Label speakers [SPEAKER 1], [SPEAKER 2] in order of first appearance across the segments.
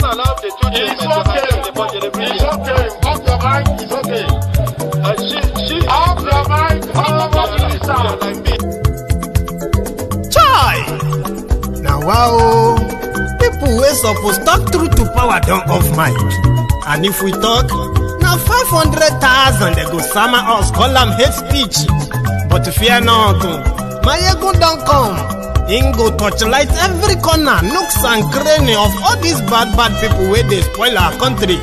[SPEAKER 1] Chai!
[SPEAKER 2] Now wow, people wey suppose talk true to power don off mic. And if we talk, na 500,000 they go sama us, call am hate speech. But fear not, my ego don come him go torchlight every corner nooks and cranny of all dis bad bad pipo wey dey spoil our country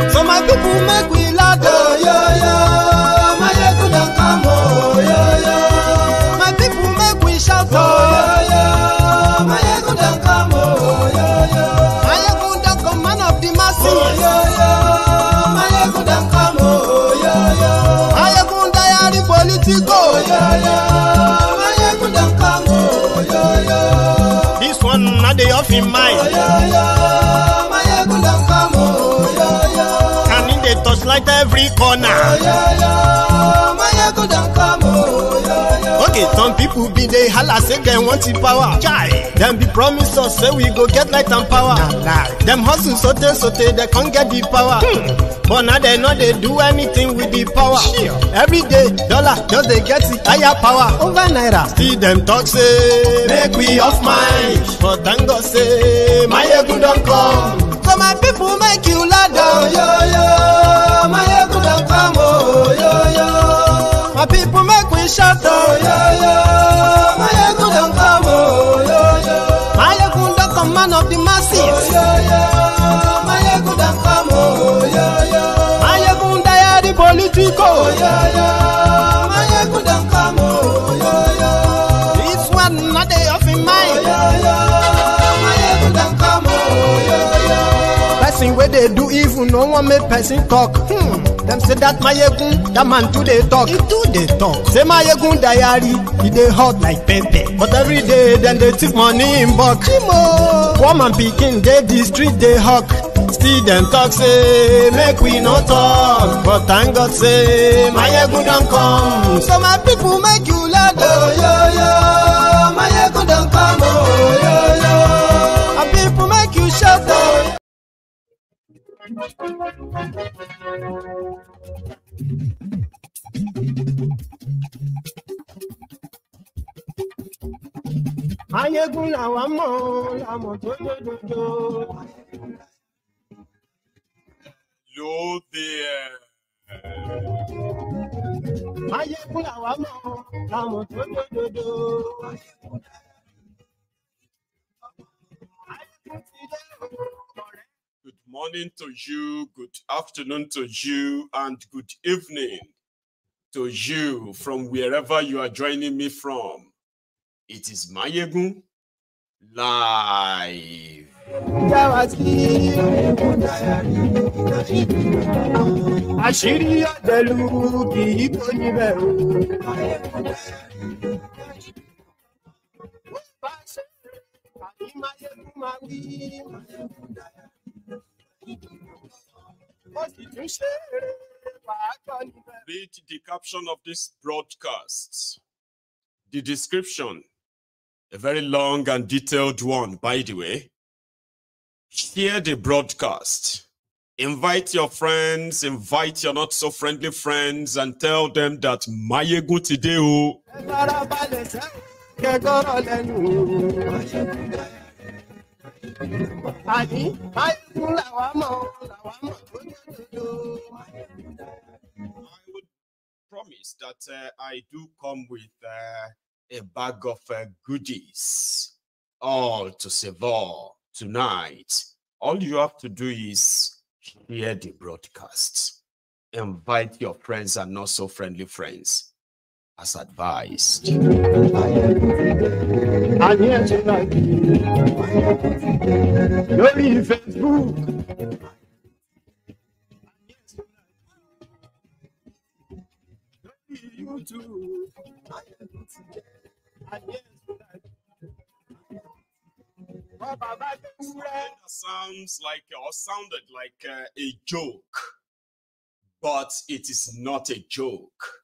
[SPEAKER 2] so my pipo make we lado yo yo they off in mind. And in the touchlight every corner. Some people be they holla say they want the power. Chai! them be promise us say we go get light and power. Nah nah, them hustle so so sote they con get the power. Hmm. But now they no they do anything with the power. Sure. Every day dollar just they get the higher power. Over naira. See them talk say make we off mind. But thank God say my Mayegun don't come. So my people make you laugh. Oh, down. yo, yo, my Mayegun don't come. Oh, yo, yo. My people make Shoto yo Mayekun don come oh yo yo Mayekun don come man of the masses. Oh, yo, yo. person wey dey do evil no wan make person talk hmm dem say dat mayegun dat man too dey talk e too dey talk say mayegun diary e dey hot like pepper but every day dem dey thief money in bulk One man pikin dey di street dey hawk still dem talk say make we no talk but thank god say mayegun don come so my pipo make you Oh lado oyoyo mayegun
[SPEAKER 3] ayégún
[SPEAKER 2] làwa mọ̀ làmọ̀ tó lódodo.
[SPEAKER 4] ló dé ẹ.
[SPEAKER 2] ayégún làwa mọ̀ làmọ̀ tó lódodo. ayégún làwa mọ̀
[SPEAKER 4] morning to you, good afternoon to you, and good evening to you from wherever you are joining me from. It is Mayegun
[SPEAKER 2] live. í Read
[SPEAKER 4] the caption of this broadcast. The description, a very long and detailed one, by the way. Share the broadcast. Invite your friends, invite your not so friendly friends, and tell them that Mayegu Tideo.
[SPEAKER 2] I
[SPEAKER 4] would promise that uh, I do come with uh, a bag of uh, goodies, all to Sevor tonight. All you have to do is share the broadcast. Invite your friends and not so friendly friends as advised. Sounds like or sounded like uh, a joke, but it is not a joke.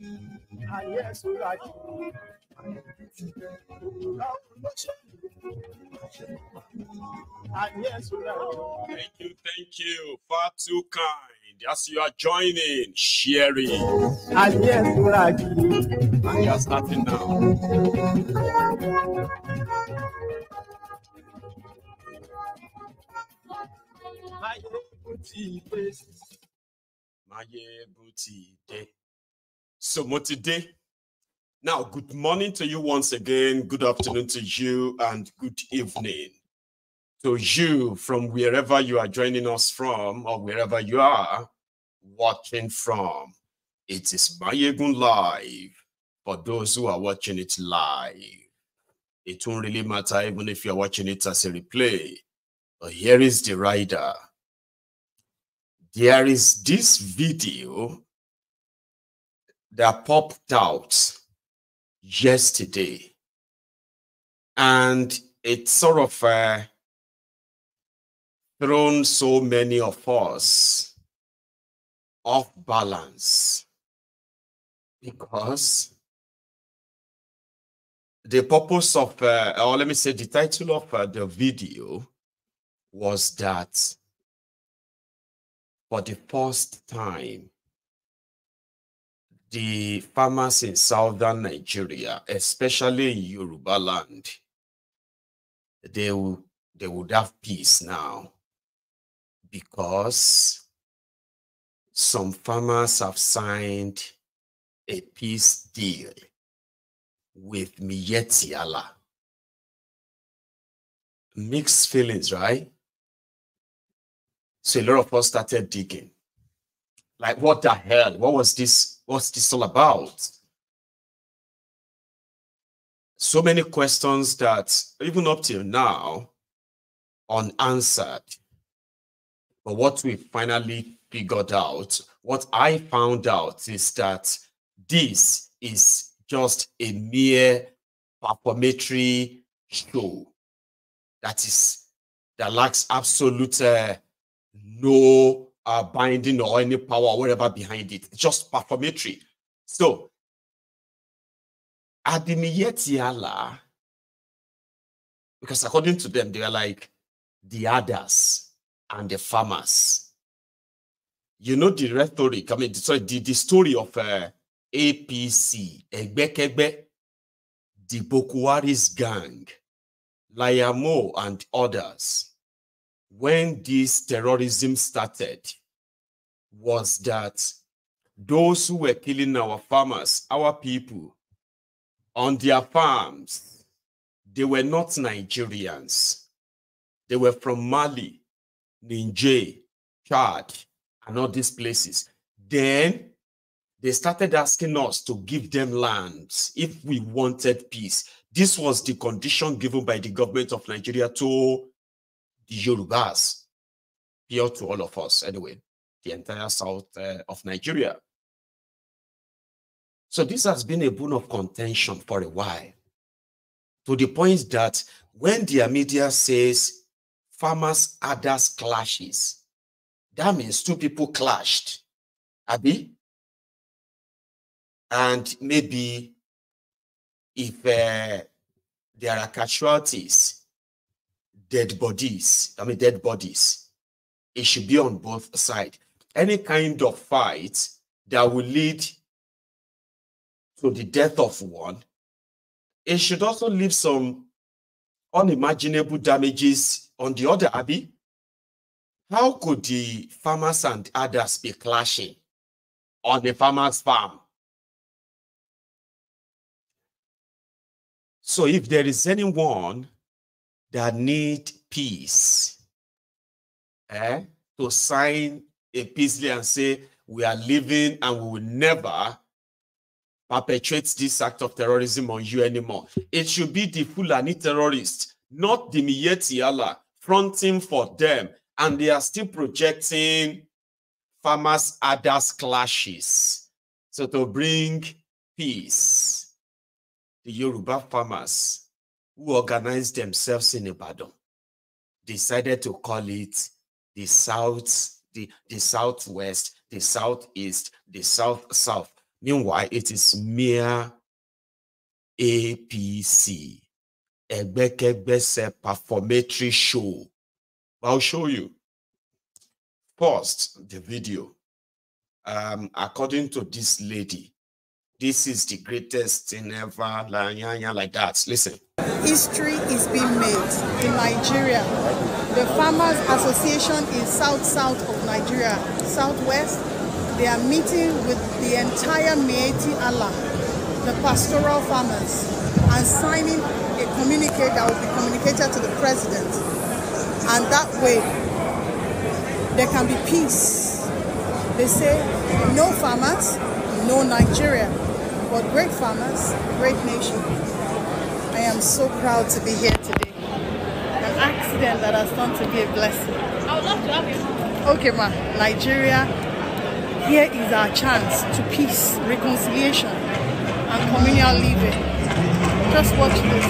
[SPEAKER 2] Thank you, thank you,
[SPEAKER 4] far too kind. As you are joining, sharing. And
[SPEAKER 2] yes, right. And
[SPEAKER 4] you are starting now. My booty so, much today. now good morning to you once again, good afternoon to you, and good evening to you from wherever you are joining us from or wherever you are watching from. It is Mayegun Live for those who are watching it live. It won't really matter even if you're watching it as a replay. But here is the rider. There is this video that popped out
[SPEAKER 1] yesterday. And it sort of uh, thrown so many of us off balance because the purpose of, uh, or let me say, the title of uh, the video
[SPEAKER 4] was that for the first time, the farmers in southern Nigeria, especially Yoruba land, they, they would have peace now because
[SPEAKER 1] some farmers have signed a peace deal with Mietiala. Mixed feelings, right? So a lot of us started digging.
[SPEAKER 4] Like, what the hell? What was this What's this all about? So many questions that even up till now unanswered. But what we finally figured out, what I found out is that this is just a mere performatory show that is that lacks absolute uh, no uh, binding or any power
[SPEAKER 1] or whatever behind it. just performatory. So, Adiniyetiala, because according to them, they are like
[SPEAKER 4] the others and the farmers. You know the rhetoric, I mean, sorry, the, the story of uh, APC, Egbekegbe, the Bokuwaris gang, Layamo, and others when this terrorism started was that those who were killing our farmers, our people, on their farms, they were not Nigerians. They were from Mali, Niger, Chad, and all these places. Then they started asking us to give them lands if we wanted peace. This was the condition given by the government of Nigeria to Yorubas, here to all of us anyway, the entire south uh, of Nigeria. So this has been a bone of contention for a while, to the point that when the media says
[SPEAKER 1] farmers others clashes, that means two people clashed, Abby, and maybe if uh, there are casualties, dead
[SPEAKER 4] bodies. I mean, dead bodies. It should be on both sides. Any kind of fight that will lead to the death of one, it should also leave some unimaginable damages
[SPEAKER 1] on the other, Abby. How could the farmers and others be clashing on the farmer's farm? So if there is anyone that need
[SPEAKER 4] peace eh, to sign a peace and say, we are living and we will never perpetrate this act of terrorism on you anymore. It should be the Fulani terrorists, not the Miyetiala, fronting for them. And they are still projecting farmers' others clashes. So to bring peace, the Yoruba farmers who organized themselves in Ibadan decided to call it the South, the, the Southwest, the Southeast, the South South. Meanwhile, it is mere APC, Egbekegbese Performatory Show. I'll show you. First, the video. Um, according to this lady, this is the greatest thing ever, like, yeah, yeah, like that. Listen.
[SPEAKER 5] History is being made in Nigeria. The Farmers Association is south-south of Nigeria, southwest. They are meeting with the entire Meiti Allah, the pastoral farmers, and signing a communique that will be communicated to the president. And that way, there can be peace. They say, no farmers, no Nigeria but great farmers, great nation. I am so proud to be here today. An accident that has turned to be a blessing. I would love to have you. Okay, ma. Nigeria, here is our chance to peace, reconciliation, and communal living. Just watch this.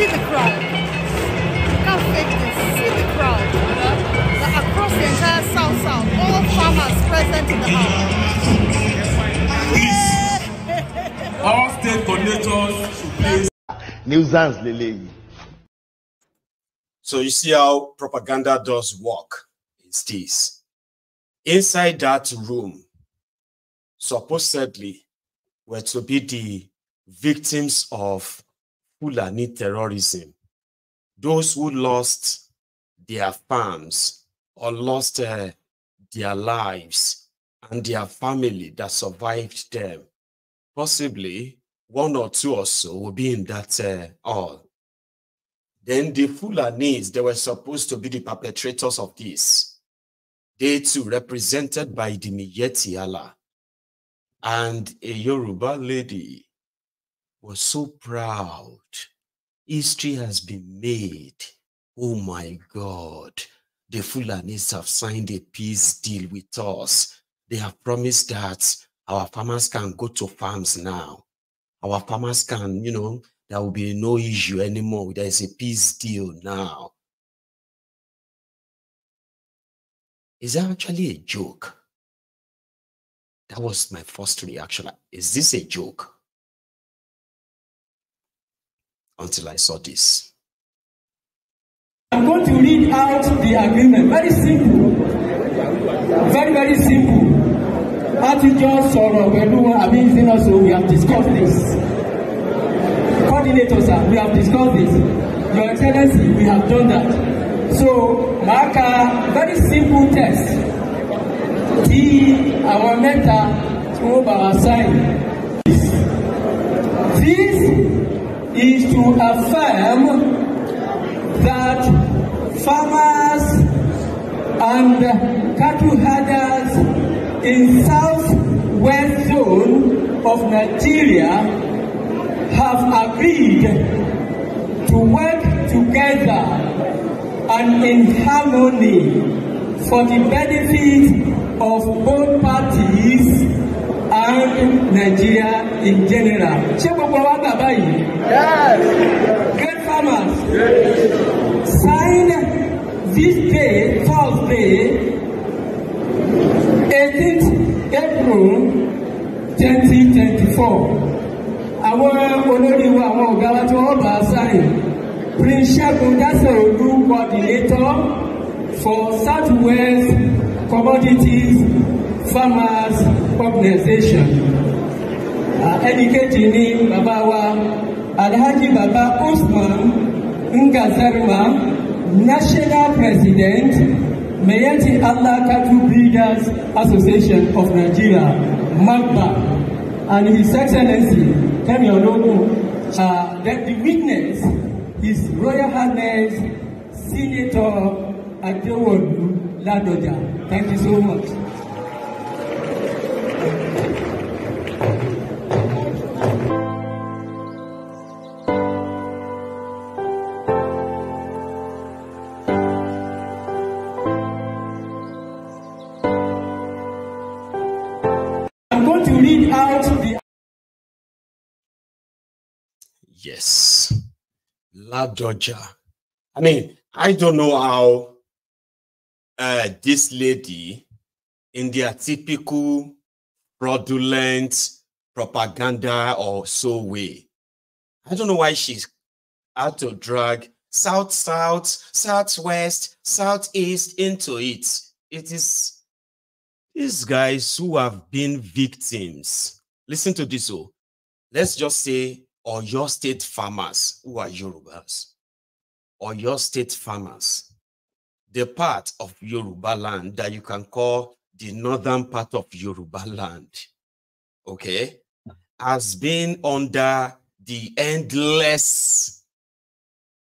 [SPEAKER 5] See the crowd. You can't fake this. See the crowd. Like across the entire South South, all farmers present in the house
[SPEAKER 6] all state coordinators
[SPEAKER 4] should please. Nuisance So you see how propaganda does work. It's this. Inside that room, supposedly, were to be the victims of Fulani terrorism, those who lost their farms or lost uh, their lives and their family that survived them possibly one or two or so will be in that uh, hall. Then the Fulanis, they were supposed to be the perpetrators of this. They too represented by the Miyeti Allah. And a Yoruba lady was so proud. History has been made. Oh my God. The Fulanis have signed a peace deal with us. They have promised that our farmers can go to farms now. Our farmers
[SPEAKER 1] can, you know, there will be no issue anymore. There is a peace deal now. Is that actually a joke? That was my first reaction. is this a joke? Until I saw this. I'm going to
[SPEAKER 7] read out the agreement. Very simple. Very, very simple. a ti jọ sọ̀rọ̀ pẹ̀lú àbí ìsinmi so we have discussed this coordinator sir we have discussed this your excellency we have done that so màá ka very simple test. tí àwọn mẹ́ta tí wọ́n bá wa sign this this is to affirm that farmers and cattle herders in southwest zone of Nigeria have agreed to work together and in harmony for the benefit of both parties and Nigeria in general. Ṣé gbogbo wa gbà báyìí? Yes. Great farmers. Yes. Sign this day, Thursday eighteenth April twenty twenty four àwọn olórí wa àwọn ọ̀gá wa tí wọ́n sáré Prince Ṣẹ́gun Dáṣẹ́ Olú coordinator for South West Commodities Farmers Organization ẹnì kejì ni bàbá wa Alhaji Baba Usman Ngazarima national president. Meyeti Allah Cattle Breeders Association of Nigeria, MAGBA, and His Excellency Kemi Odogun, uh, that the witness is Royal Highness Senator Adewolu Ladoja. Thank you so much.
[SPEAKER 1] Georgia. I mean, I don't know
[SPEAKER 4] how uh, this lady, in their typical fraudulent propaganda or so way, I don't know why she's out to drag South, South, Southwest, Southeast into it. It is these guys who have been victims. Listen to this. Oh, let's just say or your state farmers who are Yorubas, or your state farmers, the part of Yoruba land that you can call the northern part of Yoruba land, okay, has been under the endless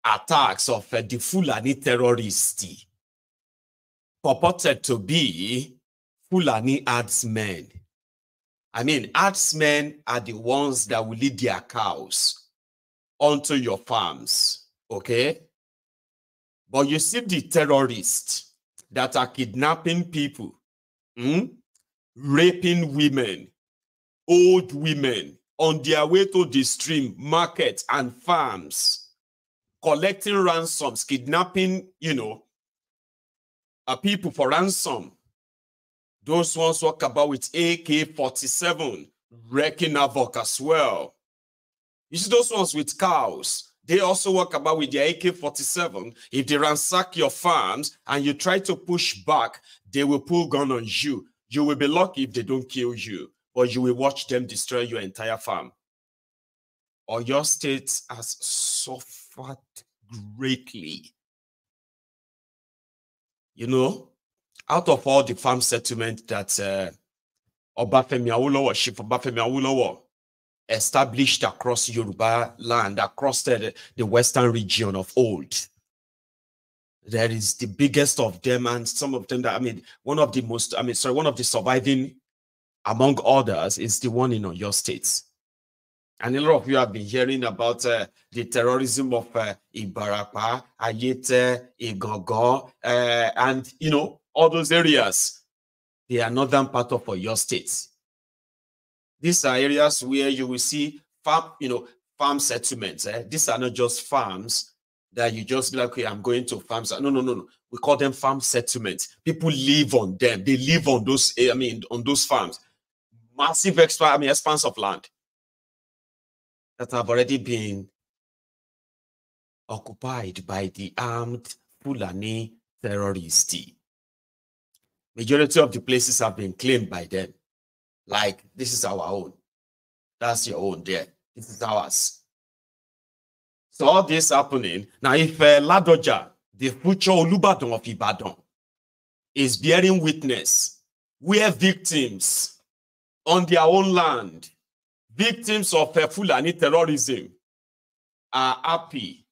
[SPEAKER 4] attacks of uh, the Fulani terrorists, purported to be Fulani herdsmen I mean, herdsmen are the ones that will lead their cows onto your farms, okay? But you see the terrorists that are kidnapping people, hmm? raping women, old women on their way to the stream, markets, and farms, collecting ransoms, kidnapping, you know, uh, people for ransom, those ones walk about with AK 47, wrecking havoc as well. You see, those ones with cows, they also walk about with their AK 47. If they ransack your farms and you try to push back, they will pull gun on you. You will be lucky if they don't kill you, or you will watch them destroy your entire farm. Or your state has suffered greatly. You know, out of all the farm settlement that uh, Obafemi Awolowo, Chief Obafemi Awolowo established across Yoruba land, across the, the western region of old. There is the biggest of them, and some of them that I mean, one of the most, I mean, sorry, one of the surviving among others is the one in your states, And a lot of you have been hearing about uh, the terrorism of uh, Ibarapa, Ayete, Igogo, uh, and you know all those areas, they are northern part of your states. These are areas where you will see farm, you know, farm settlements. Eh? These are not just farms that you just be like, okay, I'm going to farms. No, no, no, no. We call them farm settlements. People live on them. They live on those, eh, I mean, on those
[SPEAKER 1] farms. Massive extra, I mean, expanse of land that have
[SPEAKER 4] already been occupied by the armed Fulani terrorists. Majority of the places have been claimed by them. Like, this is our own. That's your own there. This is ours. So all this happening. Now, if uh, Ladoja, the future Olubadan of Ibadan, is bearing witness, we are victims on their own land, victims of uh, Fulani terrorism, are happy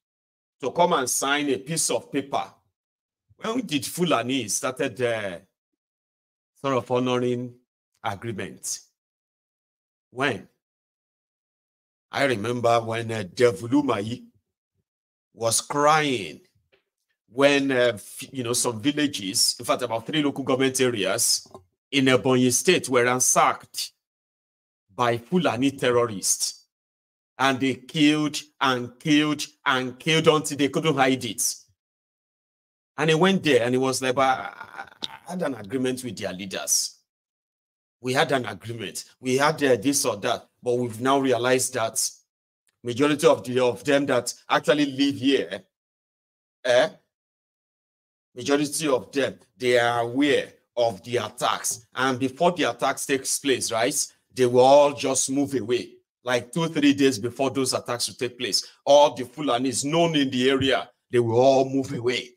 [SPEAKER 4] to come and sign a piece of paper.
[SPEAKER 1] When did Fulani started uh, sort of honoring agreement. When? I remember
[SPEAKER 4] when uh, Dev Lumai was crying when, uh, you know, some villages, in fact, about three local government areas in Ebonyi state were ransacked by Fulani terrorists. And they killed and killed and killed until they couldn't hide it. And he went there and he was like, but had an agreement with their leaders. We had an agreement. We had uh, this or that, but we've now realized that majority of the of them that actually live here, eh, majority of them, they are aware of the attacks. And before the attacks takes place, right, they will all just move away. Like two, three days before those attacks to take place, all the Fulanis known in the area, they will all move away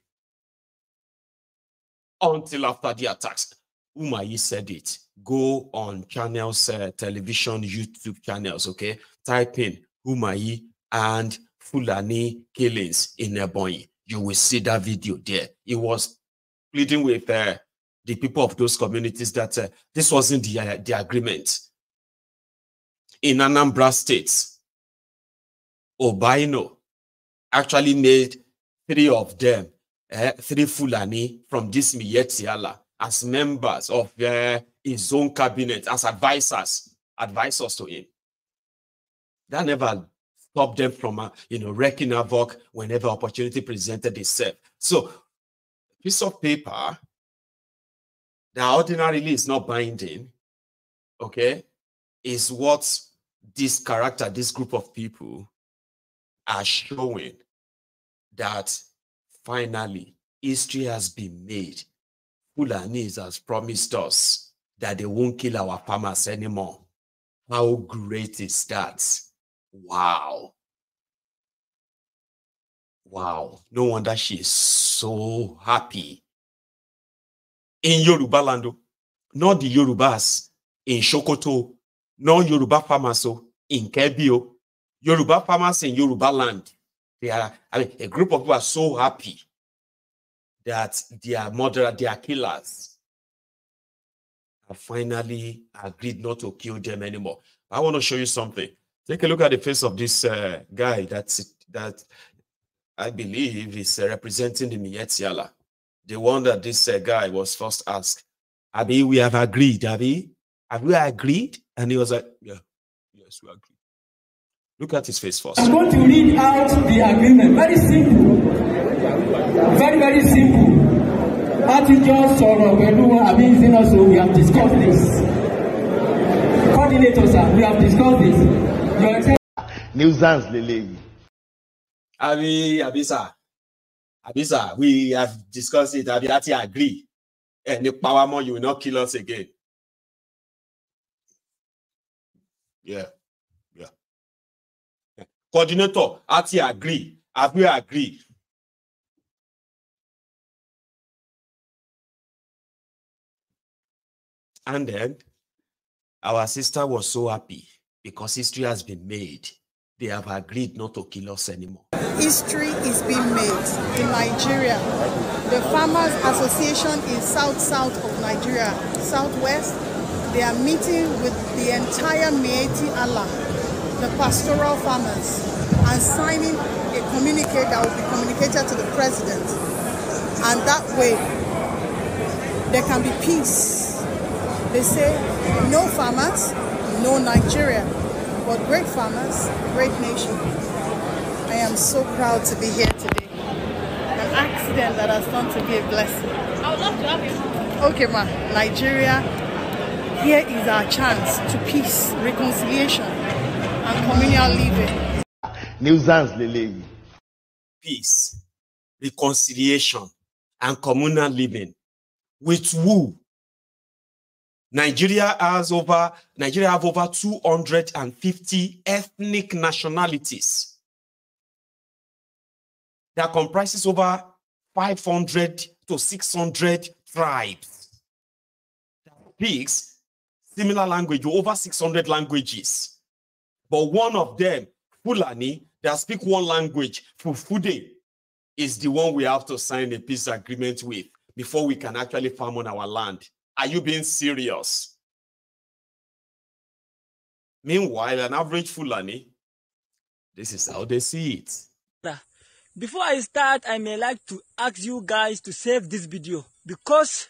[SPEAKER 4] until after the attacks. Umayi said it. Go on channels, uh, television, YouTube channels, okay? Type in Umayi and Fulani killings in Ebonyi. You will see that video there. It was pleading with uh, the people of those communities that uh, this wasn't the, uh, the agreement. In Anambra State, Obaino actually made three of them uh, three Fulani from this Miyetiala as members of uh, his own cabinet, as advisors, advisors to him. That never stopped them from, uh, you know, wrecking havoc whenever opportunity presented itself. So, piece of paper that ordinarily is not binding, okay, is what this character, this group of people are showing that Finally, history has been made. Fulanis has promised us that they won't kill our farmers anymore. How great is that? Wow. Wow. No wonder she is so happy. In Yoruba land, not the Yorubas, in Shokoto, not Yoruba farmers, in Kebio, Yoruba farmers in Yoruba land They are, I mean, a group of people are so happy that their murderer, their killers, have finally agreed not to kill them anymore. I want to show you something. Take a look at the face of this uh, guy that's, that I believe is uh, representing the Mietiala, the one that this uh, guy was first asked. Abi, we have agreed. Abi, have we agreed? And he was like, Yeah, yes, we agreed. Look at his face first. I'm going to read
[SPEAKER 7] out the agreement. Very simple. Very, very simple. just Atijọ́ sọ̀rọ̀ pẹ̀lú àbí ìsínàṣọ we have discussed this. Coordinators sir, we have discussed this. Your Nuisance
[SPEAKER 4] leleyi. Abi Abisa Abisa we have
[SPEAKER 1] discussed it abi ati agree. and the power mọ́ you will not kill us again. Yeah coordinator a ti agree àbí agree and then our sister was so happy because history has been made they have agreed
[SPEAKER 4] not to kill us anymore.
[SPEAKER 5] History is being made in Nigeria. The Farmers Association in South South of Nigeria, Southwest, they are meeting with the entire Meiti Allah the pastoral farmers and signing a communique that will be communicated to the president. And that way, there can be peace. They say, no farmers, no Nigeria, but great farmers, great nation. I am so proud to be here today. An accident that has turned to be a blessing. I would love to have you. Okay, ma. Nigeria, here is our chance to peace, reconciliation, and communal living.
[SPEAKER 4] Nuisance, Lele. Peace, reconciliation, and communal living. With who? Nigeria has over Nigeria have over 250 ethnic nationalities
[SPEAKER 1] that comprises over 500 to 600 tribes that speaks
[SPEAKER 4] similar language over 600 languages but one of them, Fulani, that speak one language, Fufude, is the one we have to sign a peace agreement with before we can actually farm on our land. Are you being serious? Meanwhile, an average Fulani, this is how they see it.
[SPEAKER 8] Before I start, I may like to ask you guys to save this video because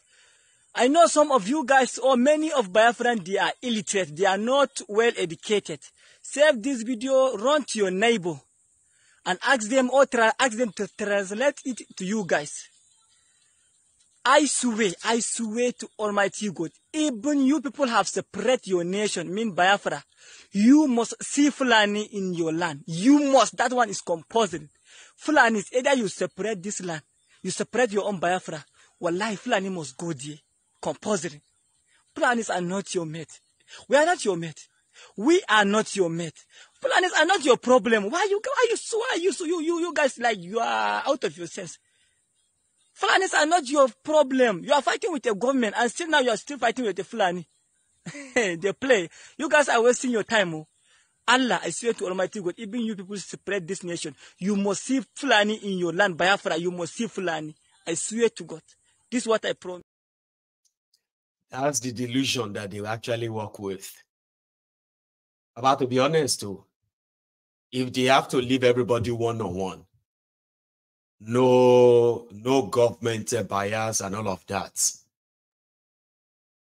[SPEAKER 8] I know some of you guys or many of Biafran, they are illiterate. They are not well educated. Save this video, run to your neighbor and ask them or try, ask them to translate it to you guys. I swear, I swear to Almighty God, even you people have separated your nation, mean Biafra. You must see Fulani in your land. You must, that one is compulsory. Fulani is either you separate this land, you separate your own Biafra, life Fulani must go there, compulsory. Fulani are not your mate. We are not your mate. We are not your mate. Fulanis are not your problem. Why you why you why you you you, you guys like you are out of your sense? Fulanis are not your problem. You are fighting with the government and still now you are still fighting with the Fulani. they play. You guys are wasting your time. Oh. Allah, I swear to Almighty God, even you people spread this nation. You must see Fulani in your land, Biafra. You must see Fulani. I swear to God. This is what I promise.
[SPEAKER 4] That's the delusion that they actually work with about to be honest too oh, if they have to leave everybody one on one
[SPEAKER 1] no no government
[SPEAKER 4] bias and all of that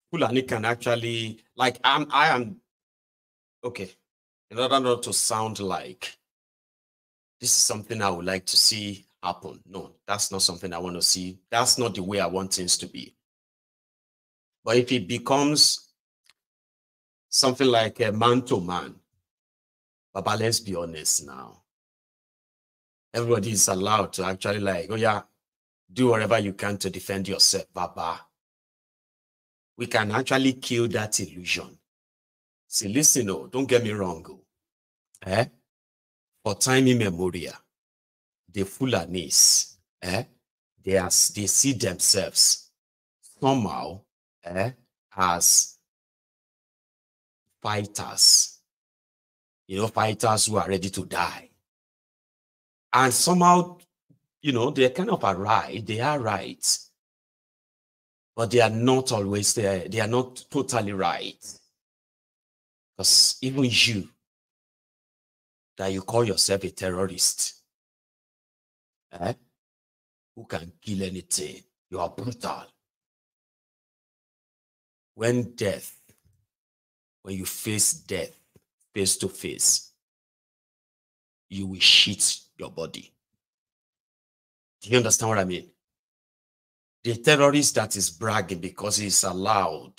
[SPEAKER 4] Fulani can actually like I'm I am okay in order not to sound like this is something I would like to see happen. No, that's not something I want to see. That's not the way I want things to be. But if it becomes something like a man to man. But let's be honest now. Everybody is allowed to actually like, oh yeah, do whatever you can to defend yourself, Baba. We can actually kill that illusion. See, listen, oh, don't get me wrong. Oh. Eh? For time immemorial, the Fulanese, eh? they, are, they
[SPEAKER 1] see themselves somehow eh? as fighters. You know, fighters who are ready to die.
[SPEAKER 4] And somehow, you know, they're kind of right. They are right.
[SPEAKER 1] But they are not always there. They are not totally right. Because even you, that you call yourself a terrorist, eh? who can kill anything, you are brutal. When death when you face death face to face, you will shit your body. Do you understand what I mean?
[SPEAKER 4] The terrorist that is bragging because he's allowed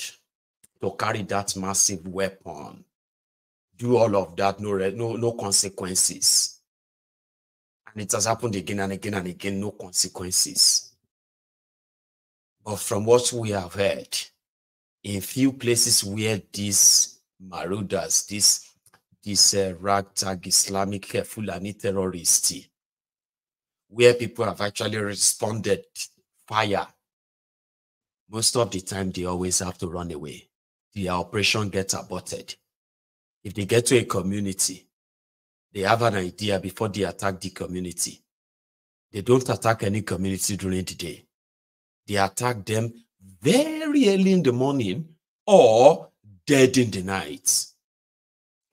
[SPEAKER 4] to carry that massive weapon, do all of that, no, no, no consequences. And it has happened again and again and again, no consequences. But from what we have heard, in few places where these marauders, these these uh, ragtag Islamic uh, Fulani terrorists, where people have actually responded fire. Most of the time, they always have to run away. The operation gets aborted. If they get to a community, they have an idea before they attack the community. They don't attack any community during the day. They attack them very early in the morning or dead in the night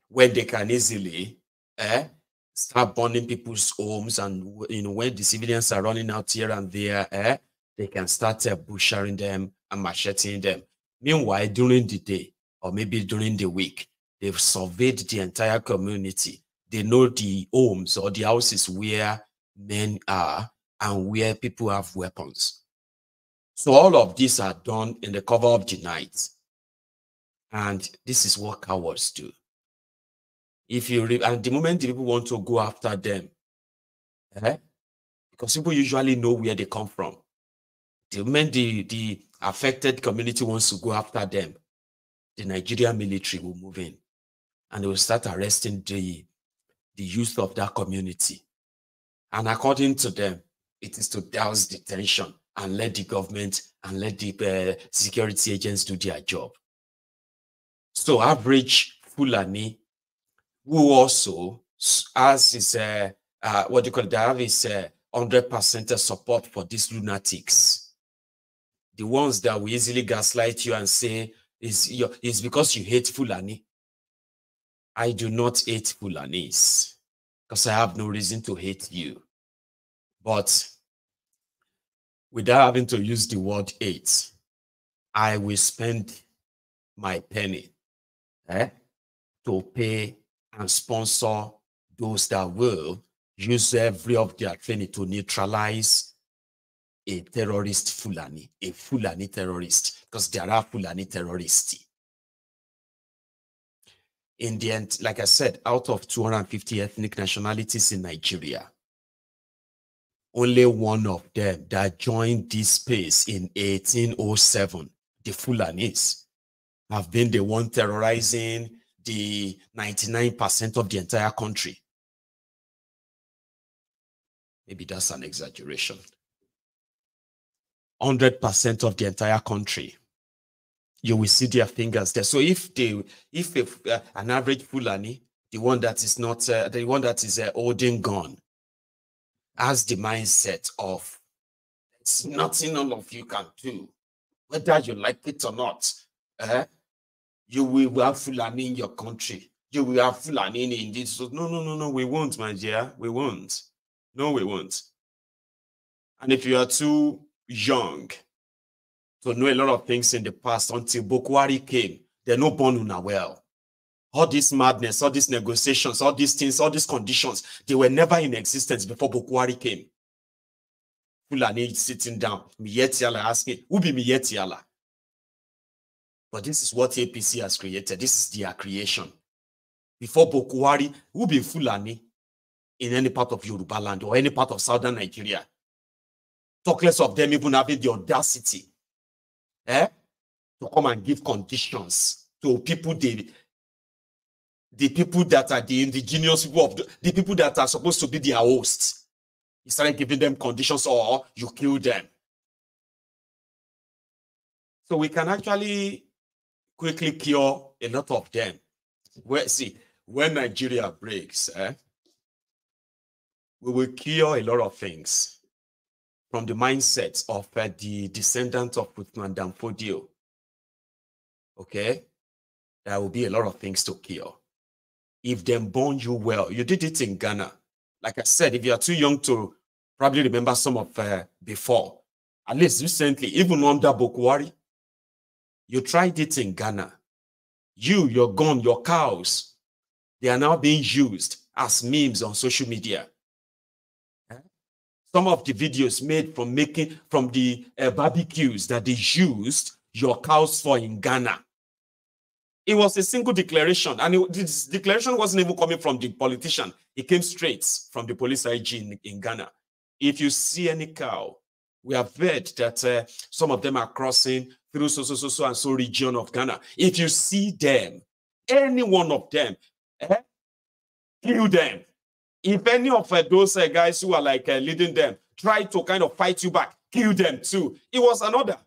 [SPEAKER 4] when they can easily eh, start burning people's homes and you know when the civilians are running out here and there eh, they can start uh, butchering them and macheting them meanwhile during the day or maybe during the week they've surveyed the entire community they know the homes or the houses where men are and where people have weapons so all of these are done in the cover of the night. And this is what cowards do. If you and the moment the people want to go after them, eh? because people usually know where they come from. The moment the, the affected community wants to go after them, the Nigerian military will move in and they will start arresting the, the youth of that community. And according to them, it is to douse the tension and let the government and let the uh, security agents do their job. So average Fulani, who also as is uh, uh, what you call it, they have is uh, hundred percent support for these lunatics, the ones that will easily gaslight you and say is your is because you hate Fulani. I do not hate Fulanis because I have no reason to hate you, but without having to use the word eight. I will spend my penny eh, to pay and sponsor those that will use every of their training to neutralize a terrorist Fulani, a Fulani terrorist, because there are Fulani terrorists. In the end, like I said, out of 250 ethnic nationalities in Nigeria, only one of them that joined this space in 1807, the Fulanis, have been the one
[SPEAKER 1] terrorizing the 99% of the entire country. Maybe that's an exaggeration.
[SPEAKER 4] 100% of the entire country. You will see their fingers there. So if they, if, if uh, an average Fulani, the one that is not, uh, the one that is uh, holding gun, has the mindset of it's nothing all of you can do, whether you like it or not. Eh? You will have Fulani in your country. You will have Fulani in this. No, no, no, no, we won't, my dear. We won't. No, we won't. And if you are too young to know a lot of things in the past until Bokwari came, they're not born una well all this madness, all these negotiations, all these things, all these conditions, they were never in existence before Bukwari came. Fulani sitting down, Mietiala asking, who be Mietiala? But this is what APC has created. This is their creation. Before Bokuwari, who be Fulani in any part of Yoruba land or any part of southern Nigeria? Talk less of them even having the audacity eh, to come and give conditions to people they the people that are the indigenous people of the, the people that are
[SPEAKER 1] supposed to be their hosts. He started giving them conditions or you kill them. So we can actually quickly cure
[SPEAKER 4] a lot of them. Where see when Nigeria breaks, eh, we will cure a lot of things from the mindsets of uh, the descendants of Uthman Danfodio. Okay, there will be a lot of things to cure if them born you well. You did it in Ghana. Like I said, if you are too young to probably remember some of uh, before, at least recently, even under Bokwari, you tried it in Ghana. You, your gun, your cows, they are now being used as memes on social media. Eh? Some of the videos made from making from the uh, barbecues that they used your cows for in Ghana it was a single declaration, and it, this declaration wasn't even coming from the politician. It came straight from the police IG in, in Ghana. If you see any cow, we have heard that uh, some of them are crossing through so so so so and so region of Ghana. If you see them, any one of them, eh, kill them. If any of uh, those uh, guys who are like uh, leading them try to kind of fight you back, kill them too. It was another,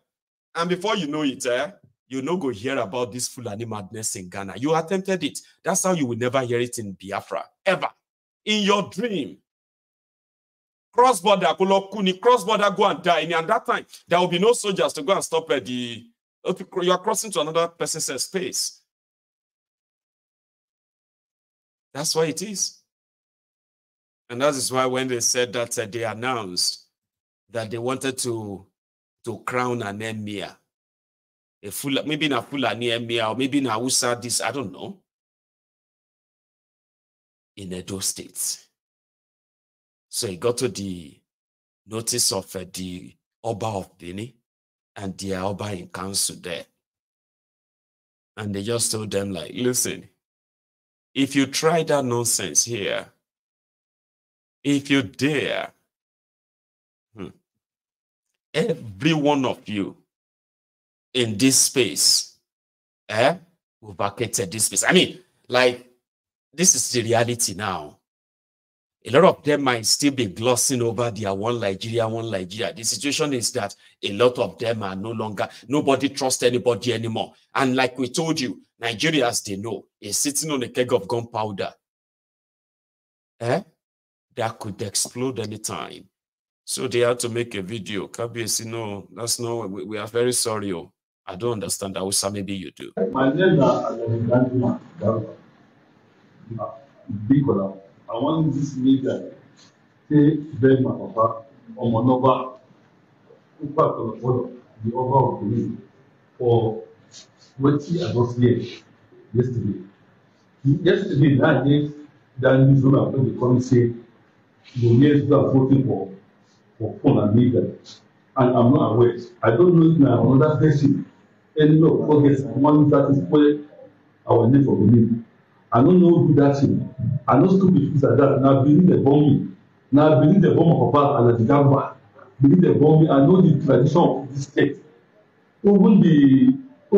[SPEAKER 4] and before you know it, eh, you no go hear about this Fulani madness in Ghana. You attempted it. That's how you will never hear it in Biafra, ever. In your dream. Cross border, kuni, cross border, go and die. And that time, there
[SPEAKER 1] will be no soldiers to go and stop at uh, the. You are crossing to another person's uh, space. That's why it is. And that is why when they said that uh, they announced that they wanted to,
[SPEAKER 4] to crown an emir, a full maybe in a near me or maybe in Hausa,
[SPEAKER 1] this, I don't know, in those states, So he got to the notice of uh, the Oba of
[SPEAKER 4] Bini and the Oba in council there. And they just told
[SPEAKER 1] them, like, listen, if you try that nonsense here, if you dare, hmm, every one of you in this space. Eh? we
[SPEAKER 4] vacated this space. I mean, like, this is the reality now. A lot of them might still be glossing over their one Nigeria, one Nigeria. The situation is that a lot of them are no longer, nobody trusts anybody anymore. And like we told you, Nigeria, as they know, is sitting on a keg of gunpowder. Eh? That could explode anytime. So they had to make a video. you no, that's no. we, we are very sorry. Oh. I don't understand Hausa. Maybe you do.
[SPEAKER 9] My name is
[SPEAKER 10] Alexander Bikola. I want this media to beg my papa or my number who back on the border, the offer of the week for what he was here yesterday. Yesterday, that day, that newsroom I went to come say, the mayor is voting for for phone and media, and I'm not aware. I don't know if now another person Any and no forget money that is spoil our name for benin i no know do that thing i no stupid things like that na benin dey born me na benin dey born my papa and na the gamba benin dey born me i know the tradition of this state even the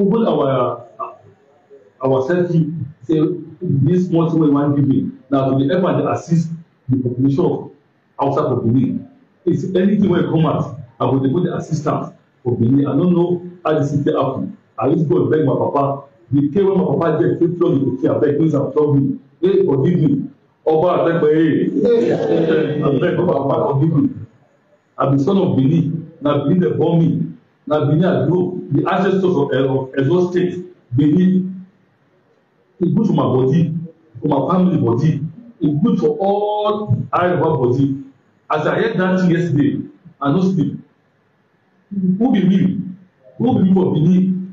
[SPEAKER 10] even our our safety say this small thing wey you wan give me na to dey help and dey assist the population of hausa for benin if anything wey come out i go dey go dey assistance for benin i no know alisite happen i use god beg my papa the care wey my papa get fit flood the cocaine abeg please am flog me hey forgive me ọba àtẹpẹ hey abeg papa papa forgive me i be son of benin na benin dey born me na benin i grow the ancestors of eh, of ezo state benin e good for my body for my family body e good for all araba body as i hear that thing yesterday i no sleep who be me Good people believe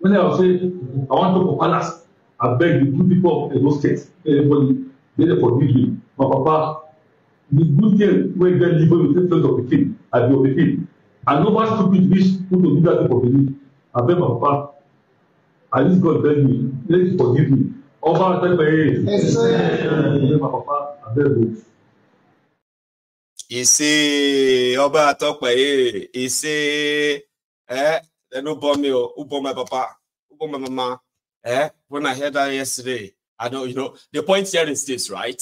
[SPEAKER 10] when I say I want to for palace, I beg the good people of Edo State, everybody, they dey forgive me. My papa, the good girl wey get liver with the friend of pikin, I be your pikin. I no pass stupid wish who to do that thing for believe. I beg my papa, at least God beg me, let him forgive me. Ọba Adegbeye, I beg my papa, I beg you.
[SPEAKER 4] Ìsè ọba àtọ́pẹ̀yẹ, ìsè. Eh? They no bomb me. Oh, who bomb my papa? Who bomb my mama? Eh? When I heard that yesterday, I know, you know, the point here is this, right?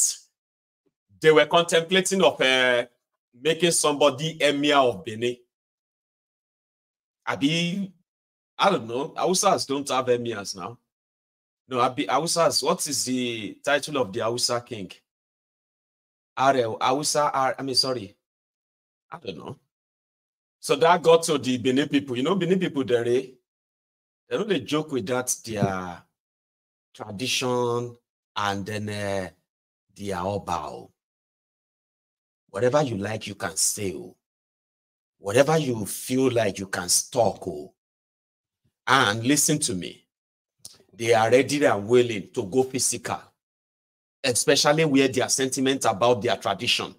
[SPEAKER 4] They were contemplating of uh, making somebody emir of Benin. Abi, I don't know. Hausas don't have emirs now. No, Abi, Hausas, what is the title of the Hausa king? Arel, Hausa, I mean, sorry. I don't know. So that got to the Benin people. You know, Benin people, they, they don't they joke with that, their tradition and then uh, their obao. Whatever you like, you can say. Whatever you feel like, you can talk. And listen to me. They are ready and willing to go physical, especially where their sentiment about their tradition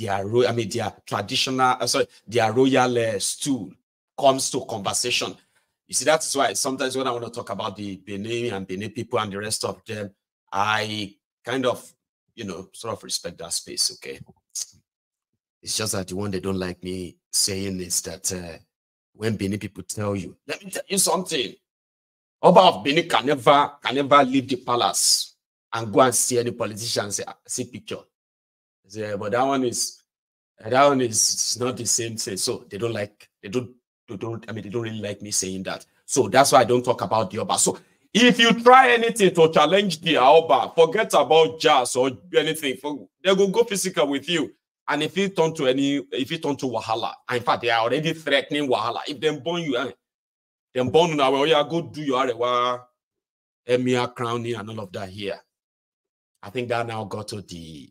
[SPEAKER 4] their royal, I mean, their traditional, uh, sorry, their royal uh, stool comes to conversation. You see, that's why sometimes when I want to talk about the Benin and Benin people and the rest of them, I kind of, you know, sort of respect that space. Okay. It's just that the one they don't like me saying is that uh, when Benin people tell you, let me tell you something. Oba of Benin can never can never leave the palace and go and see any politician say ah, see picture. Yeah, but that one is that one is not the same thing. So they don't like they don't they don't I mean they don't really like me saying that. So that's why I don't talk about the Oba. So if you try anything to challenge the Oba, forget about jazz or anything. For, they will go physical with you. And if it turn to any, if it turn to Wahala, and in fact, they are already threatening Wahala. If they burn you, eh, they burn now. Well, oh yeah, go do your Arewa, Emir crowning, and all of that here. I think that now got to the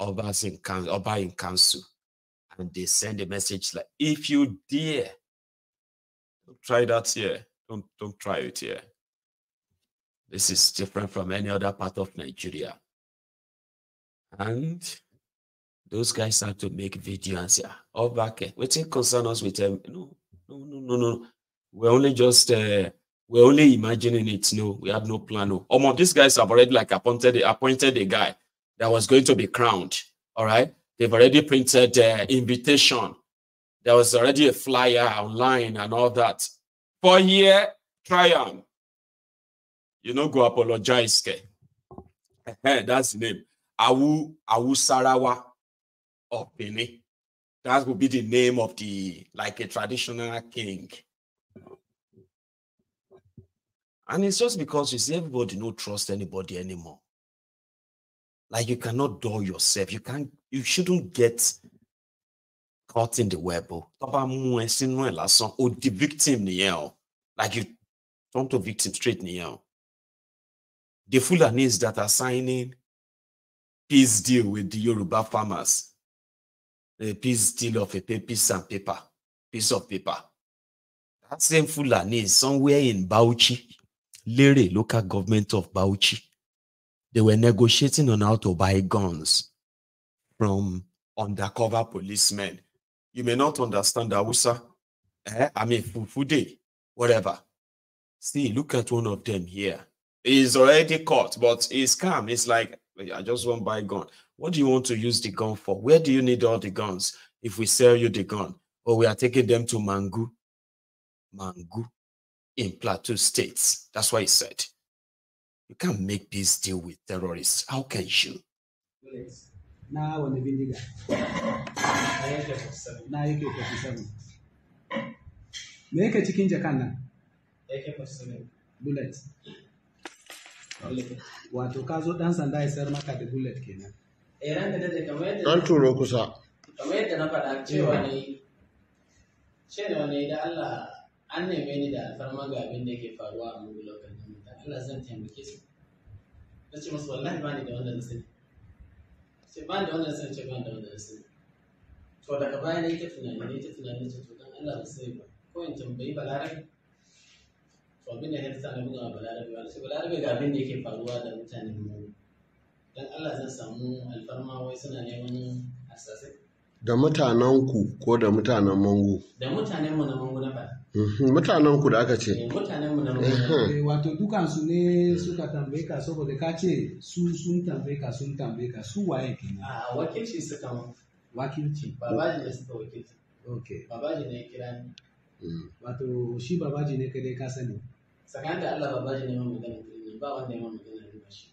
[SPEAKER 4] Obas in council, Oba in council, and they send a message like, if you dare, don't try that here. Don't don't try it here. This is different from any other part of Nigeria. And those guys have to make videos here. say, oh, back, take concern us with them. No, no, no, no, no. We're only just, uh, we're only imagining it. No, we have no plan. No. these guys have already like appointed, appointed a guy that was going to be crowned. All right. They've already printed the invitation. There was already a flyer online and all that. For here, triumph. You know, go apologize. That's the name. Awu Awu Sarawa Opini. That would be the name of the like a traditional king. And it's just because you see, everybody don't trust anybody anymore. Like you cannot dull yourself. You can't, you shouldn't get caught in the web. Or oh. the victim, oh. like you turn to victim straight now. Oh. The Fulanis that are signing peace deal with the Yoruba farmers, a peace deal of a piece and paper, piece of paper. That same Fulani's somewhere in Bauchi, Lere, local government of Bauchi. They were negotiating on how to buy guns from undercover policemen. You may not understand Awusa. Eh? I mean, Fufude, whatever. See, look at one of them here. He's already caught, but he's calm. He's like, I just want to buy gun. What do you want to use the gun for? Where do you need all the guns if we sell you the gun? Or oh, we are taking them to Mangu. Mangu in Plateau States. That's what he said. You can't make peace deal with terrorists. How can you?
[SPEAKER 7] na wani bindiga na yake 47 me yake cikin jakan nan bullet wato ka zo dan sanda ya sayar maka da bullet kenan don turo kusa kamar yadda na faɗa cewa ne cewa ne da Allah an neme ni da alfarma ga abin da ke faruwa a Mugula Allah zan taimake su na ce masu wallahi ba ni da wanda na sani ce ba ni da wanda na sani ce ba ni da wanda sani to daga baya na yi ta tunani na yi ta tunani na ce to dan Allah ba sai ba ko in tambayi balarabe to abin da ya fi na buga balarabe ba sai balarabe ga abin da yake faruwa da mutanen mu dan Allah zan samu alfarma wai suna neman hasasai.
[SPEAKER 9] Da ku ko da mutanen mango?
[SPEAKER 7] Da mutanenmu na mango na faɗa.
[SPEAKER 9] Mhm, ku da aka ce? Eh,
[SPEAKER 7] mutanenmu na mango. Mhm. Eh, wato dukansu ne mm. suka tambaye ka saboda ka ce su sun tambaye ka sun tambaye ka su waye ke ne? A ah, wakilci suka Wakilci. Babaji ne suka wakilci. Ok. Babaji ne kira ni. Mm. Wato shi babaji ne dai ka sani. Sakan da Allah babaji ne mun magana ba wanda ya mun magana da shi.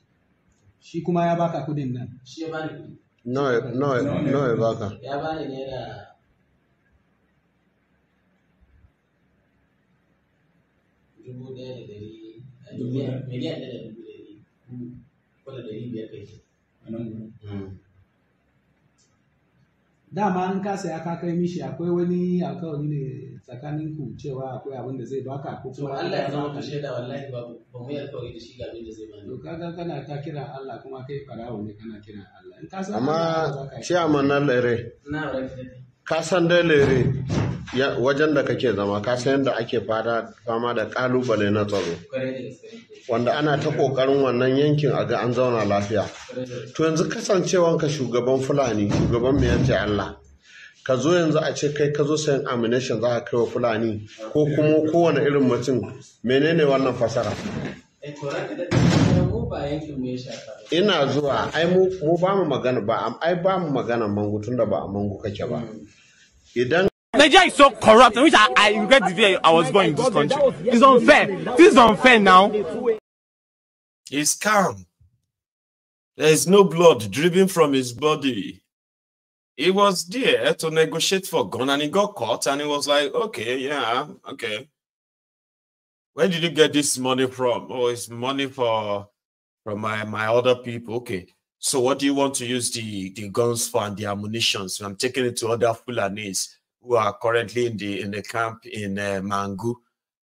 [SPEAKER 7] Shi kuma ya baka kudin nan. Shi ya bani kudi. No eh, no eh, no es vaca dama an ka saya ka kai mishi akwai wani alkawari ne tsakanin ku cewa akwai abin da zai baka ko kuma Allah ya zama kashe da wallahi ba ba mu alkawari da shi ga abin da zai bani to kaga kana ta kira Allah kuma kai farawo
[SPEAKER 9] ne kana kira Allah in ka san amma shi amana lere na ka san da lere wajen da kake zama ka san yadda ake fada fama da kalubale na tsaro wanda ana ta kokarin wannan yankin a ga an zauna lafiya to yanzu kasancewanka shugaban fulani shugaban mai yanci Allah ka zo yanzu a ce kai ka zo sayan amination za ka kai wa fulani ko kuma kowane irin mutum menene wannan fasara ina zuwa ai mu ba mu magana ba ai ba mu magana mangu tunda ba a mangu kake ba idan Nigeria is so corrupt, which I, I regret the day I was born in this country. It's unfair. This is unfair now.
[SPEAKER 4] He's calm. There is no blood dripping from his body. He was there to negotiate for gun and he got caught and he was like, okay, yeah, okay. Where did you get this money from? Oh, it's money for from my, my other people. Okay. So what do you want to use the, the guns for and the ammunition? So I'm taking it to other Fulanese who are currently in the in the camp in uh, Mangu,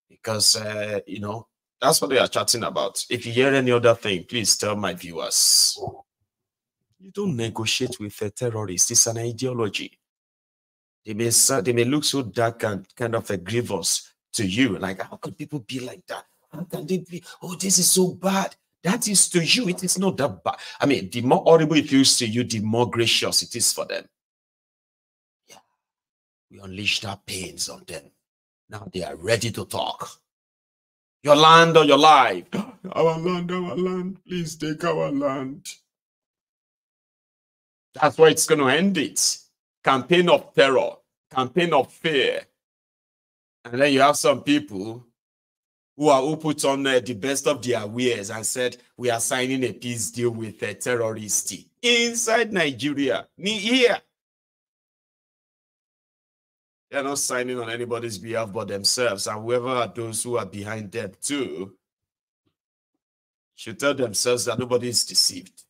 [SPEAKER 4] because uh, you know that's what we are chatting about. If you hear any other thing, please tell my viewers. You don't negotiate with a terrorist. It's an ideology. They may they may look so dark and kind of a grievous to you. Like how could people be like
[SPEAKER 11] that? How can they be? Oh, this is so bad.
[SPEAKER 4] That is to you. It is not that bad. I mean, the more horrible it feels to you, the more gracious
[SPEAKER 1] it is for them. We unleashed our pains on them. Now they are ready to talk. Your land or your life. Our land,
[SPEAKER 12] our land. Please take our land. That's where
[SPEAKER 4] it's going to end it. Campaign of terror, campaign of fear. And then you have some people who are who put on uh, the best of their wares and said, We are signing a peace deal with a uh, terrorist inside Nigeria, near here they're not signing on anybody's behalf but themselves. And whoever are those who are behind them too should tell themselves that nobody is deceived.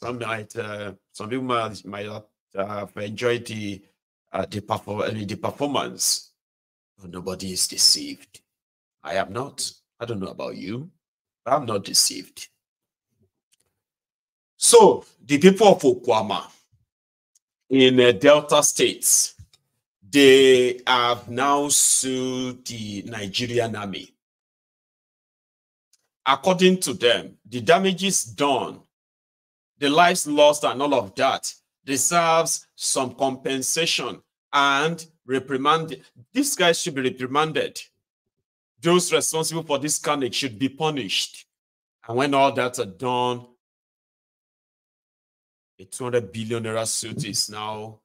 [SPEAKER 4] Some might, uh, some people might, might have uh, enjoyed the uh, the, perform- I mean, the performance, but nobody is deceived. I am not. I don't know about you. I'm not deceived. So the people of Okwama in uh, Delta states they have now sued the Nigerian army. According to them, the damages done, the lives lost, and all of that deserves some compensation and reprimand. These guys should be reprimanded. Those responsible for this carnage should be punished. And when all that's done, a 200 billion naira suit is now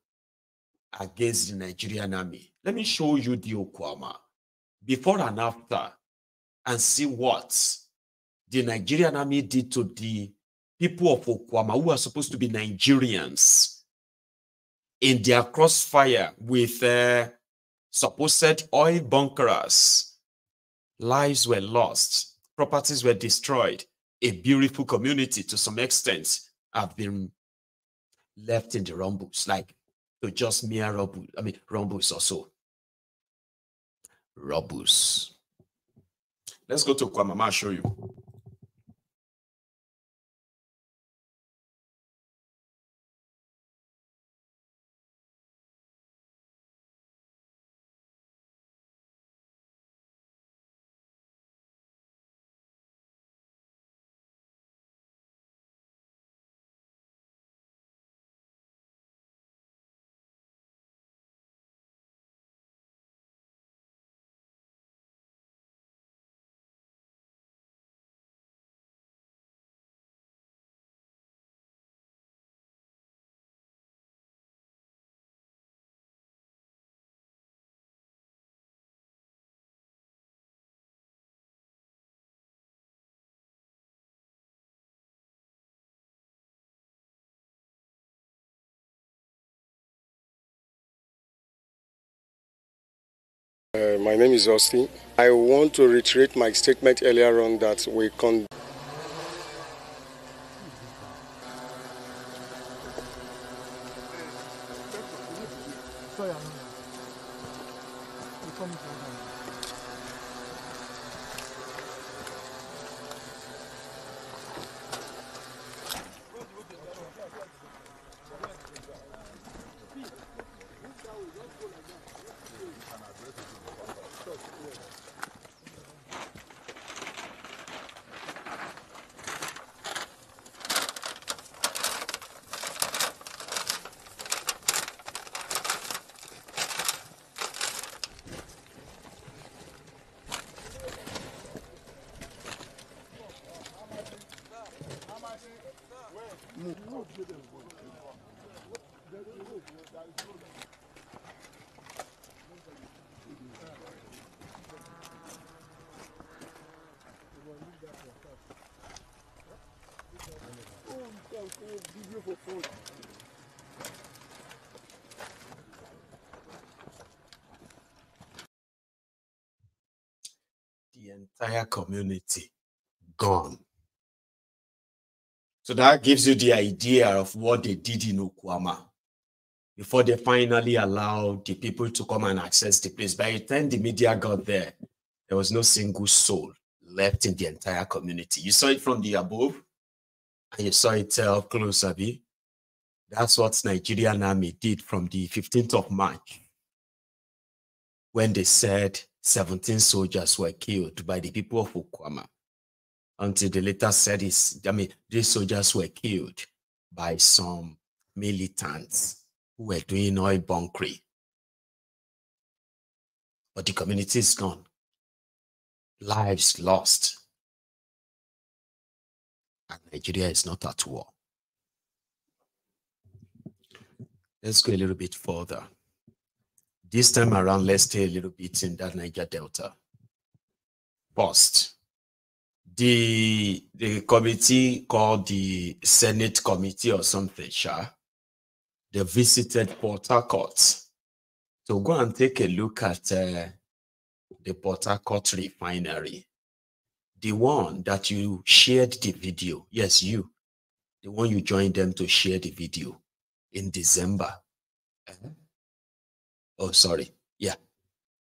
[SPEAKER 4] against the Nigerian army. Let me show you the Okwama before and after and see what the Nigerian army did to the people of Okwama who are supposed to be Nigerians in their crossfire with uh, supposed oil bunkers. Lives were lost, properties were destroyed. A beautiful community, to some extent, have been left in the rumbles. Like to just mere rubble, I mean, rhombus or so.
[SPEAKER 1] Rhombus. Let's go to Kwamama, I'll show you.
[SPEAKER 9] Uh, my name is Austin. I want to reiterate my statement earlier on that we can.
[SPEAKER 1] entire community gone. So that gives you the idea of what they did in
[SPEAKER 4] Okwama before they finally allowed the people to come and access the place. By the time the media got there, there was no single soul left in the entire community. You saw it from the above, and you saw it uh, up close, Abi. That's what Nigerian army did from the 15th of March when they said 17 soldiers were killed by the people of Okwama. Until the later said, I mean, these soldiers were killed by some
[SPEAKER 1] militants who were doing oil bunkering. But the community is gone. Lives lost. And Nigeria is not at war.
[SPEAKER 4] Let's go a little bit further. This time around, let's stay a little bit in that Niger Delta. First, the the committee called the Senate Committee or something, sure. They visited Port Harcourt. So go and take a look at uh, the Port Harcourt refinery. The one that you shared the video. Yes, you. The one you joined them to share the video in December. Uh -huh oh, sorry, yeah,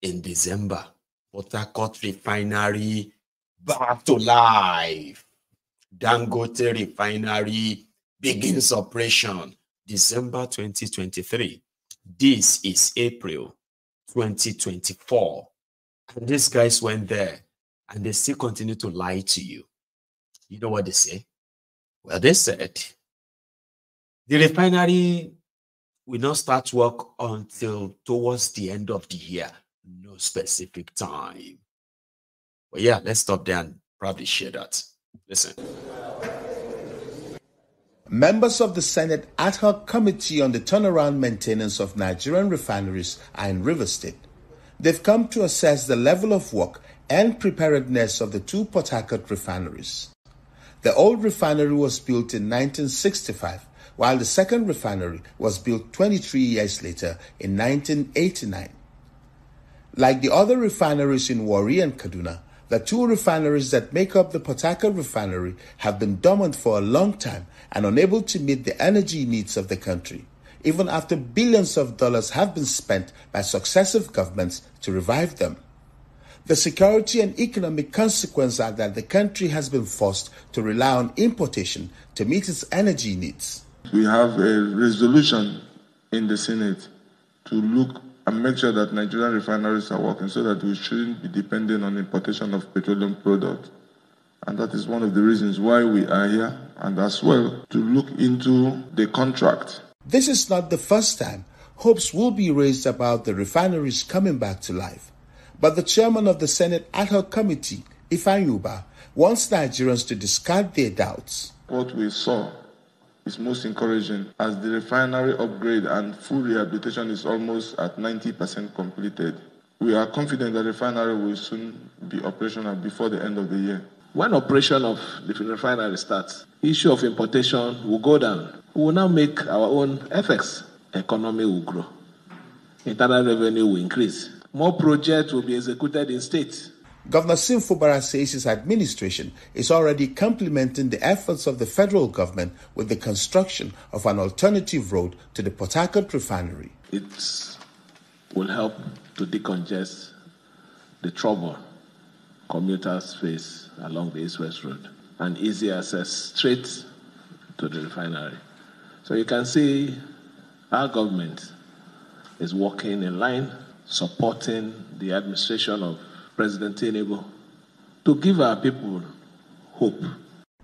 [SPEAKER 4] in December, Harcourt refinery back to life. Dangote refinery begins operation December 2023. This is April 2024. And these guys went there and they still continue to lie to you. You know what they say? Well, they said the refinery we not start work until towards the end of the year. No specific time. But yeah, let's stop there and probably share that.
[SPEAKER 13] Listen. Members of the Senate Ad hoc Committee on the Turnaround Maintenance of Nigerian Refineries are in River State. They've come to assess the level of work and preparedness of the two Port Harcourt refineries. The old refinery was built in 1965 while the second refinery was built 23 years later in 1989. Like the other refineries in Wari and Kaduna, the two refineries that make up the Potaka refinery have been dormant for a long time and unable to meet the energy needs of the country, even after billions of dollars have been spent by successive governments to revive them. The security and economic consequence are that the country has been forced to rely on importation to meet its energy needs
[SPEAKER 6] we have a resolution in the Senate to look and make sure that Nigerian refineries are working so that we shouldn't be dependent on importation of petroleum products. And that is one of the reasons why we are here and as well to look into the contract.
[SPEAKER 13] This is not the first time hopes will be raised about the refineries coming back to life. But the chairman of the Senate ad hoc committee, Ifan Yuba, wants Nigerians to discard their doubts.
[SPEAKER 6] What we saw is most encouraging as the refinery upgrade and full rehabilitation is almost at 90% completed. We are confident that the refinery will soon be operational before the end of the year. When operation of the refinery starts, issue of importation will go down. We will now make our own FX. Economy will grow. Internal revenue will increase. More projects will be executed in states Governor Simfubara says his administration is already
[SPEAKER 13] complementing the efforts of the federal government with the construction of an alternative
[SPEAKER 6] road to the Port Harcourt refinery. It will help to decongest the trouble commuters face along the East West Road and easy access straight to the refinery. So you can see our government is working in line, supporting the administration of President Tinubu, to give our people hope.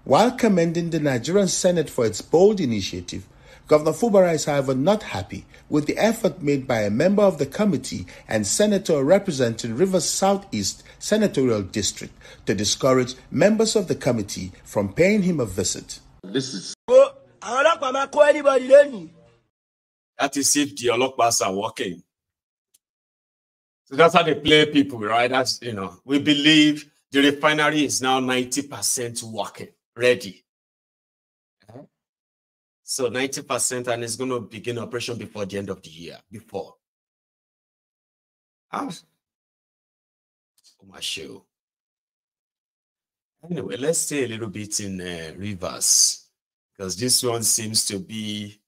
[SPEAKER 13] While commending the Nigerian Senate for its bold initiative, Governor Fubara is, however, not happy with the effort made by a member of the committee and senator representing Rivers Southeast Senatorial District to discourage members of the committee from paying him a visit. This is.
[SPEAKER 11] That
[SPEAKER 4] is if the Olokpas are working. So that's how they play people, right? That's you know, we believe the refinery is now 90%
[SPEAKER 1] working, ready. Eh? So 90% and it's going to begin operation before the end of the year, before. How? Oh, my show. Anyway, let's stay a
[SPEAKER 4] little bit in uh, reverse because this one seems to be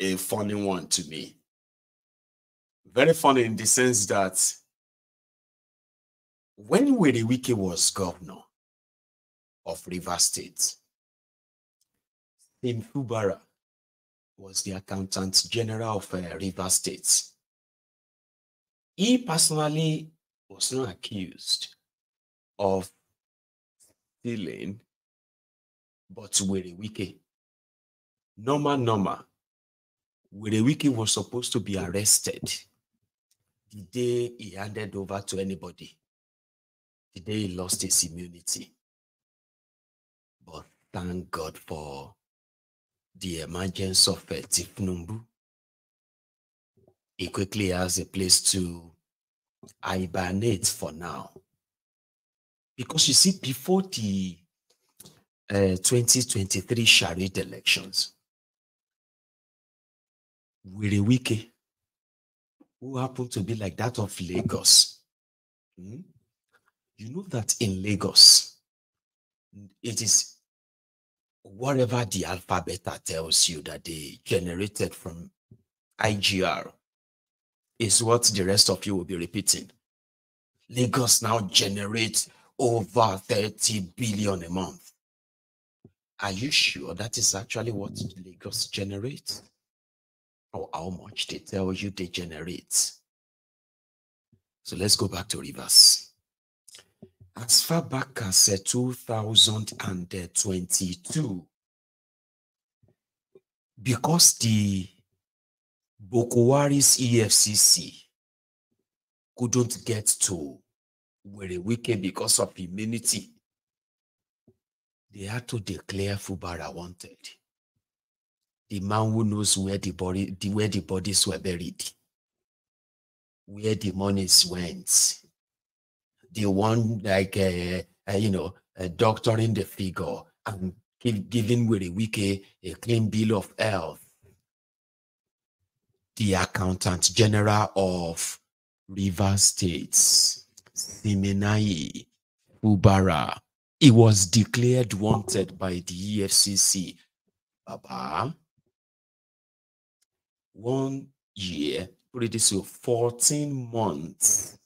[SPEAKER 1] a funny one to me very funny in the sense that when Weriwike was governor of River State, Tim Fubara was the accountant general of uh, River State. He personally was not accused of stealing, but no Norma Norma,
[SPEAKER 4] Weriwike was supposed to be arrested the day
[SPEAKER 1] he handed over to anybody, the day he lost his immunity. But thank God for the emergence of eh, Tifnumbu. He quickly has a place to
[SPEAKER 4] hibernate for now. Because you see, before the
[SPEAKER 1] uh, eh, 2023 Shari elections, Wiriwike who happen to be like that of Lagos, hmm? you know that in Lagos,
[SPEAKER 4] it is whatever the alpha beta tells you that they generated from IGR is what the rest of you will be repeating. Lagos now generates over 30 billion a month. Are you sure that is actually what Lagos generates? or how much they tell you they generate. So let's go back to reverse. As far back as uh, 2022, because the Bokowari's EFCC couldn't get to where Werewike because of immunity, they had to declare Fubara wanted the man who knows where the body, the, where the bodies were buried, where the monies went, the one like uh, uh, you know uh, doctoring the figure and give, giving with a wiki a clean bill of health, the accountant general of River States, Simenai Ubara. He was declared wanted by the EFCC. Baba, one year, put it this way, 14 months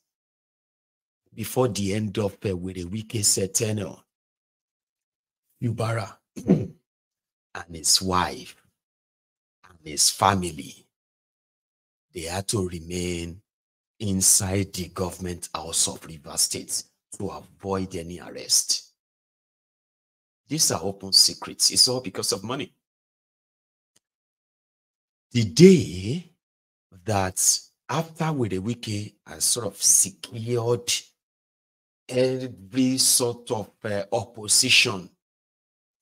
[SPEAKER 1] before the end of uh, with a wicked tenure. Yubara and his wife and his family, they had to remain inside
[SPEAKER 4] the government house of River State to avoid any arrest.
[SPEAKER 1] These are open secrets. It's all because of money the day that after week, has sort
[SPEAKER 4] of secured every sort of uh, opposition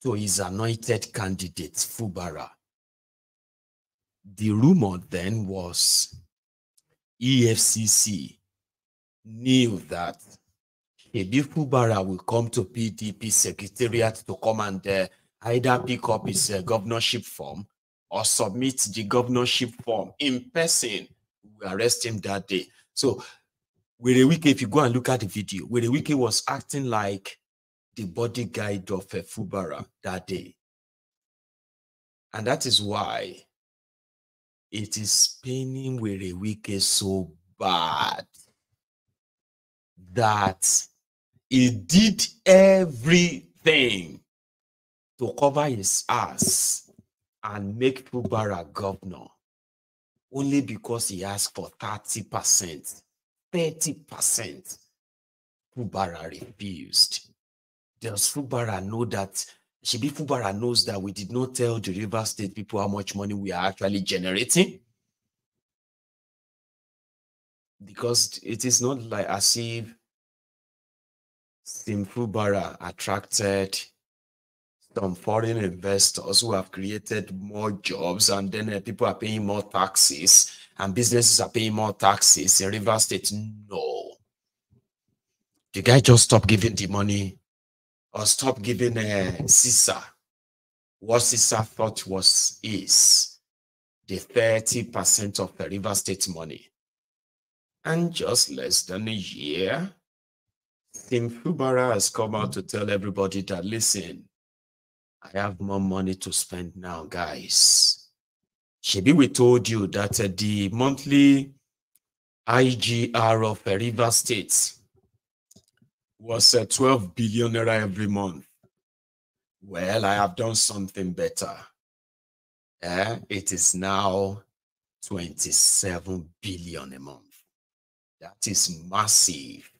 [SPEAKER 4] to his anointed candidate, Fubara, the rumor then was EFCC knew that Ebi Fubara will come to PDP secretariat to come and uh, either pick up his uh, governorship form or submit the governorship form in person, we arrest him that day. So a Wike, if you go and look at the video, a Wike was acting like the bodyguard of a Fubara that day. And that is why it is paining Were Wike so bad that he did everything to cover his ass and make Pubara governor only because he asked for 30%. 30%. Fubara refused. Does Fubara know that? Shibi Fubara knows that we did not tell the River State people how much money we are
[SPEAKER 1] actually generating. Because it is not like as if Sim Fubara attracted
[SPEAKER 4] from foreign investors who have created more jobs and then uh, people are paying more taxes and businesses are paying more taxes in River State. No. You guys just stop giving the money or stop giving uh, CISA what CISA thought was is the 30% of the River State money. And just less than a year, Tim Fubara has come out to tell everybody that listen, I have more money to spend now, guys. Shebi, we told you that uh, the monthly IGR of uh, River State was uh, 12 billion naira every month. Well, I have done something better. Uh, it is now 27 billion a month. That is massive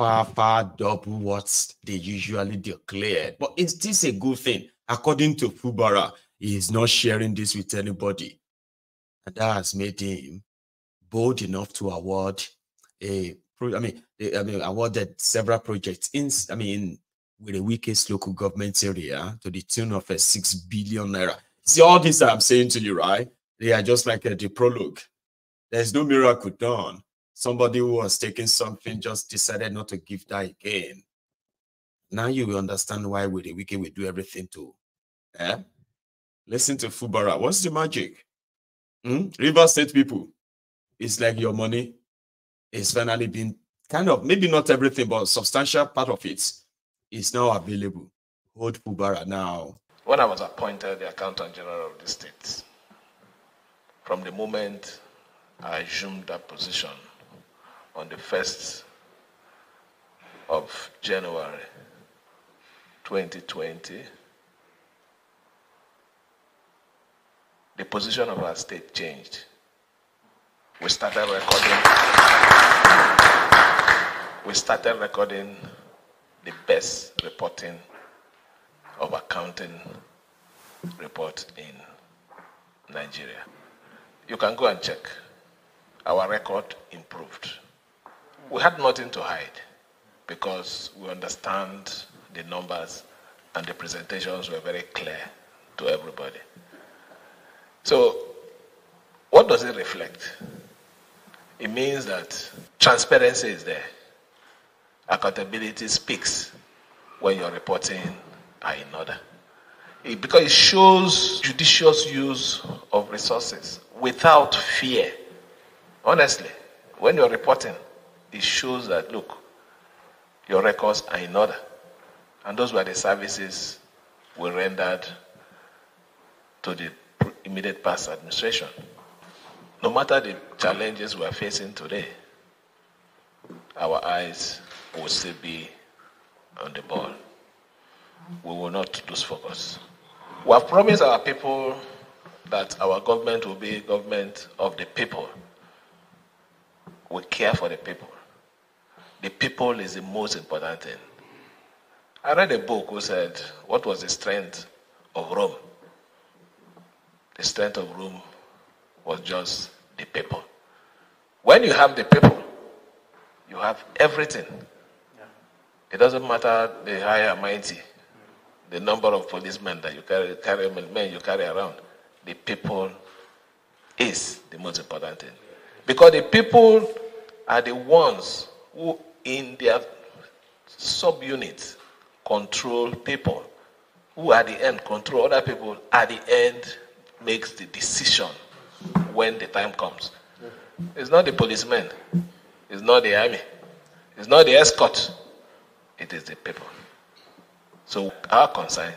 [SPEAKER 4] far, far double what they usually declared. But is this a good thing? According to Fubara, he is not sharing this with anybody. And that has made him bold enough to award a I mean, I mean, awarded several projects in, I mean, with the weakest local government area to the tune of a six billion naira. See, all this I'm saying to you, right? They are just like a, uh, the prologue. There's no miracle done. Somebody who was taking something just decided not to give that again. Now you understand why with the wicked we do everything to. Eh? Listen to Fubara. What's the magic? Hmm? River State people. It's like your money is finally being kind of maybe not everything, but substantial part of it is now available. Hold Fubara now.
[SPEAKER 6] When I was appointed the accountant general of the state, from the moment I assumed that position, on the 1st of January 2020, the position of our state changed. We started recording. We started recording the best reporting of accounting report in Nigeria. You can go and check. Our record improved we had nothing to hide because we understand the numbers and the presentations were very clear to everybody. So, what does it reflect? It means that transparency is there. Accountability speaks when your reporting are in order. It, because it shows judicious use of resources without fear. Honestly, when you're reporting, it shows that, look, your records are in order. And those were the services we rendered to the immediate past administration. No matter the challenges we are facing today, our eyes will still be on the ball. We will not lose focus. We have promised our people that our government will be government of the people. We care for the people. The people is the most important thing. I read a book who said, What was the strength of Rome? The strength of Rome was just the people. When you have the people, you have everything. Yeah. It doesn't matter the high mighty, the number of policemen that you carry, carry men you carry around. The people is the most important thing. Because the people are the ones who in their subunits control people who at the end control other people at the end makes the decision when the time comes. It's not the policeman, it's not the army, it's not the escort, it is the people. So our concern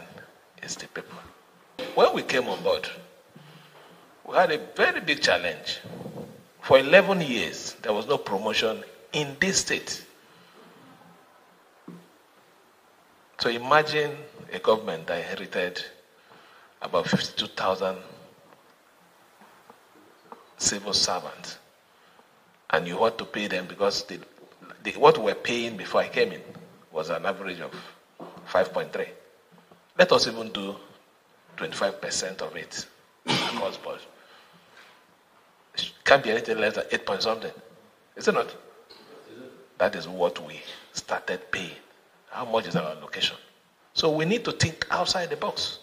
[SPEAKER 6] is the people. When we came on board, we had a very big challenge. For 11 years, there was no promotion in this state. So imagine a government that inherited about 52,000 civil servants, and you had to pay them because what we were paying before I came in was an average of 5.3. Let us even do 25% of it across board. It can't be anything less than 8 point something. Is it not? That is what we started paying. How much is our allocation? So we need to think outside the box.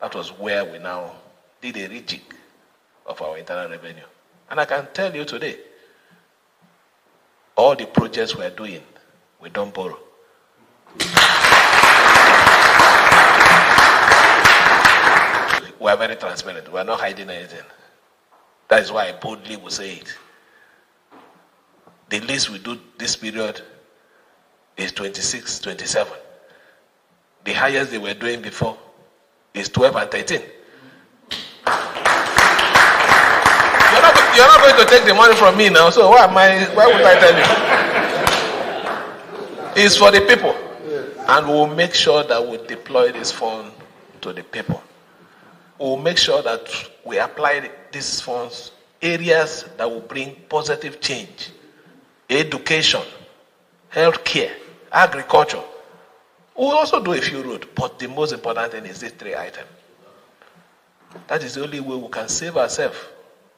[SPEAKER 6] That was where we now did a rejig of our internal revenue. And I can tell you today, all the projects we're doing, we don't borrow. we are very transparent. We are not hiding anything. That is why I boldly will say it. The least we do this period is 26, 27. The highest they were doing before is 12 and 13. You're not, you're not going to take the money from me now, so why, am I, why would I tell you? It's for the people. And we'll make sure that we deploy this fund to the people. We'll make sure that we apply these funds areas that will bring positive change education, healthcare, agriculture. We also do a few roads, but the most important thing is these three items. That is the only way we can save ourselves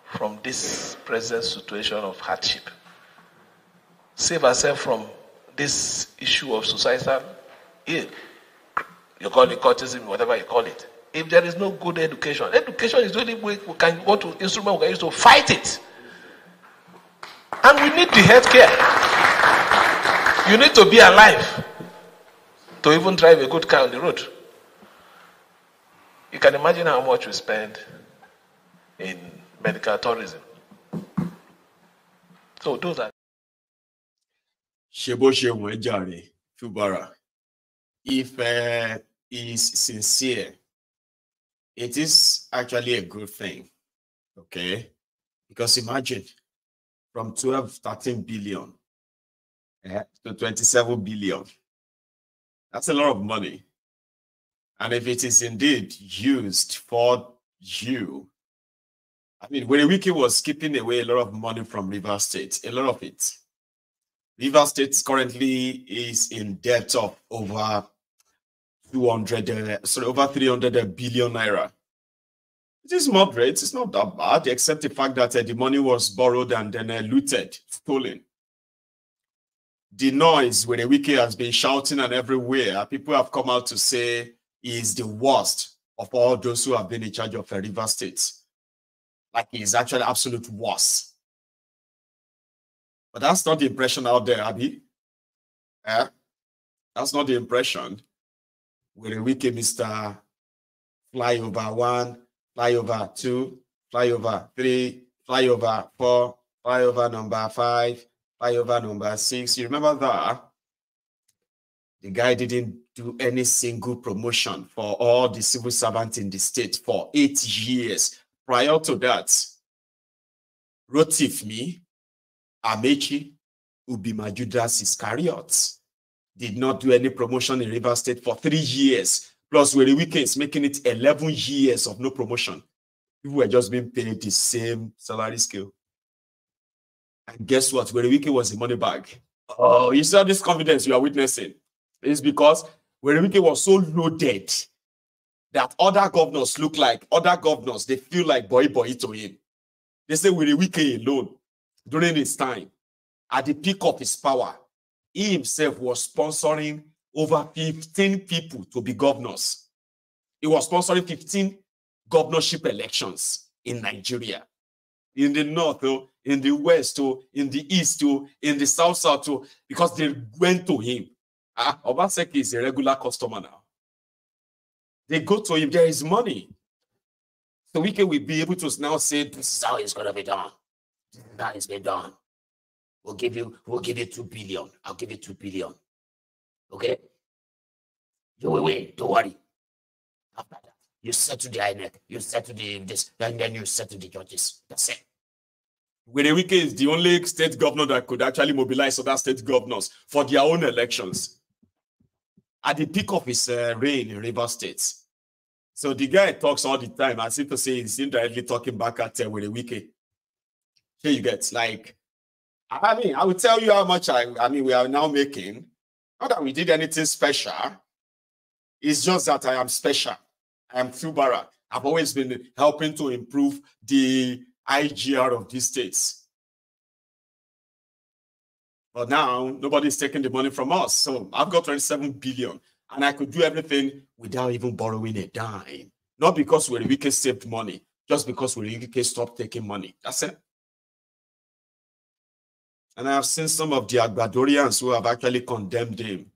[SPEAKER 6] from this present situation of hardship. Save ourselves from this issue of societal ill. Eh, you call it cultism, whatever you call it. If there is no good education, education is the only way we can what instrument we can use to fight it. And we need the health care. You need to be alive to even drive a good car on the road. You can imagine how much we spend in medical tourism. So do that.
[SPEAKER 4] ṣe bó ṣe wọn ẹ if uh, is sincere it is actually a good thing okay because imagine from twelve thirteen billion to eh, 27 billion. That's a lot of money. And if it is indeed used for you, I mean, when Wiki was keeping away a lot of money from River State, a lot of it. River State currently is in debt of over 200, uh, sorry, over 300 uh, billion naira. It is moderate. It's not that bad, except the fact that uh, the money was borrowed and then uh, looted, stolen the noise with the wiki has been shouting and everywhere, people have come out to say is the worst of all those who have been in charge of a river state.
[SPEAKER 1] Like he is actually absolute worst. But that's not the impression out there, Abby. Eh? That's not the impression.
[SPEAKER 4] with the wiki, Mr. Flyover one, flyover two, flyover three, flyover four, flyover number five, pi over number 6. You remember that? The guy didn't do any single promotion for all the civil servants in the state for eight years. Prior to that, Rotifmi, Amechi, Ubima Judas Iscariot did not do any promotion in River State for three years, plus were the weekends, making it 11 years of no promotion. People were just being paid the same salary scale. And guess what? Werewike was a money bag. Oh, you saw this confidence you are witnessing. It's because Werewike was so loaded that other governors look like other governors. They feel like boy boy to him. They say Werewike alone during his time, at the peak of his power, he himself was sponsoring over 15 people to be governors. He was sponsoring 15 governorship elections in Nigeria. In the north, though, in the west, too, oh, in the east, too, oh, in the south, south, too, oh, because they went to him. Ah, Obaseki is a regular customer now. They go to him, there is money. So we can we be able to
[SPEAKER 1] now say, This is how it's gonna be done. That is been done. We'll give you, we'll give you two billion. I'll give you two billion. Okay? You will win,
[SPEAKER 4] don't worry. After that, you settle the INEC, you settle the this, and then you settle the judges. That's it. Werewike is the only state governor that could actually mobilize other state governors for their own elections at the peak of his uh, reign in Rivers State. So the guy talks all the time as if to say he's indirectly talking back at uh, Werewike. Here you get like, I mean, I will tell you how much I, I mean, we are now making. Not that we did anything special. It's just that I am special. I am Fubara. I've always been helping to improve the IGR of these states. But now nobody's taking the money from us. So I've got 27 billion and I could do everything without even borrowing a dime. Not because we're the UK saved money, just because we're the UK stopped taking money. That's it. And I have seen some of the Agbadorians who have actually condemned him.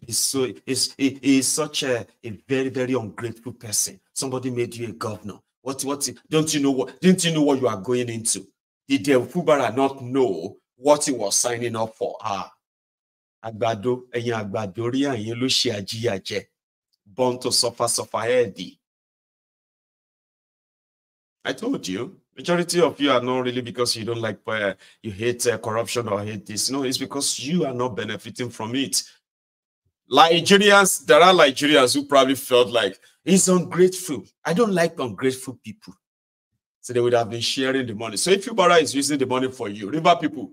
[SPEAKER 4] He's so he's, he, he's such a, a very, very ungrateful person. Somebody made you a governor. What what don't you know what didn't you know what you are going into? Did the Fubara not know what he was signing
[SPEAKER 1] up for? Ah, Agbado, ẹ̀yin àgbàdo rí born to suffer, suffer healthy. I told
[SPEAKER 4] you, majority of you are not really because you don't like, uh, you hate uh, corruption or hate this. No, it's because you are not benefiting from it. Nigerians, there are Nigerians who probably felt like He's ungrateful. I don't like ungrateful people. So they would have been sharing the money. So if Fubara is using the money for you, river people,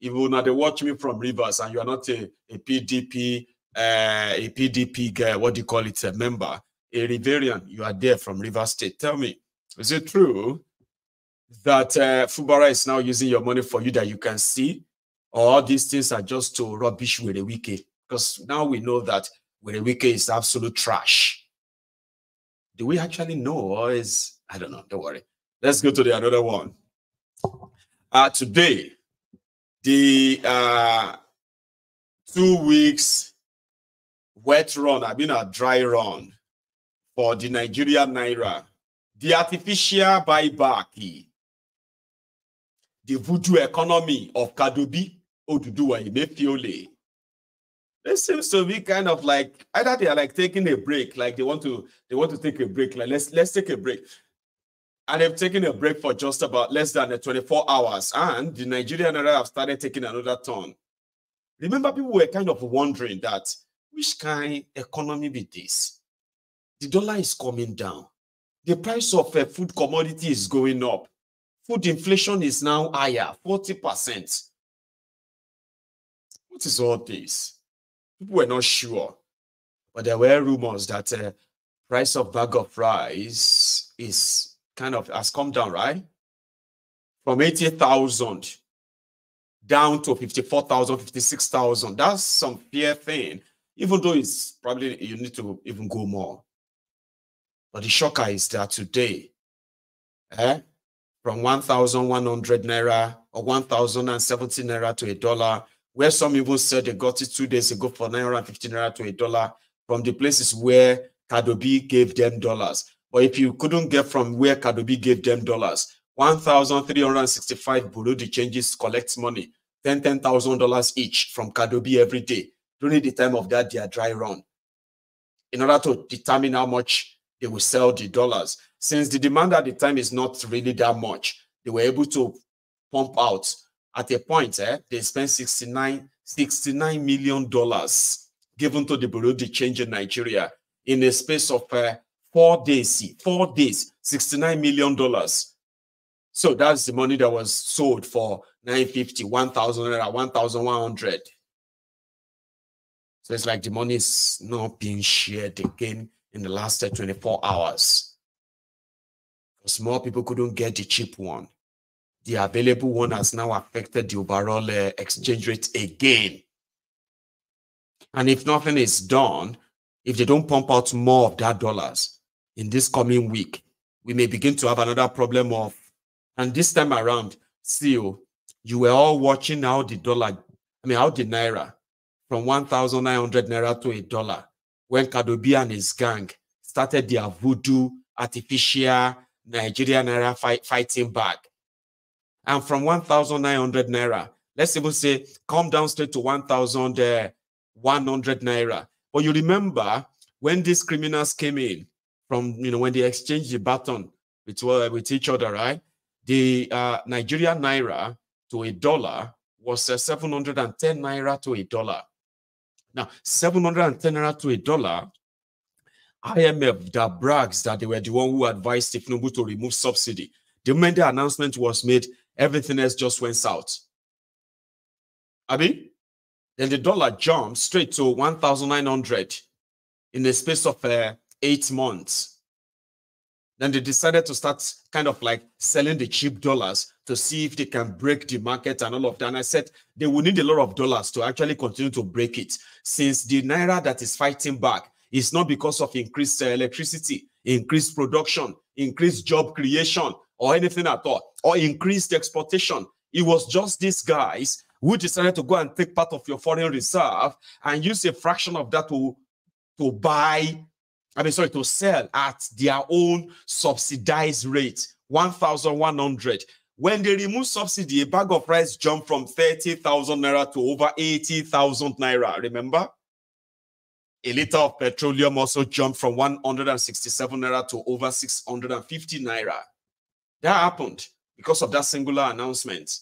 [SPEAKER 4] if you not watch me from rivers and you are not a, a PDP, uh, eh, a PDP guy, what do you call it, a member, a Riverian, you are there from River State. Tell me, is it true that uh, Fubara is now using your money for you that you can see? Or these things are just to rubbish with a wiki? Because now we know that with a wiki is absolute trash do we actually know or is i don't know don't worry let's go to the another one uh, today the uh, two weeks wet run i've been mean a dry run for the nigeria naira the artificial buyback the voodoo economy of kadobi oduduwa emefiole this seems to be kind of like either they are like taking a break, like they want to they want to take a break. Like let's let's take a break. And they've taken a break for just about less than 24 hours. And the Nigerian era have started taking another turn. Remember, people were kind of wondering that which kind economy be this? The dollar is coming down. The price of a uh, food commodity is going up. Food inflation is now higher, 40%. What is all this? people were not sure, but there were rumors that uh, price of bag of rice is kind of has come down, right? From 80,000 down to 54,000, 56,000. That's some fair thing, even though it's probably you need to even go more. But the shocker is that today, eh, from 1,100 naira or 1,070 naira to a dollar where some even said they got it two days ago for 950 naira to a dollar from the places where Kadobi gave them dollars. But if you couldn't get from where Kadobi gave them dollars, 1,365 Burundi changes collects money, $10,000 $10, each from Kadobi every day during the time of that their dry run in order to determine how much they will sell the dollars. Since the demand at the time is not really that much, they were able to pump out at a point, eh, they spent 69, $69 million given to the Bureau to Change in Nigeria in a space of uh, four days, four days, $69 million. So that's the money that was sold for 950, 1,000, 1,100. So it's like the money is not being shared again in the last eh, 24 hours. Because more people couldn't get the cheap one the available one has now affected the overall uh, exchange rate again. And if nothing is done, if they don't pump out more of that dollars in this coming week, we may begin to have another problem of, and this time around, still, oh, you were all watching how the dollar, I mean, how the naira from 1,900 naira to a dollar when Kadobi and his gang started their voodoo artificial Nigerian naira fight, fighting back and from 1,900 naira, let's even say come down straight to 1,100 uh, naira. But you remember when these criminals came in from, you know, when they exchanged the baton with, uh, with each other, right? The uh, Nigerian naira to a dollar was uh, 710 naira to a dollar. Now, 710 naira to a dollar, IMF that brags that they were the one who advised Tinubu to remove subsidy. The moment the announcement was made, everything else just went south. I mean, then the dollar jumped straight to 1,900 in the space of uh, eight months. Then they decided to start kind of like selling the cheap dollars to see if they can break the market and all of that. And I said they will need a lot of dollars to actually continue to break it, since the naira that is fighting back is not because of increased uh, electricity, increased production, increased job creation, or anything at all, or increase the exportation. It was just these guys who decided to go and take part of your foreign reserve and use a fraction of that to, to buy, I mean, sorry, to sell at their own subsidized rate, 1,100. When they remove subsidy, a bag of rice jumped from 30,000 naira to over 80,000 naira. Remember? A liter of petroleum also jumped from 167 naira to over 650 naira. That happened because of that singular announcement.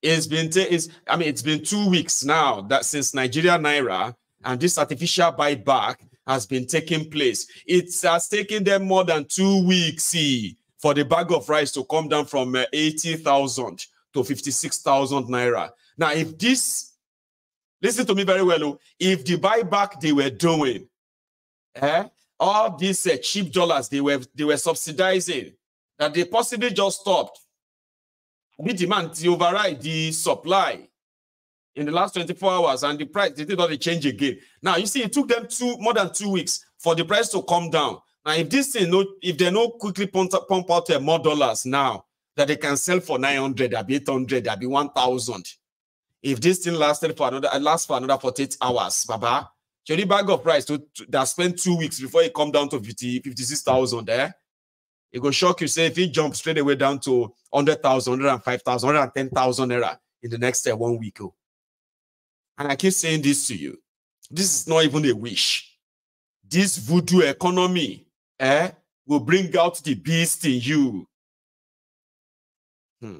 [SPEAKER 4] It's been it's, I mean it's been two weeks now that since Nigeria Naira and this artificial buyback has been taking place. It has taken them more than two weeks see, for the bag of rice to come down from uh, 80,000 to 56,000 naira. Now, if this, listen to me very well, oh, if the buyback they were doing, eh, all these uh, cheap dollars they were they were subsidizing that they possibly just stopped. The demand to override the supply in the last 24 hours and the price they did not change again. Now you see, it took them two more than two weeks for the price to come down. Now, if this thing no, if they no quickly pump, out uh, more dollars now that they can sell for 900, that be 800, that be 1000. If this thing lasted for another, uh, last for another 48 hours, Baba, Jolly bag of price to, to, that spent two weeks before it come down to 50, 56,000 there. Eh? It will shock you. Say if he jumps straight away down to 100,000, 105,000, 110,000 era in the next uh, one week. Oh. And I keep saying this to you. This is not even a wish. This voodoo economy eh, will bring out the beast in you. Hmm.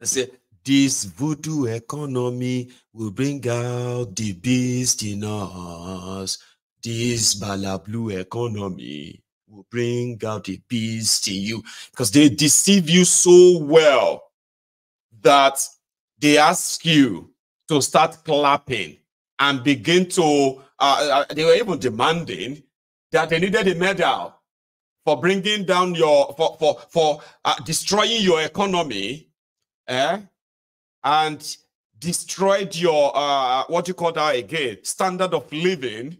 [SPEAKER 4] They say, this voodoo economy will bring out the beast in us. This balablu economy will bring out a peace to you because they deceive you so well that they ask you to start clapping and begin to, uh, uh, they were even demanding that they needed a medal for bringing down your, for, for, for uh, destroying your economy eh? and destroyed your, uh, what you call that again, standard of living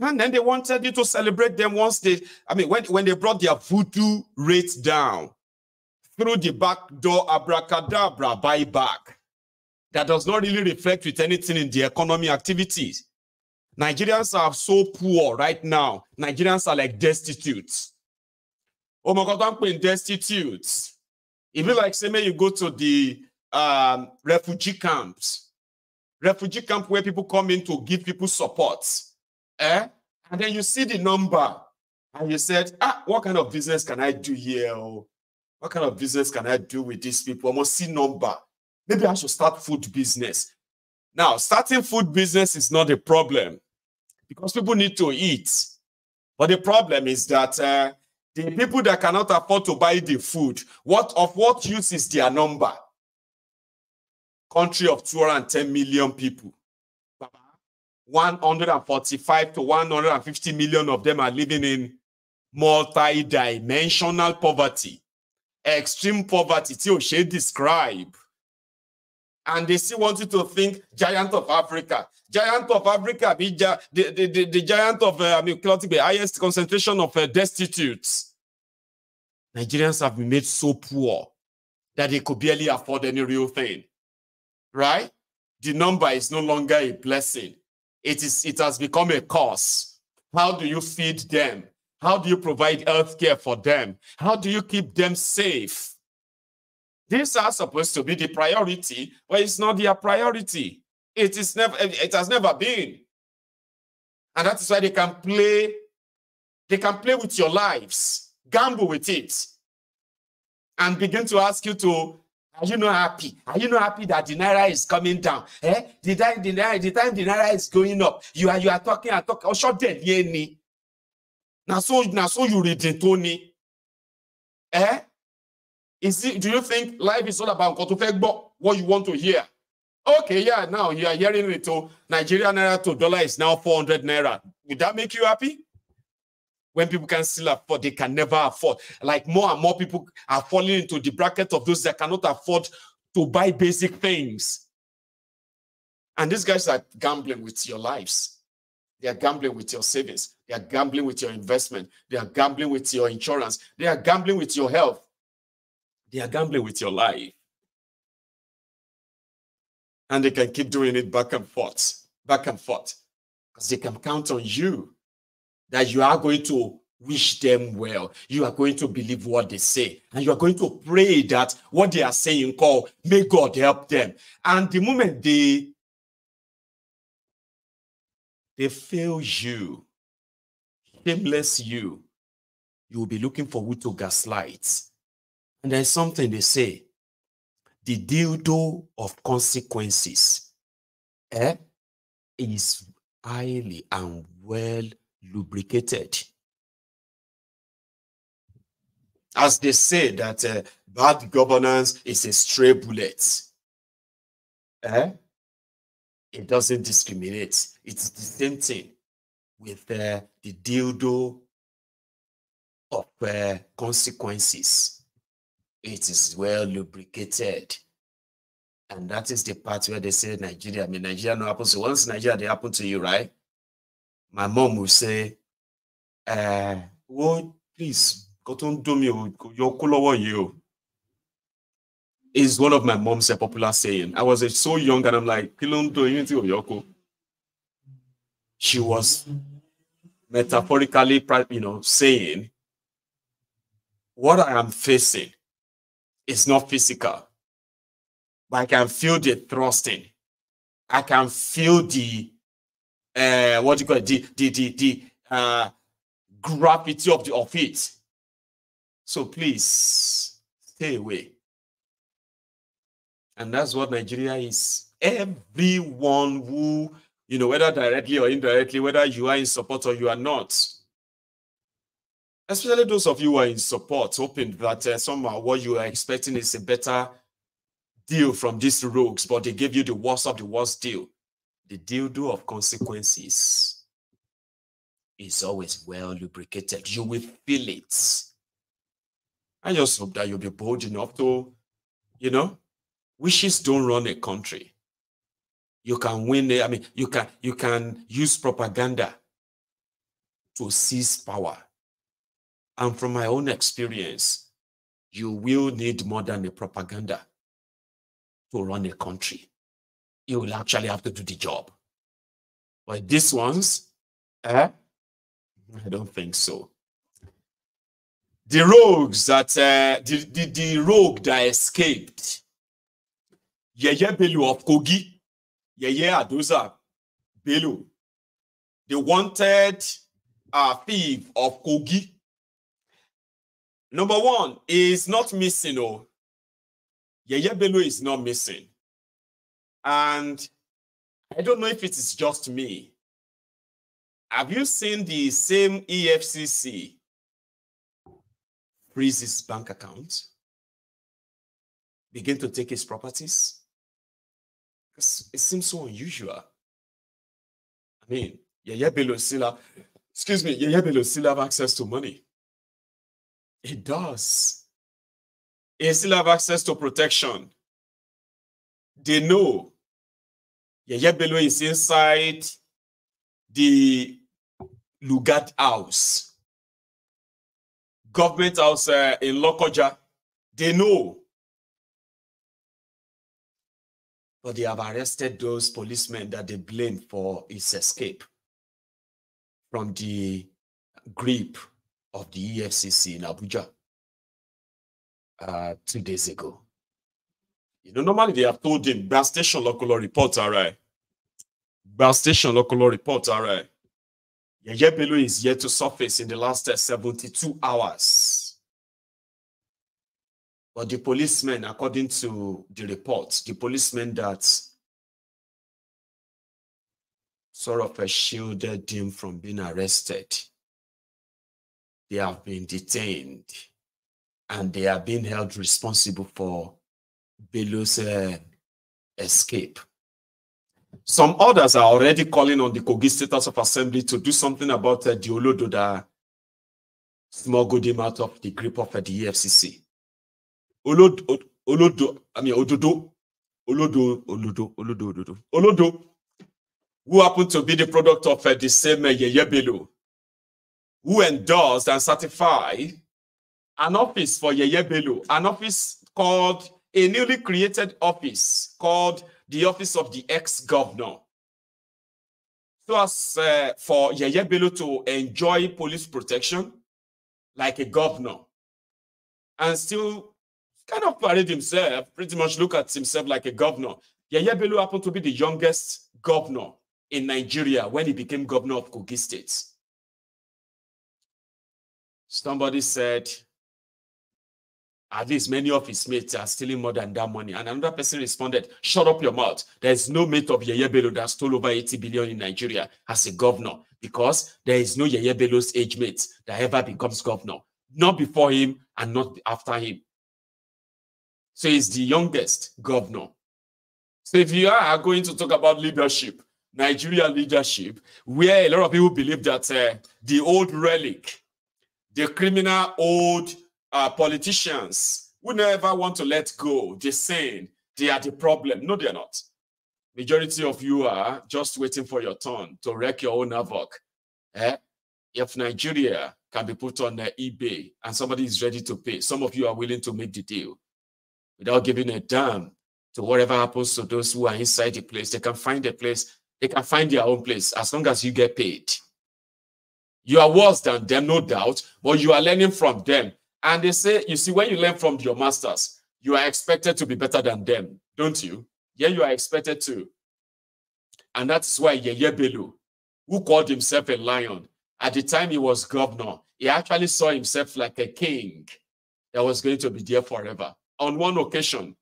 [SPEAKER 4] and then they wanted you to celebrate them once they, I mean, when, when they brought their voodoo rate down through the back door, abracadabra, buyback. That does not really reflect with anything in the economy activities. Nigerians are so poor right now. Nigerians are like destitute. Oh my God, I'm putting destitute. Even like say, may you go to the um, refugee camps, refugee camp where people come in to give people support. Eh? And then you see the number and you said, ah, what kind of business can I do here? Oh? What kind of business can I do with these people? I must see number. Maybe I should start food business. Now, starting food business is not a problem because people need to eat. But the problem is that uh, the people that cannot afford to buy the food, what of what use is their number? Country of 210 million people. 145 to 150 million of them are living in multidimensional poverty, extreme poverty, tí ò describe. And they still want you to think giant of Africa. Giant of Africa the, the, the, the giant of, uh, I mean, the highest concentration of uh, destitutes. Nigerians have been made so poor that they could barely afford any real thing, right? The number is no longer a blessing. It is it has become a cause. How do you feed them? How do you provide health care for them? How do you keep them safe? These are supposed to be the priority, but it's not their priority. It is never it has never been. And that is why they can play, they can play with your lives, gamble with it, and begin to ask you to Are you not happy? Are you not happy that the naira is coming down? Eh? The time the naira, the time the naira is going up, you are you are talking and talking. Oh, short dead, yeah, ni. Now so now so you read it, Tony. Eh? Is it, do you think life is all about what you want to hear? Okay, yeah, now you are hearing it. Oh, Nigerian naira to dollar is now 400 naira. Would that make you happy? when people can still afford, they can never afford. Like more and more people are falling into the bracket of those that cannot afford to buy basic things. And these guys are gambling with your lives. They are gambling with your savings. They are gambling with your investment. They are gambling with your insurance. They are gambling with your health.
[SPEAKER 1] They are gambling with your life. And they can keep doing it back and forth, back and forth, because they can count on you
[SPEAKER 4] that you are going to wish them well. You are going to believe what they say, and you are going to pray that what they are saying, call, may God help them. And the moment
[SPEAKER 1] they they fail you, shameless you, you will be looking for who to gaslight.
[SPEAKER 4] And there's something they say, the dildo of consequences
[SPEAKER 1] eh, is highly and well lubricated. As they say that uh, bad governance is a stray bullet. Eh?
[SPEAKER 4] It doesn't discriminate. It's the same thing with uh, the dildo of uh, consequences. It is well lubricated. And that is the part where they say Nigeria. I mean, Nigeria no happens to once Nigeria, they happen to you, right? my mom will say, uh, oh, please, go to do me, your color you. Is one of my mom's a eh, popular saying. I was eh, so young and I'm like, Yoko. She was metaphorically, you know, saying, what I am facing is not physical, but I can feel the thrusting. I can feel the uh, what do you call it? The the the, the uh, gravity of the of it. So please stay away. And that's what Nigeria is. Everyone who, you know, whether directly or indirectly, whether you are in support or you are not, especially those of you who are in support, hoping that uh, somehow what you are expecting is a better deal from these rogues, but they gave you the worst of the worst deal. The dildo of consequences is always well lubricated. You will feel it. I just hope that you'll be bold enough to, you know, wishes don't run a country. You can win it. I mean, you can you can use propaganda to seize power. And from my own experience, you will need more than a propaganda to run a country
[SPEAKER 1] you will actually have to do the job. But these ones, eh? I don't think so. The rogues that uh,
[SPEAKER 4] the, the, the rogue that escaped, Yeye Belu of Kogi, Yeye Adoza Belu, the wanted uh, thief of Kogi. Number one is
[SPEAKER 1] not missing. Oh, Yeye Belu is not missing. And I don't know if it is just me. Have you seen the same EFCC freeze his bank account, begin to take his properties? Because it seems so unusual. I mean, Yaya Belosila, excuse me, Yaya Belosila still have access to money. It does. He still have access to protection. They know Yaya Bello is inside the Lugat House. Government House uh, in Lokoja. They know. But they have arrested those policemen that they blame for his escape from
[SPEAKER 4] the grip of the EFCC in Abuja uh, two days ago. You know, normally they have told him, Bar Station Local Report, all right. Bar Station Local Report, all right. Yeye Bello is yet to surface in the last uh, 72 hours. But the policeman, according to the report, the policeman that sort of uh, shielded him from being arrested, they have been detained and they are being held responsible for Bello's uh, escape. Some others are already calling on the Kogi State House of Assembly to do something about uh, the Olododa smuggled him out of the grip of uh, the EFCC. Olodo, Olodo, I mean Ododo, Olodo, Olodo, Olodo, Olodo, Olodo, who happened to be the product of uh, the same uh, Yeye Bello, who endorsed and certified an office for Yeye below? an office called a newly created office called the Office of the Ex-Governor. So as uh, for Yeye Bello to enjoy police protection like a governor and still kind of parade himself, pretty much look at himself like a governor. Yeye Bello happened to be
[SPEAKER 1] the youngest governor in Nigeria when he became governor of Kogi State. Somebody said
[SPEAKER 4] at least many of his mates are stealing more than that money. And another person responded, Shut up your mouth. There is no mate of Yeye Bello that stole over 80 billion in Nigeria as a governor because there is no Yeye Bello's age mate that ever becomes governor. Not before him and not after him. So he's the youngest governor. So if you are going to talk about leadership, Nigerian leadership, where a lot of people believe that uh, the old relic, the criminal old uh, politicians who never want to let go, they saying they are the problem. No, they're not. Majority of you are just waiting for your turn to wreck your own havoc. Eh? If Nigeria can be put on uh, eBay and somebody is ready to pay, some of you are willing to make the deal without giving a damn to whatever happens to those who are inside the place. They can find a place, they can find their own place as long as you get paid. You are worse than them, no doubt, but you are learning from them. And they say, you see, when you learn from your masters, you are expected to be better than them, don't you? Yeah, you are expected to. And that's why Yeye Belu, who called himself a lion, at the time he was governor, he actually saw himself like a king that was going to be there forever. On one occasion,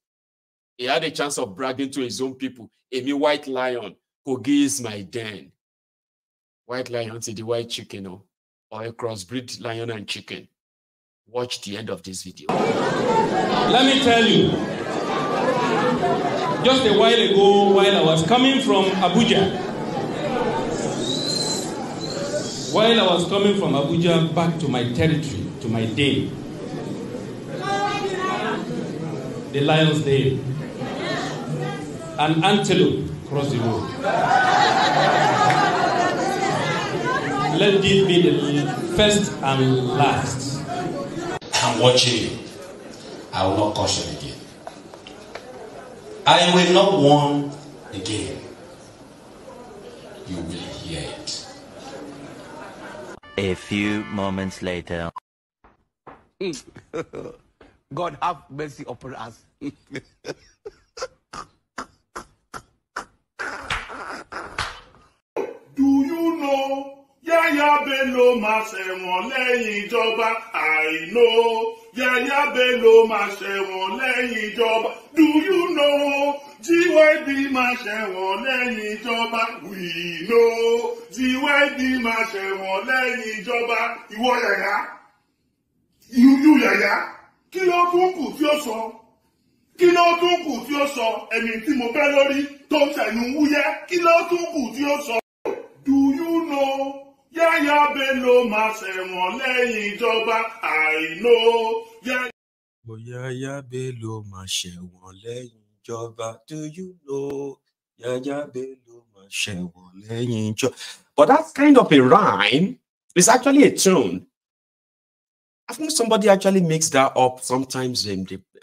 [SPEAKER 4] he had a chance of bragging to his own people, Amy White Lion, Kogi is my den. White lion to the white chicken, or, oh, or a crossbreed lion and chicken watch the end of this video.
[SPEAKER 10] Let me tell you, just a while ago, while I was coming from Abuja, while I was coming from Abuja back to my territory, to my day, the lion's day, an antelope crossed the road. Let this
[SPEAKER 4] be the first and last watching you. I will not caution again. I will not warn again.
[SPEAKER 14] You will hear it.
[SPEAKER 15] A few moments later.
[SPEAKER 6] God have mercy upon us.
[SPEAKER 12] Do you know Yahya Bello máa ṣẹ̀wọ̀n lẹ́yìn ìjọba I know Yahya Bello máa ṣẹ̀wọ̀n lẹ́yìn ìjọba do you know GYB máa ṣẹ̀wọ̀n lẹ́yìn ìjọba we know GYB máa ṣẹ̀wọ̀n lẹ́yìn ìjọba ìwọ Yahya you Yahya kí ló tún kù tí ó sọ kí ló tún kù tí ó sọ ẹni tí mo fẹ́ lórí tó ń ṣẹ̀yìn wúyẹ́ kí ló tún kù tí ó sọ. yáyà
[SPEAKER 4] do you know But that's kind of a rhyme. It's actually a tune. I think somebody actually makes that up sometimes. they,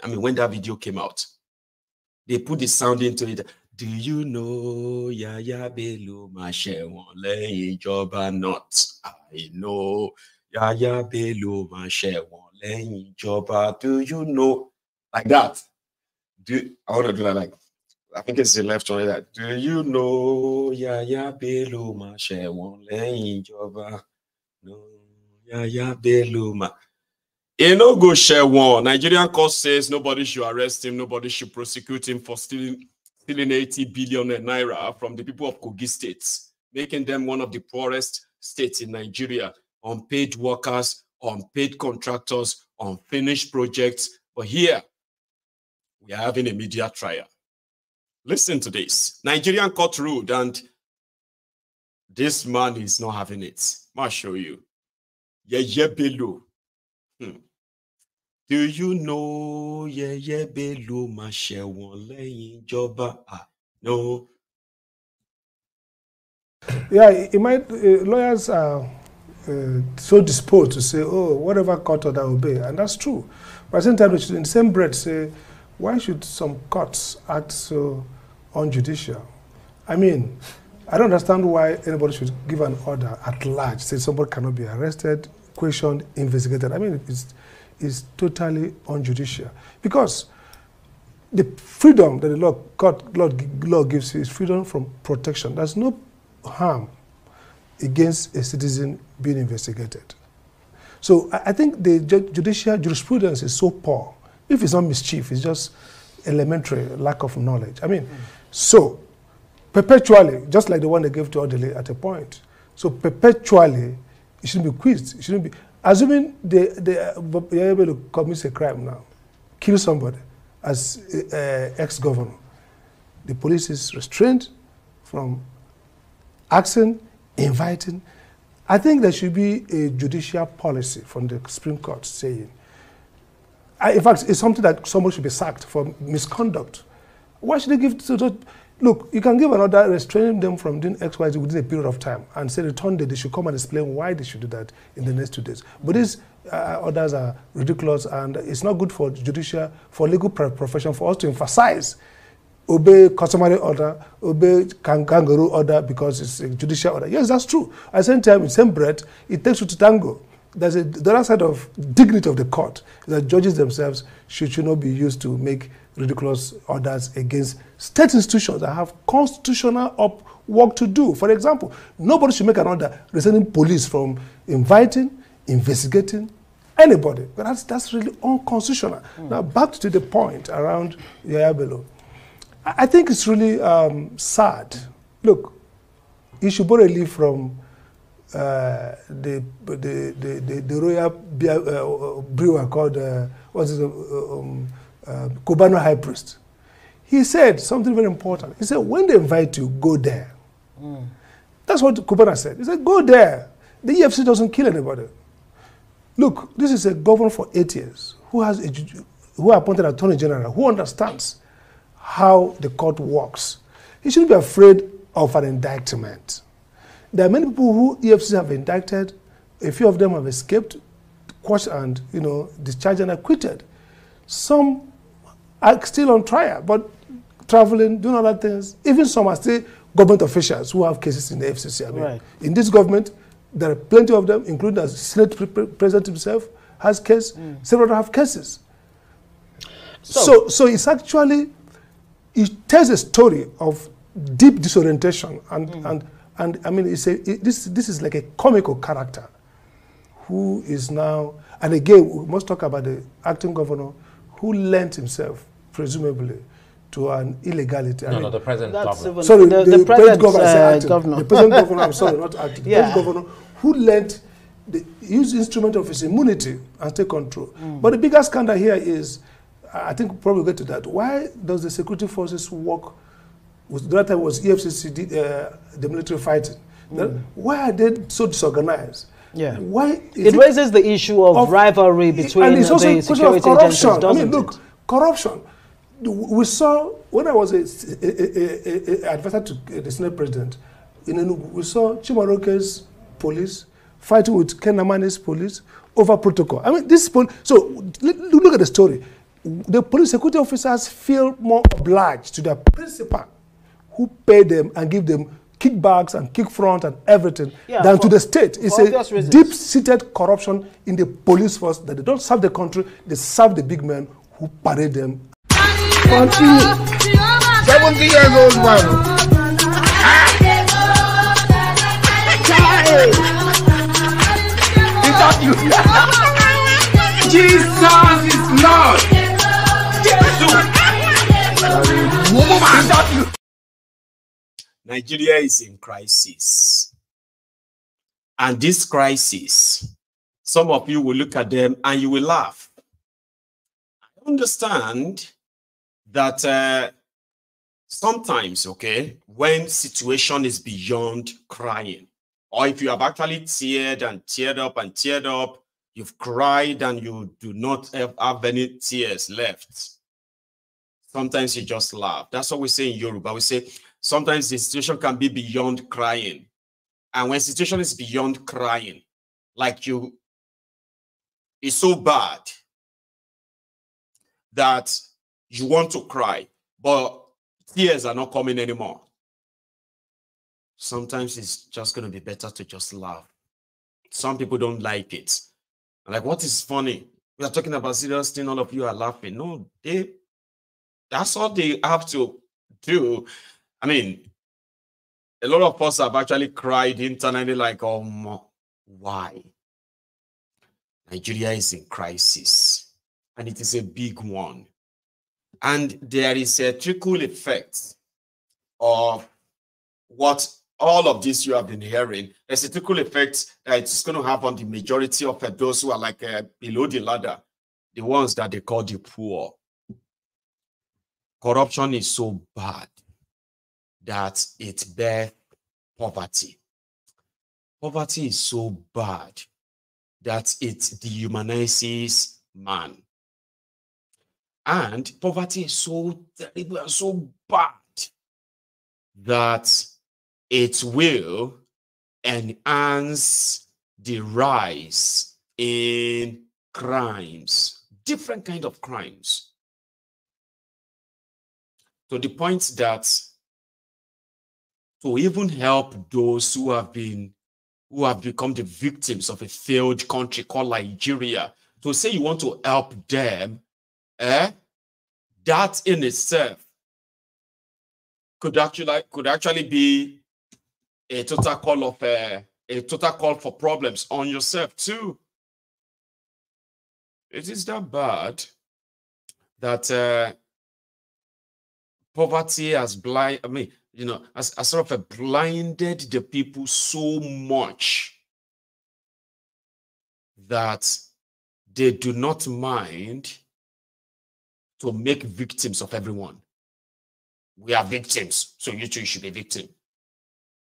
[SPEAKER 4] I mean, when that video came out, they put the sound into it do you
[SPEAKER 11] know Yaya Bello
[SPEAKER 4] máa ṣẹ̀wọ̀n lẹ́yìn ìjọba Not I know Yaya Bello máa ṣẹ̀wọ̀n lẹ́yìn ìjọba do you know like that do I wanna do that like I think it's the left one like that do you know Yaya Bello máa ṣẹ̀wọ̀n lẹ́yìn joba? no Yaya Bello máa. He no go one. Nigerian court says nobody should arrest him, nobody should prosecute him for stealing stealing 80 billion naira from the people of Kogi State, making them one of the poorest states in Nigeria. Unpaid workers, unpaid contractors, unfinished projects. But here, we are having a media trial. Listen to this. Nigerian court ruled, and this man is not having it. I'll show you. yeah, below. Hmm. do you know yẹyẹ bello máa ṣẹ̀wọ̀n lẹ́yìn ìjọba àná.
[SPEAKER 12] yeah it might uh, lawyers are uh, so disposed to say oh whatever court order obey and that's true but at the same time should, in the same breath say why should some courts act so unjudicial i mean i don't understand why anybody should give an order at large say somebody cannot be arrested questioned investigated i mean it's is totally unjudicial because the freedom that the law, God, Lord, law gives you is freedom from protection. There's no harm against a citizen being investigated. So I, I think the judicial jurisprudence is so poor. If it's not mischief, it's just elementary lack of knowledge. I mean, mm. so perpetually, just like the one they gave to Audley at a point. So perpetually, it shouldn't be quizzed. It shouldn't be. Assuming they, they are able to commit a crime now, kill somebody as uh, ex-governor, the police is restrained from asking, inviting. I think there should be a judicial policy from the Supreme Court saying, I, in fact, it's something that someone should be sacked for misconduct. Why should they give to, to Look, you can give an order restraining them from doing X, Y, Z within a period of time and say return day, they should come and explain why they should do that in the next two days. But these uh, orders are ridiculous and it's not good for judicial, for legal profession for us to emphasize obey customary order, obey kangaroo order because it's a judicial order. Yes, that's true. At the same time, in same breath, it takes you to tango. There's a, the other side of dignity of the court that judges themselves should, should not be used to make ridiculous orders against state institutions that have constitutional up work to do. For example, nobody should make an order restraining police from inviting, investigating anybody. But that's, that's really unconstitutional. Mm. Now, back to the point around Yaya Bello. I, think it's really um, sad. Look, Ishibore leave from uh, the, the, the, the, the royal beer, uh, brewer called, uh, what's it, uh, um, uh, Kubana Cubano high priest, he said something very important. He said, when they invite you, go there. Mm. That's what Cubana said. He said, go there. The EFC doesn't kill anybody. Look, this is a governor for eight years who has a, who appointed attorney general who understands how the court works. He shouldn't be afraid of an indictment. There are many people who EFCs have indicted. A few of them have escaped, quashed, and you know discharged and acquitted. Some are still on trial, but traveling, doing other things. Even some are still government officials who have cases in the FCC. I mean, right. in this government, there are plenty of them, including the Senate President himself has cases. Mm. Several have cases. So, so, so it's actually it tells a story of deep disorientation and mm. and and I mean, it's a, it, this this is like a comical character who is now. And again, we must talk about the acting governor who lent himself presumably, to an illegality. No, I mean, no, the present governor. Sorry, the, the, the present governor, uh, governor. The present governor, I'm sorry, not acting. Yeah. The present governor who lent the use instrument of his immunity and take control. Mm. But the bigger scandal here is, I think we'll probably get to that. Why does the security forces work with, that time was EFCC, uh, the military fighting. Mm. Why are they so disorganized?
[SPEAKER 11] Yeah. Why it, it, raises the issue of, of rivalry between and it's also the security of corruption. agencies, doesn't I mean,
[SPEAKER 12] look, it? corruption we saw when I was a, a, a, a advisor to the Senate president in Enugu, we saw Chimaroke's police fighting with Kenamani's police over protocol. I mean, this pol- so look at the story. The police security officers feel more obliged to their principal, who pay them and give them kickbacks and kick front and everything yeah, than for, to the state. It's a deep-seated corruption in the police force that they don't serve the country, they serve the big men who parade them Continue. 70 years old man. Child.
[SPEAKER 3] Is that you? Jesus is Lord. Jesus. Woman, is that you?
[SPEAKER 4] Nigeria is in crisis. And this crisis, some of you will look at them and you will laugh. I understand that uh, sometimes, okay, when situation is beyond crying, or if you have actually teared and teared up and teared up, you've cried and you do not have, have any tears left. Sometimes you just laugh. That's what we say in Yoruba. We say sometimes
[SPEAKER 1] the situation can be beyond crying. And when situation is beyond crying, like you, it's so bad that you want to cry, but tears are not coming anymore.
[SPEAKER 4] Sometimes it's just going to be better to just laugh. Some people don't like it. Like, what is funny? We are talking about serious thing. All of you are laughing. No, they. That's all they have to do. I mean, a lot of us have actually cried internally, like, um, why? Nigeria is in crisis, and it is a big one. And there is a trickle effect of what all of this you have been hearing. There's a trickle effect that it's going to have on the majority of uh, those who are like uh, below the ladder, the ones that they call the poor. Corruption is so bad that it bears poverty. Poverty is so bad that it dehumanizes man. And poverty is so terrible and so bad that it will enhance the
[SPEAKER 1] rise in crimes, different kind of crimes. To the point that to even help those who have been who have become the victims of a
[SPEAKER 4] failed country called Nigeria, to say you want to help them, eh? that in itself could actually could actually be a total call of a eh, a total call for problems on yourself
[SPEAKER 1] too. It is that bad that uh, poverty has blind. I mean, you know, has
[SPEAKER 4] sort of eh, blinded the people so much that they do not mind to make victims of everyone.
[SPEAKER 1] We are victims, so you too should be
[SPEAKER 4] victim.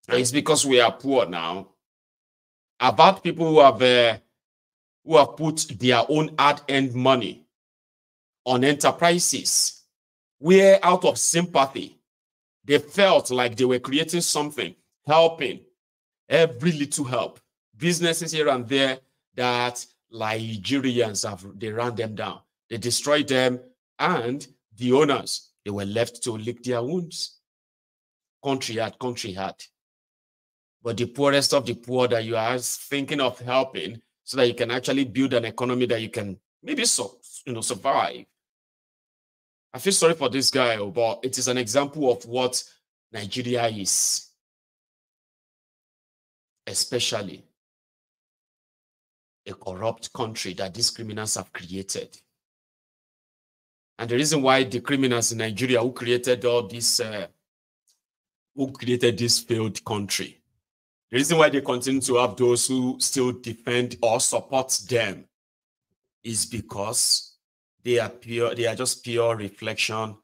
[SPEAKER 4] And it's because we are poor now. About people who have uh,
[SPEAKER 6] who have put
[SPEAKER 4] their own hard-earned money on enterprises where out of sympathy they felt like they were creating something, helping every little help. Businesses here and there that Nigerians have they ran them down, they destroyed them, and the owners, they were left to lick their wounds. Country had, country had. But the poorest of the poor that you are thinking of helping so that you can actually build an economy that you can maybe so, you know, survive.
[SPEAKER 1] I feel sorry for this guy, oh, but it is an example of what Nigeria is, especially a corrupt country that these criminals have created.
[SPEAKER 4] And the reason why the criminals in Nigeria who created all this, uh, who created this failed country, the reason why they continue to have those who still defend or support them is because they are pure, they are just pure reflection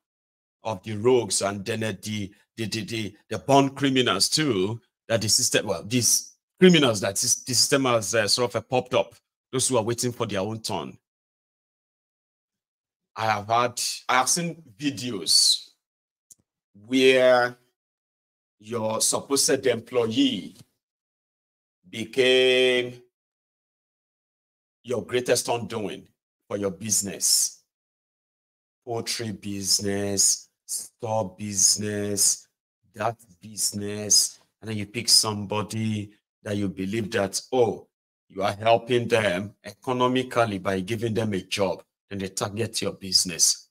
[SPEAKER 4] of the rogues and then uh, the the the the, the born criminals too that the system well these criminals that the system has uh, sort of uh, popped up those who are waiting for their own turn I have had, I have seen videos where
[SPEAKER 1] your supposed employee became your greatest undoing for your business,
[SPEAKER 4] poultry business, store business, that business, and then you pick somebody that you believe that, oh, you are helping them economically by giving them a job then they target your business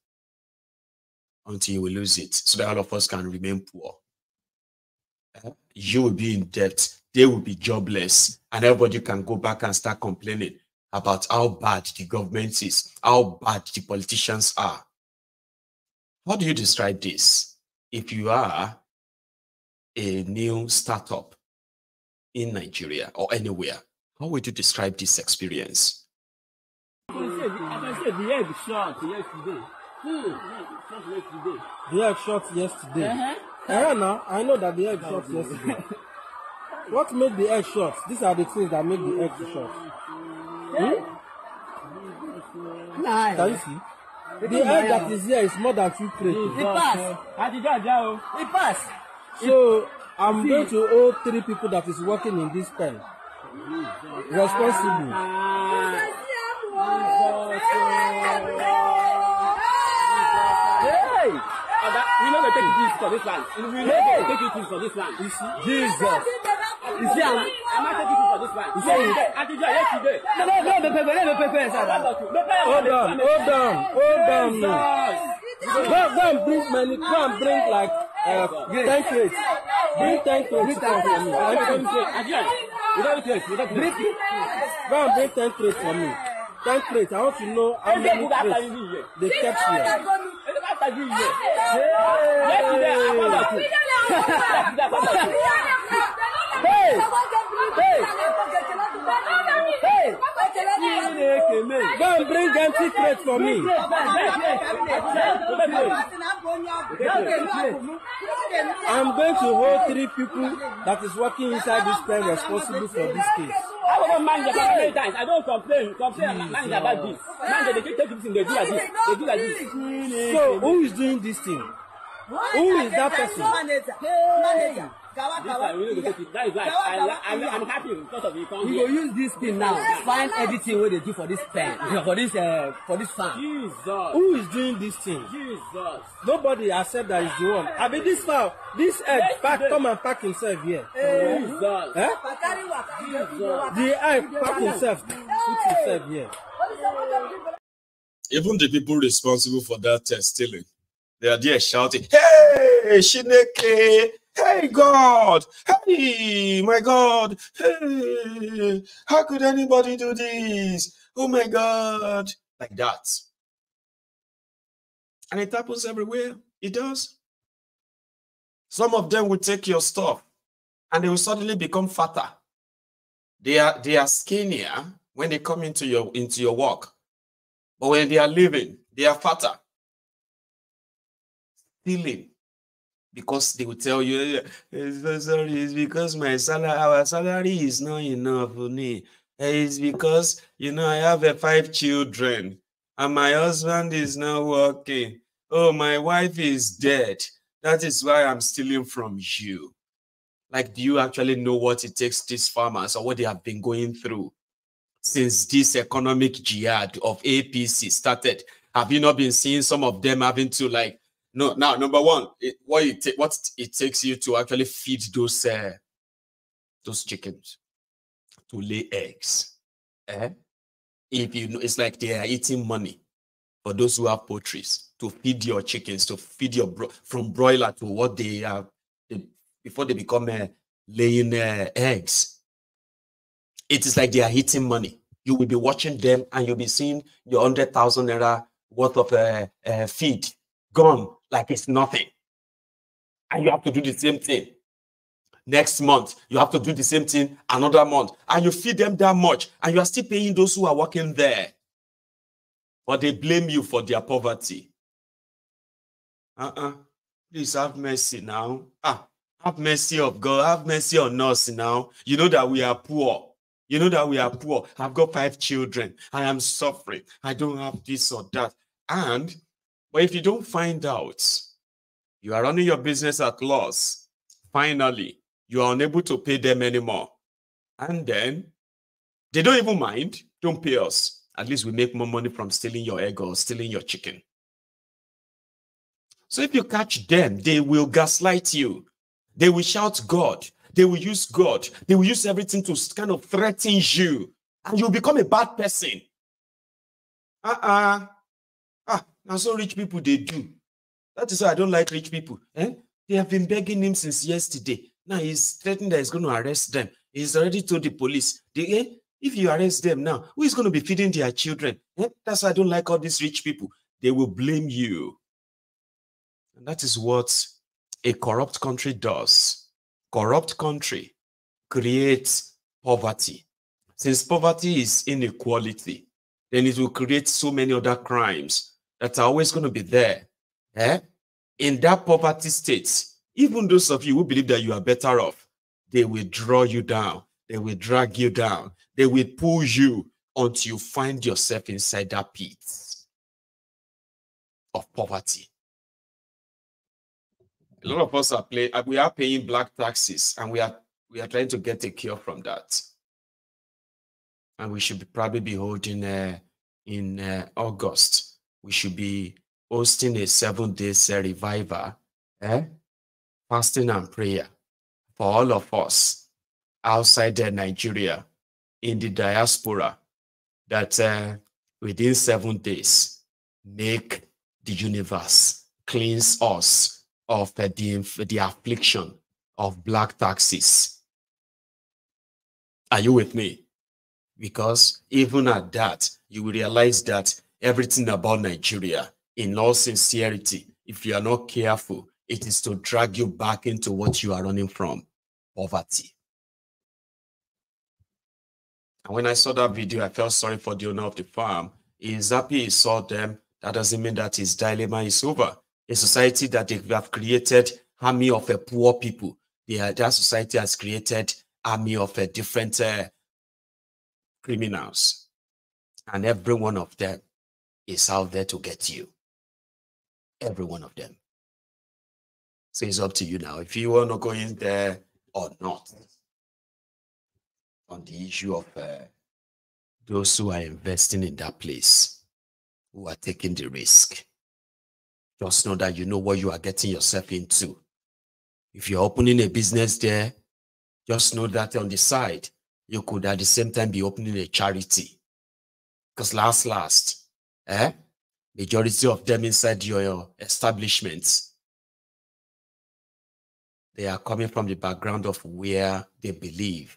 [SPEAKER 4] until you will lose it so that all of us can remain poor. Uh, you will be in debt, they will be jobless, and everybody can go back and start complaining about how bad the government is, how bad the politicians are. How do you describe this? If you are a new startup in Nigeria or anywhere, how would you describe this experience?
[SPEAKER 10] the hair be short yesterday. Hmm.
[SPEAKER 7] The egg shot yesterday. Uh-huh. Uh, now, I know that the egg is short yesterday. What made the egg shot? These are the things that make the hair short. Hmm? Nah, Can you see? The egg that is here is more than two crates. It passed. It passed. So, I'm see. going to all three people that is working in this pen. Ah.
[SPEAKER 3] Responsible.
[SPEAKER 7] Ah.
[SPEAKER 3] Hey!
[SPEAKER 11] And that, we know they take Jesus for this land. We know hey. they take Jesus for this land. You see? Jesus.
[SPEAKER 7] You see, I'm, I'm not taking you for this land. You see, you see? Until you are here today. No, no, no, the paper, the paper is out. Hold on, hold on, hold on. Go, go and bring money, go and bring like, uh, ten crates. Bring ten crates. Bring ten crates. Bring ten crates. Go and bring ten crates for me. 10 crates. I want to know how many crates they kept here. Yesterday, I found out. Go and bring them secrets for me.
[SPEAKER 5] I'm going to hold
[SPEAKER 7] three people that is working inside this pen responsible for this case.
[SPEAKER 15] I don't mind about many times. I
[SPEAKER 14] don't complain. Complain mind about this. Mind that they take everything.
[SPEAKER 15] They do like this. They do like this.
[SPEAKER 7] So who is doing this thing? Who is that person? Manager. Manager
[SPEAKER 11] i'm
[SPEAKER 15] happy because of the go
[SPEAKER 7] use this thing now
[SPEAKER 11] find everything
[SPEAKER 7] wey dey do for this pen for this uh, for this farm. jesus who is doing this thing. jesus nobody accept that is the one abi this fowl this egg pack come and pack himself here. eh? eh? the egg pack
[SPEAKER 4] himself
[SPEAKER 10] put himself here.
[SPEAKER 4] Even the people responsible for that uh, stealing, they are there shouting,
[SPEAKER 10] Hey, Shineke, Hey,
[SPEAKER 4] God. Hey, my God. Hey, how could anybody
[SPEAKER 1] do this? Oh, my God. Like that. And it happens everywhere. It does. Some of them will take your
[SPEAKER 4] stuff and they will suddenly become fatter. They are, they are skinnier when they come into your, into your work. But when they are leaving, they are fatter. Stealing because they will tell you, eh, eh, eh, so sorry, it's because my salary, our salary is not enough for me. It's because, you know, I have five children and my husband is not working. Oh, my wife is dead. That is why I'm stealing from you. Like, do you actually know what it takes these farmers or what they have been going through since this economic jihad of APC started? Have you not been seeing some of them having to like no, now number one, it, what it what it takes you to actually feed those uh, those chickens to lay eggs. Eh? If you, it's like they are eating money for those who have poultry to feed your chickens, to feed your bro from broiler to what they are they, before they become uh, laying uh, eggs. It is like they are eating money. You will be watching them and you'll be seeing your 100,000 naira worth of uh, uh feed gone like it's nothing. And you have to do the same thing. Next month, you have to do the same thing another month. And you feed them that much. And you are still paying those who are working there. But they blame you for their poverty. Uh-uh. Please have mercy now. Ah, have mercy of God. Have mercy on us now. You know that we are poor. You know that we are poor. I've got five children. I am suffering. I don't have this or that. And but if you don't find out, you are running your business at loss. Finally, you are unable to pay them anymore. And then they don't even mind. Don't pay us. At least we make more money from stealing your egg or stealing your chicken. So if you catch them, they will gaslight you. They will shout God. They will use God. They will use everything to kind of threaten you. And you become a bad person. Uh-uh. Ah, now so rich people they do. That is why I don't like rich people. Eh? They have been begging him since yesterday. Now he's threatening that he's going to arrest them. He's already told the police. They, eh? If you arrest them now, who is going to be feeding their children? Eh? That's why I don't like all these rich people. They will blame you. And that is what a corrupt country does. Corrupt country creates poverty. Since poverty is inequality, then it will create so many other crimes that are always going to be there eh? in that poverty state, even those of you who believe that you are better off, they will draw you down. They will drag you down. They will pull you until you find yourself inside that pit
[SPEAKER 1] of poverty.
[SPEAKER 4] A lot of us are playing, uh, we are paying black taxes and we are we are trying to get a cure from that. And we should be, probably be holding uh, in uh, August we should be hosting a seven days uh, revival, eh? fasting and prayer for all of us outside Nigeria in the diaspora that uh, within seven days make the universe cleanse us of uh, the, the affliction of black taxes. Are you with me? Because even at that, you will realize that everything about Nigeria in all sincerity, if you are not careful, it is to drag you back into what you are running from poverty. And when I saw that video, I felt sorry for the owner of the farm. He's happy he saw them. That doesn't mean that his dilemma is over. A society that they have created army of a poor people. They are, that society has created army of a different uh,
[SPEAKER 1] criminals. And every one of them is out there to get you. Every one of them. So it's up to you now. If you want to go in there or not on the issue of uh, those who are investing in that place, who are taking the risk.
[SPEAKER 4] Just know that you know what you are getting yourself into. If you're opening a business there, just know that on the side, you could at the same time be opening a
[SPEAKER 1] charity. Because last, last, eh? majority of them inside your establishments, they are coming from the background of where they believe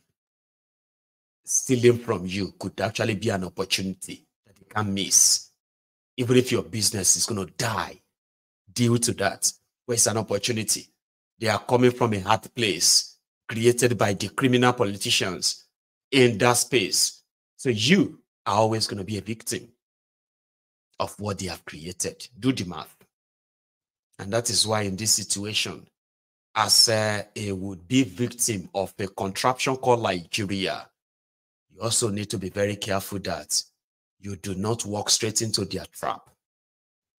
[SPEAKER 1] stealing from you could
[SPEAKER 4] actually be an opportunity that you can't miss. Even if your business is going to die due to that, where it's an opportunity. They are coming from a hard place created by the criminal politicians in that space. So you are always going to be a victim of what they have created. Do the math. And that is why, in this situation, as a, uh, a would be victim of a contraption called Nigeria, you also need to be very careful that you do not walk straight into their trap.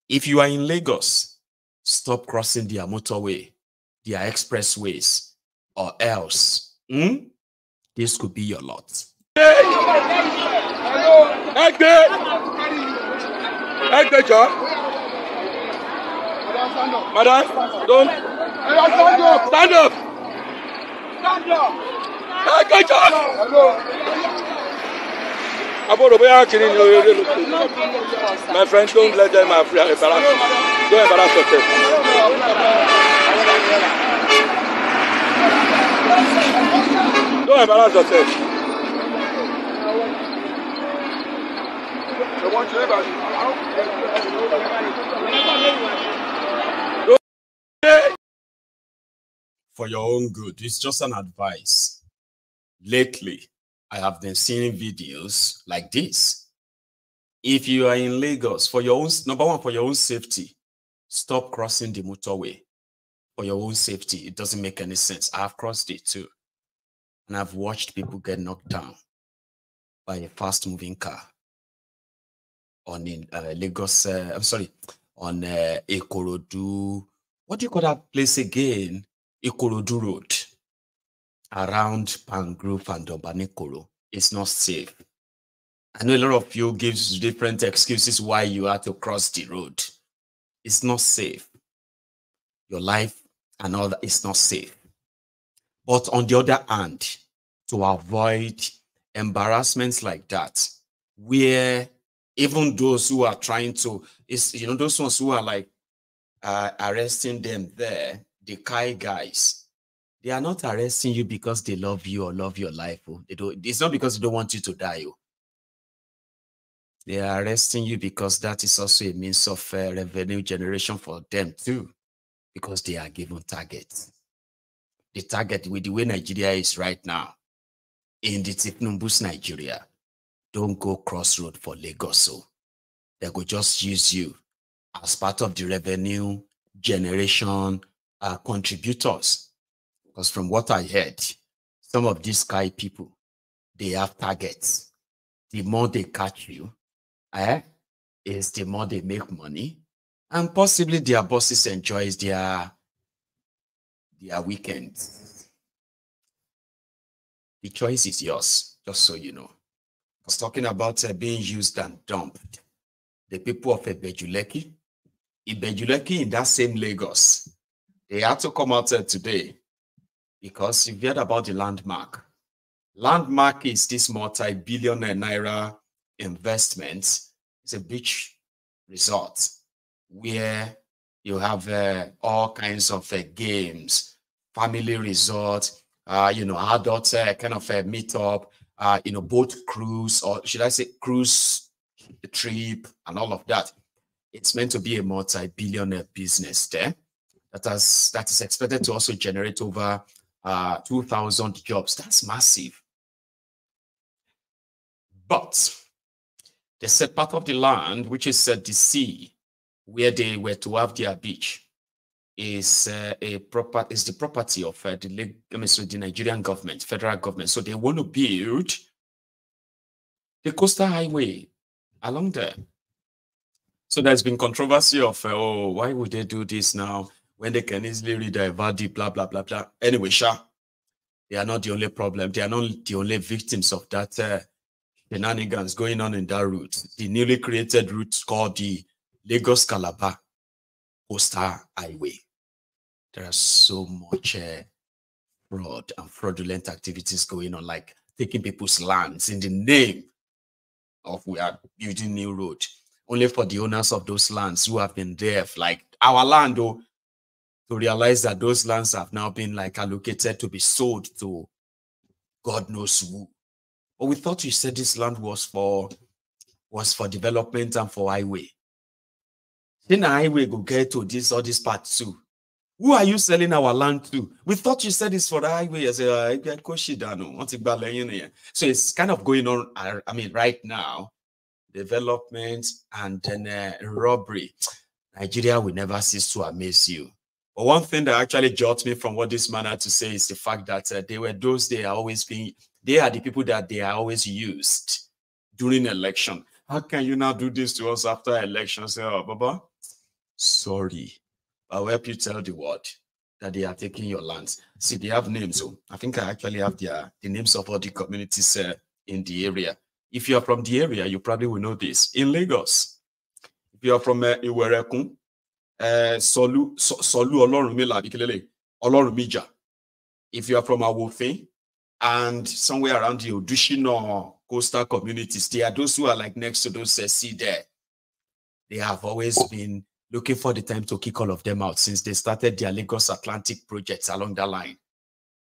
[SPEAKER 4] If you are in Lagos, stop crossing their motorway, their expressways, or else hmm, this could be your lot.
[SPEAKER 3] Hey! Hello. Hello. Take picture. Madam, don't. Stand up.
[SPEAKER 14] Stand up. Stand up. Take picture.
[SPEAKER 10] Abodo bóyá kiri ni oye de
[SPEAKER 3] lóko.
[SPEAKER 10] My friend don't let them embarrass
[SPEAKER 3] don't
[SPEAKER 10] embarrass yourself. Don't embarrass yourself.
[SPEAKER 3] They want you everybody.
[SPEAKER 1] For your own good,
[SPEAKER 4] it's just an advice. Lately, I have been seeing videos like this. If you are in Lagos, for your own number one, for your own safety, stop crossing the motorway. For your own safety, it doesn't make any sense. I've crossed it too, and I've watched people get knocked down by a fast-moving car on in uh, Lagos. Uh, I'm sorry, on uh, Ikorodu. What do you call that place again? Ikorodu Road, around Pangrove and Dombanikoro. It's not safe. I know a lot of you gives different excuses why you have to cross the road. It's not safe. Your life and all that is not safe. But on the other hand, to avoid embarrassments like that, where even those who are trying to is you know those ones who are like uh, arresting them there the kai guys they are not arresting you because they love you or love your life oh. they don't it's not because they don't want you to die oh. they are arresting you because that is also a means of uh, revenue generation for them too because they are given targets the target with the way nigeria is right now in the Tiknumbu's nigeria don't go crossroad for Lagos. So oh. they could just use you as part of the revenue generation uh, contributors. Because from what I heard, some of these Sky people, they have targets. The more they catch you, eh, is the more they make money. And possibly their bosses enjoys their, their weekends. The choice is yours, just so you know was talking about uh, being used and dumped. The people of Ebejuleki, Ebejuleki in that same Lagos, they had to come out uh, today because you've heard about the landmark. Landmark is this multi-billion uh, naira investment. It's a beach resort where you have uh, all kinds of uh, games, family resort, uh, you know, adult uh, kind of a uh, meetup, uh, you know, boat cruise or should I say cruise trip and all of that. It's meant to be a multi-billionaire business there that has that is expected to also generate over uh, 2,000 jobs. That's massive. But they said part of the land, which is uh, the sea, where they were to have their beach, is uh, a proper is the property of uh, the, I mean, so the Nigerian government, federal government. So they want to build the coastal highway along there. So there's been controversy of uh, oh, why would they do this now when they can easily redivert the blah blah blah blah. Anyway, sha. they are not the only problem. They are not the only victims of that uh, shenanigans going on in that route. The newly created route called the Lagos Calabar Coastal Highway there are so much uh, fraud and fraudulent activities going on, like taking people's lands in the name of we are building new road, only for the owners of those lands who have been there, like our land, oh, to realize that those lands have now been like allocated to be sold to God knows who. But we thought you said this land was for was for development and for highway. Then highway go get to this all this part too who are you selling our land to? We thought you said it's for the highway. I said, I go Shidano. So it's kind of going on, I mean, right now, development and then uh, robbery. Nigeria will never cease to amaze you. But one thing that actually jolts me from what this man had to say is the fact that uh, they were those they are always being, they are the people that they are always used during election. How can you now do this to us after election? Say, oh, Baba, sorry I'll help you tell the world that they are taking your lands. See, they have names. So oh. I think I actually have their, the names of all the communities uh, in the area. If you are from the area, you probably will know this. In Lagos, if you are from uh, Iwerekun, uh, Solu, Solu Olorunmila, Bikelele, If you are from Awofe and somewhere around the Odushino coastal communities, they are those who are like next to those uh, sea there. They have always been looking for the time to kick all of them out since they started their Lagos Atlantic projects along that line.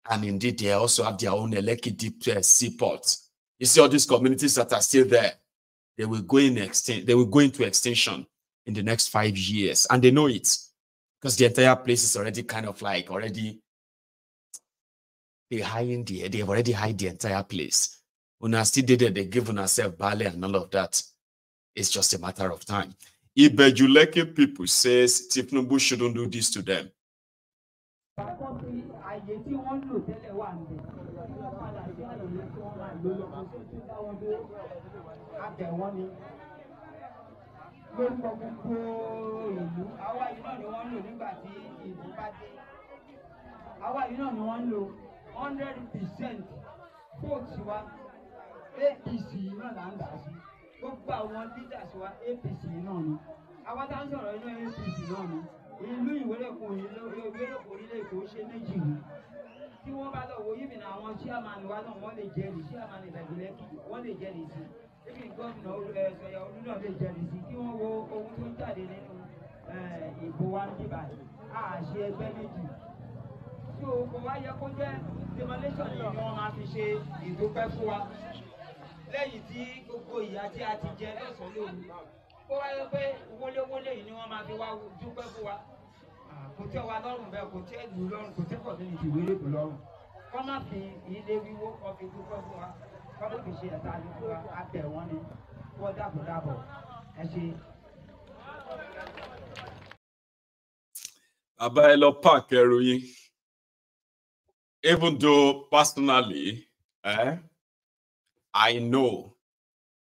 [SPEAKER 4] And indeed, they also have their own Eleki deep uh, seaport. You see all these communities that are still there. They will go in extin- They will go into extinction in the next five years, and they know it because the entire place is already kind of like already they the they've already hide the entire place. When I still did it, they give on herself ballet and all of that. It's just a matter of time. Ibejuleke people says Tinubu shouldn't do this to them.
[SPEAKER 14] àwa yìí náà ni wọ́n ń lò hundred percent vote wa APC náà là ń dà sí gbogbo àwọn leaders wa APC náà ni àwọn tá à ń sọ̀rọ̀ inú APC náà ni ìlú ìwérẹ̀kùn ìwérẹ̀kùn orílẹ̀ èkó ṣe méjì ni tí wọ́n bá lọ wo yìí nà àwọn chairman wa náà wọ́n lè jẹ́rìí chairman ìdàgbélẹ́kì wọ́n lè jẹ́rìí sí ibi gómìnà Sọ̀yà Olú náà lè jẹ́rìí sí kí wọ́n wo ohun tó ń jáde nínú eh, ìbò wa ń bíbà àṣẹ ẹgbẹ́ méjì tí o kò wá yẹ kó jẹ́ demolition ni wọ́n máa fi ṣe ìdúpẹ́ fún wa lẹ́yìn tí gbogbo ìyà tí a ti jẹ lọ́sàn-án lóru kó wáyé pé wólewóle yìí ni wọ́n máa fi wá dúpẹ́ fún wa kò tẹ́ wa lọ́rùn bẹ́ẹ̀ kò tẹ́ ìlú lọ́rùn kò tẹ́ kọ̀ọ̀dún ìdìbò ìlú lọ́rùn kọ́ má fi ilé wíwó kọ́ fi dúpẹ́ fún wa kọ́ má fi ṣe ẹ̀ta ní fún wa abẹ wọn
[SPEAKER 11] ni wọ́n dàbọ̀ dàbọ̀ ẹ ṣe.
[SPEAKER 1] bàbá ẹ lọ páàkì ẹrù yín even though personally. Eh? I know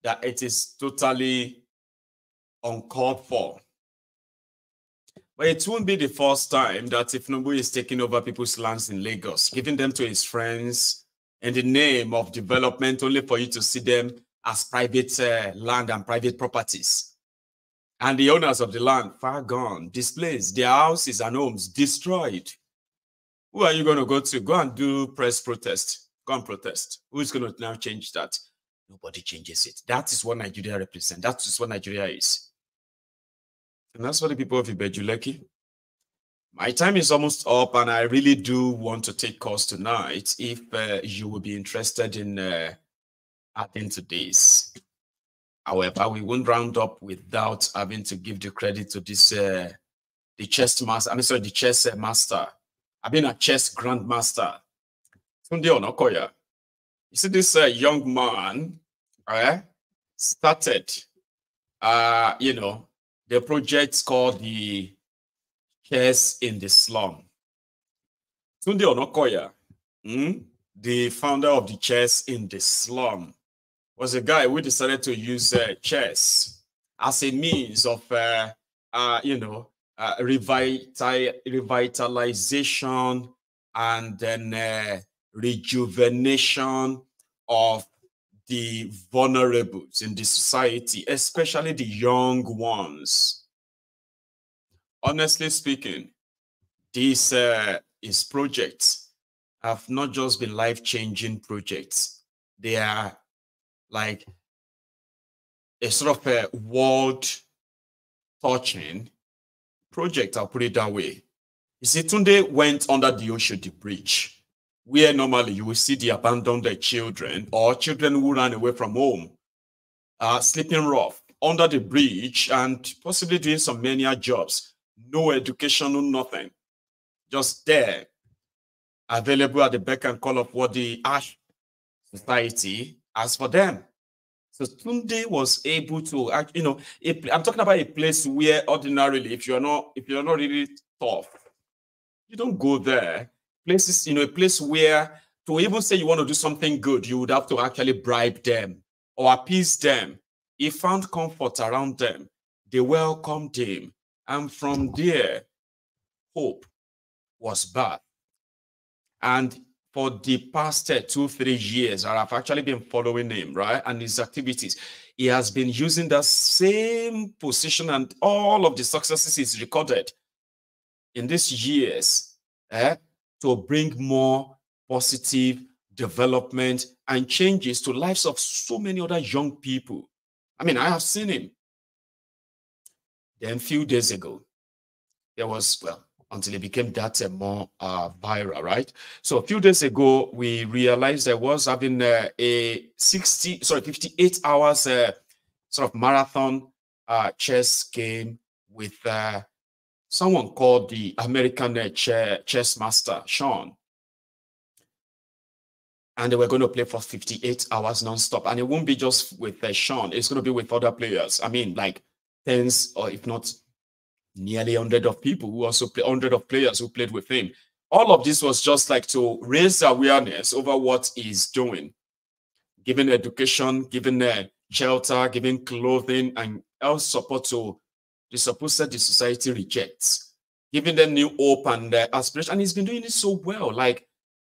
[SPEAKER 1] that it is totally uncalled for.
[SPEAKER 4] But it won't be the first time that Ifnubu is taking over people's lands in Lagos, giving them to his friends in the name of development, only for you to see them as private uh, land and private properties. And the owners of the land, far gone, displaced, their houses and homes destroyed. Who are you going to go to? Go and do press protest Come protest. Who's going to now change that? Nobody changes it. That is what Nigeria represents. That is what Nigeria is. And that's what the people of Ibejuleki. My time is almost up, and I really do want to take calls tonight if uh, you will be interested in uh, adding to this. However, we won't round up without having to give the credit to this, uh, the chess master. I mean, sorry, the chess master. I've been a chess grandmaster Tunde Onokoya, You see, this uh, young man, right, eh, started, uh, you know, the project called the Chess in the Slum. Tunde Onokoya, mm, the founder of the Chess in the Slum, was a guy who decided to use uh, chess as a means of, uh, uh, you know, uh, revital revitalization and then uh, rejuvenation of the vulnerables in the society, especially the young ones. Honestly speaking, these uh, is projects have not
[SPEAKER 1] just been life-changing projects. They are like a sort of a world-touching
[SPEAKER 4] project, I'll put it that way. You see, today went under the Oshodi Bridge where normally you will see the abandoned children or children who run away from home, uh, sleeping rough under the bridge and possibly doing some menial jobs. No education, no nothing. Just there, available at the beck and call of what the Ash Society has for them. So Tunde was able to, you know, I'm talking about a place where ordinarily, if you're not, if you're not really tough, you don't go there places, you know, a place where to even say you want to do something good, you would have to actually bribe them or appease them. He found comfort around them. They welcomed him. And from there, hope was birth. And for the past uh, two, three years, I've actually been following him, right? And his activities. He has been using that same position and all of the successes he's recorded in these years eh, to bring more positive development and changes to lives of so many other young people. I mean, I have seen him. Then a few days ago, there was, well, until it became that uh, more uh, viral, right? So a few days ago, we realized there was having uh, a 60, sorry, 58 hours uh, sort of marathon uh, chess game with uh, someone called the American uh, chess master, Sean. And they were going to play for 58 hours nonstop. And it won't be just with uh, Sean, it's going to be with other players. I mean, like tens or if not nearly 100 of people who also play 100 of players who played with him. All of this was just like to raise awareness over what he's doing, giving education, giving uh, shelter, giving clothing, and health support to the supposed society rejects, giving them new hope and uh, aspiration. And he's been doing it so well. Like,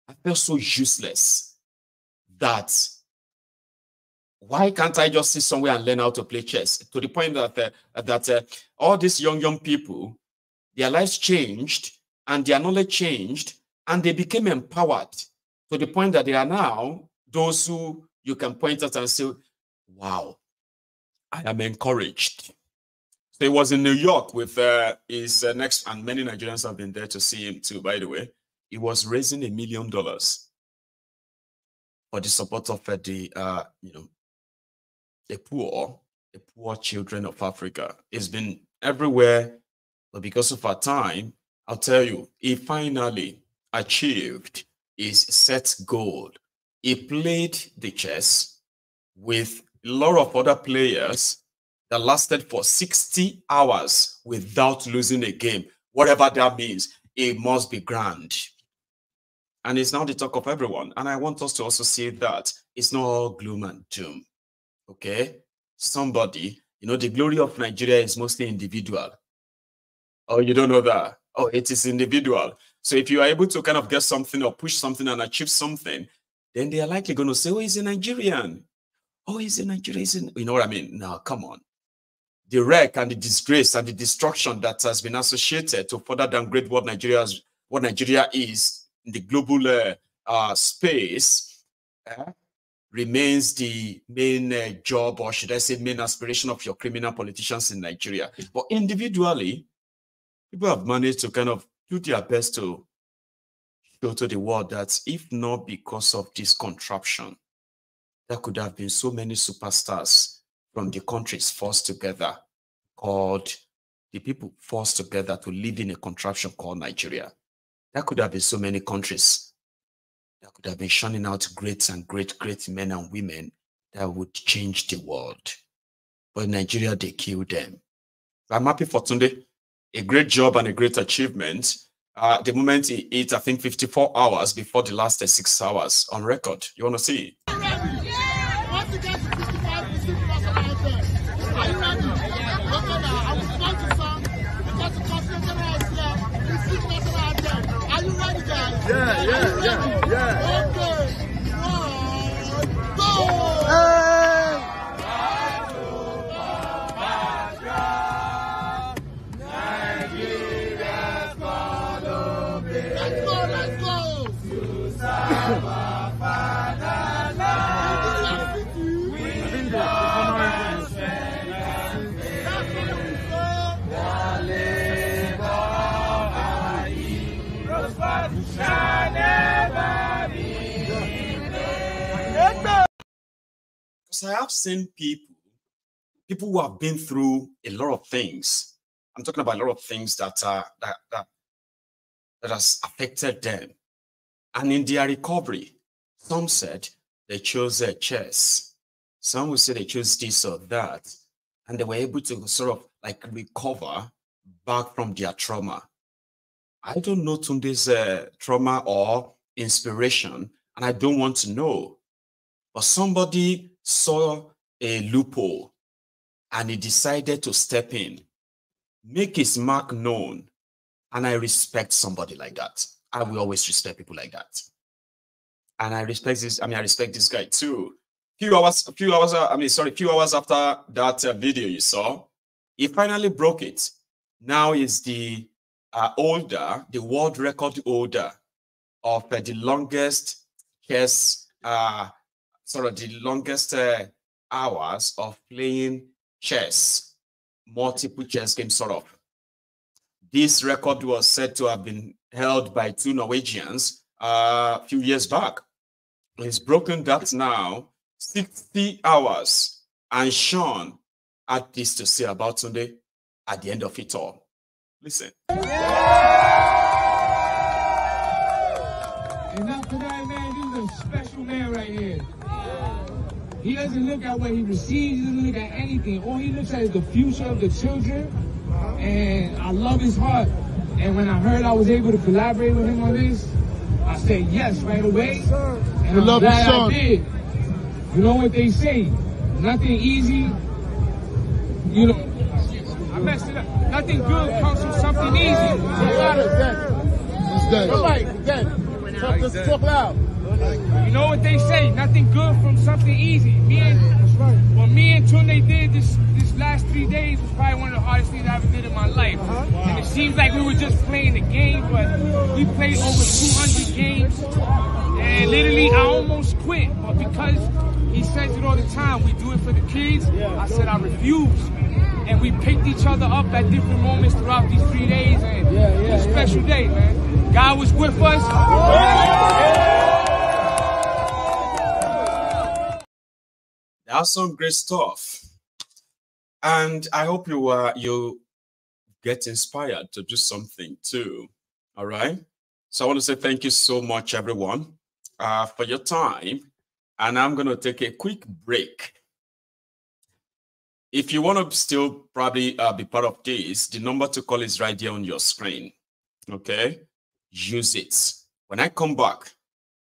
[SPEAKER 4] I felt so useless that why can't I just sit somewhere and learn how to play chess? To the point that uh, that uh, all these young young people, their lives changed and their knowledge changed, and they became empowered to the point that they are now those who you can point at and say, "Wow, I am encouraged." So he was in New York with uh, his uh, next, and many Nigerians have been there to see him too, by the way. He was raising a million dollars
[SPEAKER 1] for the support of uh, the, uh, you know, the poor, the poor children of Africa. It's been everywhere, but because
[SPEAKER 4] of our time, I'll tell you, he finally achieved his set goal. He played the chess with a lot of other players that lasted for 60 hours without losing a game, whatever that means, it must be grand. And it's now the talk of everyone. And I want us to also see that it's not all gloom and doom. Okay? Somebody, you know, the glory of Nigeria is mostly individual. Oh, you don't know that. Oh, it is individual. So if you are able to kind of get something or push something and achieve something, then they are likely going to say, oh, he's a Nigerian. Oh, he's a Nigerian. You know what I mean? Now, come on the wreck and the disgrace and the destruction that has been associated to further downgrade what Nigeria what Nigeria is in the global uh, uh, space uh, remains the main uh, job, or should I say, main aspiration of your criminal politicians in Nigeria. But individually, people have managed to kind of do their best to show to the world that if not because of this contraption, there could have been so many superstars from the countries forced together called the people forced together to live in a contraption called Nigeria. That could have been so many countries. That could have been shunning out great and great, great men and women that would change the world. But Nigeria, they killed them. I'm happy for Tunde. A great job and a great achievement. Uh, the moment it, I think, 54 hours before the last six hours on record. You want to see?
[SPEAKER 5] want to get to there. Are you ready? now, I will you, Because the
[SPEAKER 14] is here. there. Are you ready, guys?
[SPEAKER 2] Yeah, yeah,
[SPEAKER 3] yeah, yeah.
[SPEAKER 4] I have seen people, people who have been through a lot of things. I'm talking about a lot of things that are that that, that has affected them. And in their recovery, some said they chose a chess. Some would say they chose this or that. And they were able to sort of like recover back from their trauma. I don't know Tunde's uh, trauma or inspiration, and I don't want to know. But somebody saw a loophole and he decided to step in, make his mark known. And I respect somebody like that. I will always respect people like that. And I respect this. I mean, I respect this guy too. Few hours, few hours. Uh, I mean, sorry, few hours after that uh, video you saw, he finally broke it. Now is the uh, older, the world record holder of uh, the longest chess uh, sort of the longest uh, hours of playing chess, multiple chess games, sort of. This record was said to have been held by two Norwegians uh, a few years back. It's broken that now 60 hours. And Sean had this to say about Sunday at the end of it all. Listen.
[SPEAKER 14] He doesn't look at what he receives. He doesn't look at anything. All he looks at is the future of the children. And I love his heart. And when I heard I was able to collaborate with him on this, I said yes right away. And
[SPEAKER 3] I'm love glad I did.
[SPEAKER 14] You know what they say? Nothing easy. You know. I messed it up.
[SPEAKER 3] Nothing good comes from something easy. He's dead. He's dead. Somebody, dead. Talk, talk loud.
[SPEAKER 14] You know what they say, nothing good from something easy. Me and, right. Well, me and Tunde did this this last three days was probably one of the hardest things I ever did in my life. And it seems like we were just playing the game, but we played over 200 games. And literally, I almost quit. But because he says it all the time, we do it for the kids, I said I refuse. And we picked each other up at different moments throughout these three days. And yeah, yeah, it was a special yeah. day, man. God was with us.
[SPEAKER 4] awesome, great stuff. And I hope you uh, you get inspired to do something too. All right. So I want to say thank you so much, everyone, uh, for your time. And I'm going to take a quick break. If you want to still probably uh, be part of this, the number to call is right here on your screen. Okay. Use it. When I come back,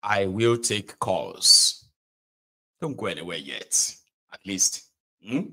[SPEAKER 4] I will take calls. Don't go anywhere yet at least. Hmm?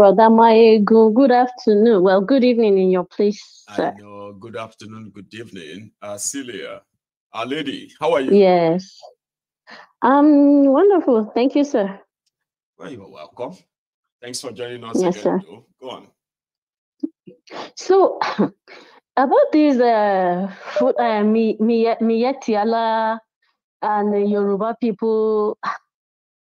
[SPEAKER 16] brother Maegu. Good afternoon. Well, good evening in your place. Sir. I
[SPEAKER 4] know. Good afternoon. Good evening, uh, Celia, our lady. How are you? Yes.
[SPEAKER 16] Um. Wonderful. Thank you, sir.
[SPEAKER 4] Well, you're welcome. Thanks for joining us yes, again. Sir. Go on.
[SPEAKER 16] So, about this uh, food, uh, Miyetiala and Yoruba people,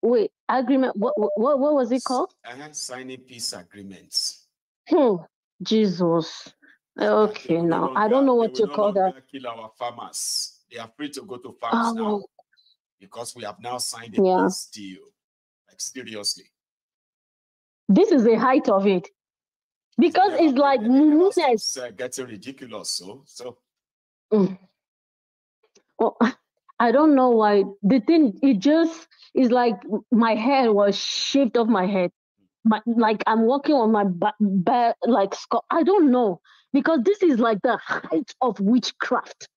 [SPEAKER 16] wait, agreement. What, what, what was it called?
[SPEAKER 4] I had signing peace agreements.
[SPEAKER 16] Hmm. Jesus. Okay, now I don't know what you call that.
[SPEAKER 4] Kill our farmers. They are free to go to farms oh. now because we have now signed a yeah. peace deal. Like seriously.
[SPEAKER 16] This is the height of it because yeah, it's like newness. It's
[SPEAKER 4] uh, getting ridiculous. So so.
[SPEAKER 16] Mm. Well, I don't know why. The thing, it just is like my head was shaved off my head. My, like I'm walking on my back, like skull. I don't know because this is like the height of witchcraft.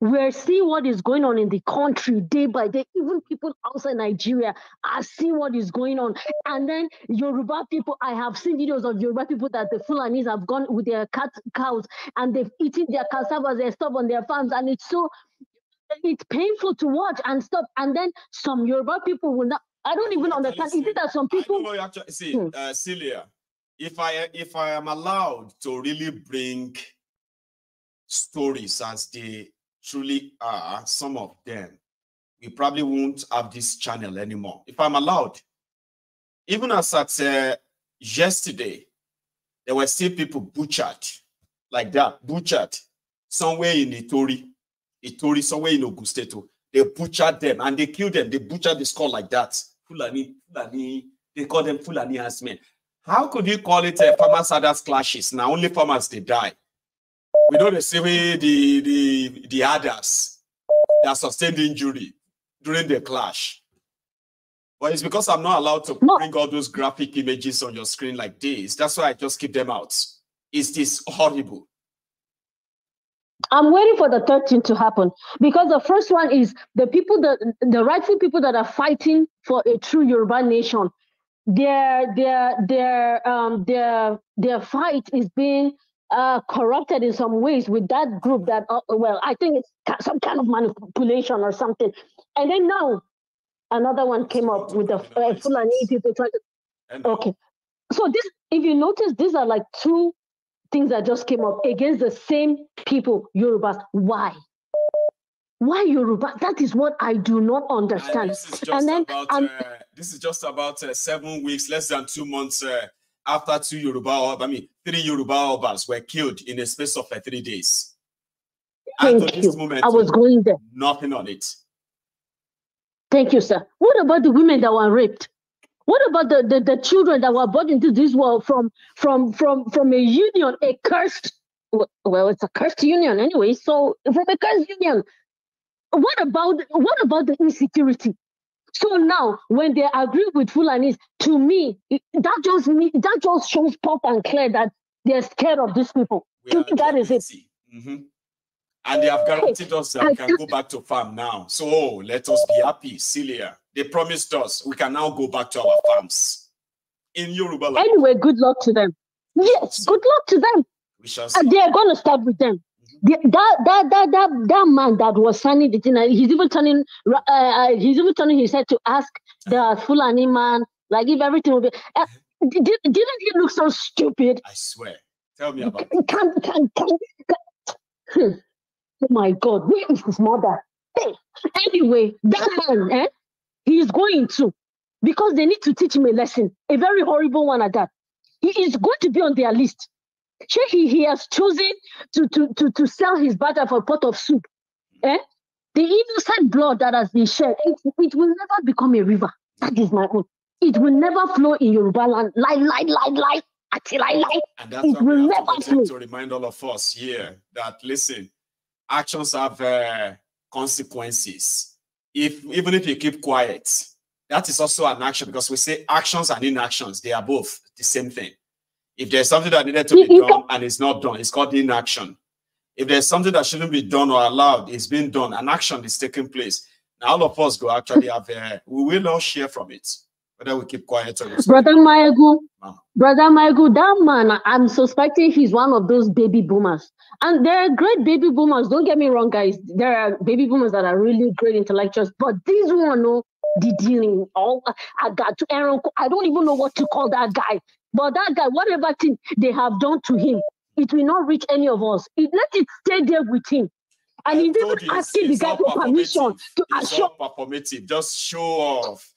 [SPEAKER 16] We're seeing what is going on in the country day by day. Even people outside Nigeria are seeing what is going on. And then Yoruba people, I have seen videos of Yoruba people that the Fulanis have gone with their cat cows and they've eaten their cassavas, they're stuff on their farms. And it's so it's painful to watch and stop, And then some Yoruba people will not. I don't even understand. Is it that some people? No, actually see,
[SPEAKER 4] hmm. uh, Celia. If I if I am allowed to really bring stories as they truly are, some of them, we probably won't have this channel anymore. If I'm allowed, even as at uh, yesterday, there were still people butchered like that, butchered somewhere in Tory. Itori, somewhere in Augusto. Oh, they butchered them and they killed them. They butchered the skull like that. Fulani, Fulani, they call them Fulani herdsmen. How could you call it a uh, farmers others clashes? Now only farmers they die. We know the same way the the the others that sustained injury during the clash. But it's because I'm not allowed to no. bring all those graphic images on your screen like this. That's why I just keep them out. It's this horrible.
[SPEAKER 16] I'm waiting for the third thing to happen because the first one is the people that the rightful people that are fighting for a true Yoruba nation. Their their their um their their fight is being uh, corrupted in some ways with that group that uh, well I think it's some kind of manipulation or something. And then now another one came up with the uh, Fulani people trying to. Okay, so this if you notice these are like two things that just came up against the same people, Yorubas. Why? Why Yoruba? That is what I do not understand. And this is just and then, about, uh,
[SPEAKER 4] this is just about uh, seven weeks, less than two months uh, after two Yoruba, I mean, three Yoruba Obas were killed in a space of uh, three days.
[SPEAKER 16] Thank you. Moment, I was going there.
[SPEAKER 4] Nothing on it.
[SPEAKER 16] Thank you, sir. What about the women that were raped? What about the, the, the children that were brought into this world from from from from a union, a cursed well, it's a cursed union anyway. So from a cursed union, what about what about the insecurity? So now, when they agree with Fulanis, to me, that just me, that just shows pop and clear that they're scared of these people. to me, that is it.
[SPEAKER 4] Mm-hmm. And they have guaranteed us that we can go back to farm now. So oh, let us be happy, Celia. They promised us we can now go back to our farms
[SPEAKER 16] in Yoruba. Land. Anyway, good luck to them. Yes, good luck to them. We shall see. And they are going to start with them. Mm-hmm. The, that, that that that that man that was signing the thing, he's even turning, uh, he's even turning uh, uh, He said to ask the Fulani man, like if everything will be. Uh, mm-hmm. did, not he look so stupid? I
[SPEAKER 3] swear. Tell me about.
[SPEAKER 16] it. can, can, can, Oh my God, where is his mother? Hey, anyway, that man, eh, he is going to, because they need to teach him a lesson, a very horrible one at that. He is going to be on their list. He, he has chosen to, to, to, to sell his butter for a pot of soup. Eh? The innocent blood that has been shed, it, it will never become a river. That is my own. It will never flow in Yoruba land. Lie, lie, lie, lie, until I lie. And that's it what will we have never to, flow. to
[SPEAKER 4] remind all of us here that, listen, actions have uh, consequences. If even if you keep quiet, that is also an action because we say actions and inactions, they are both the same thing. If there's something that needed to be mm-hmm. done and it's not done, it's called inaction. If there's something that shouldn't be done or allowed, it's being done, an action is taking place. Now, all of us go actually have, eh, we will all share from it, whether we keep quiet
[SPEAKER 16] or not. Brother Mayegu, Brother Michael, that man, I'm suspecting he's one of those baby boomers. And there are great baby boomers. Don't get me wrong, guys. There are baby boomers that are really great intellectuals. But this one, no, oh, the dealing, all oh, I got to Aaron, I don't even know what to call that guy. But that guy, whatever thing they have done to him, it will not reach any of us. It, let it stay there with him. And he's even asking the guy for permission to it's assure.
[SPEAKER 4] Just show off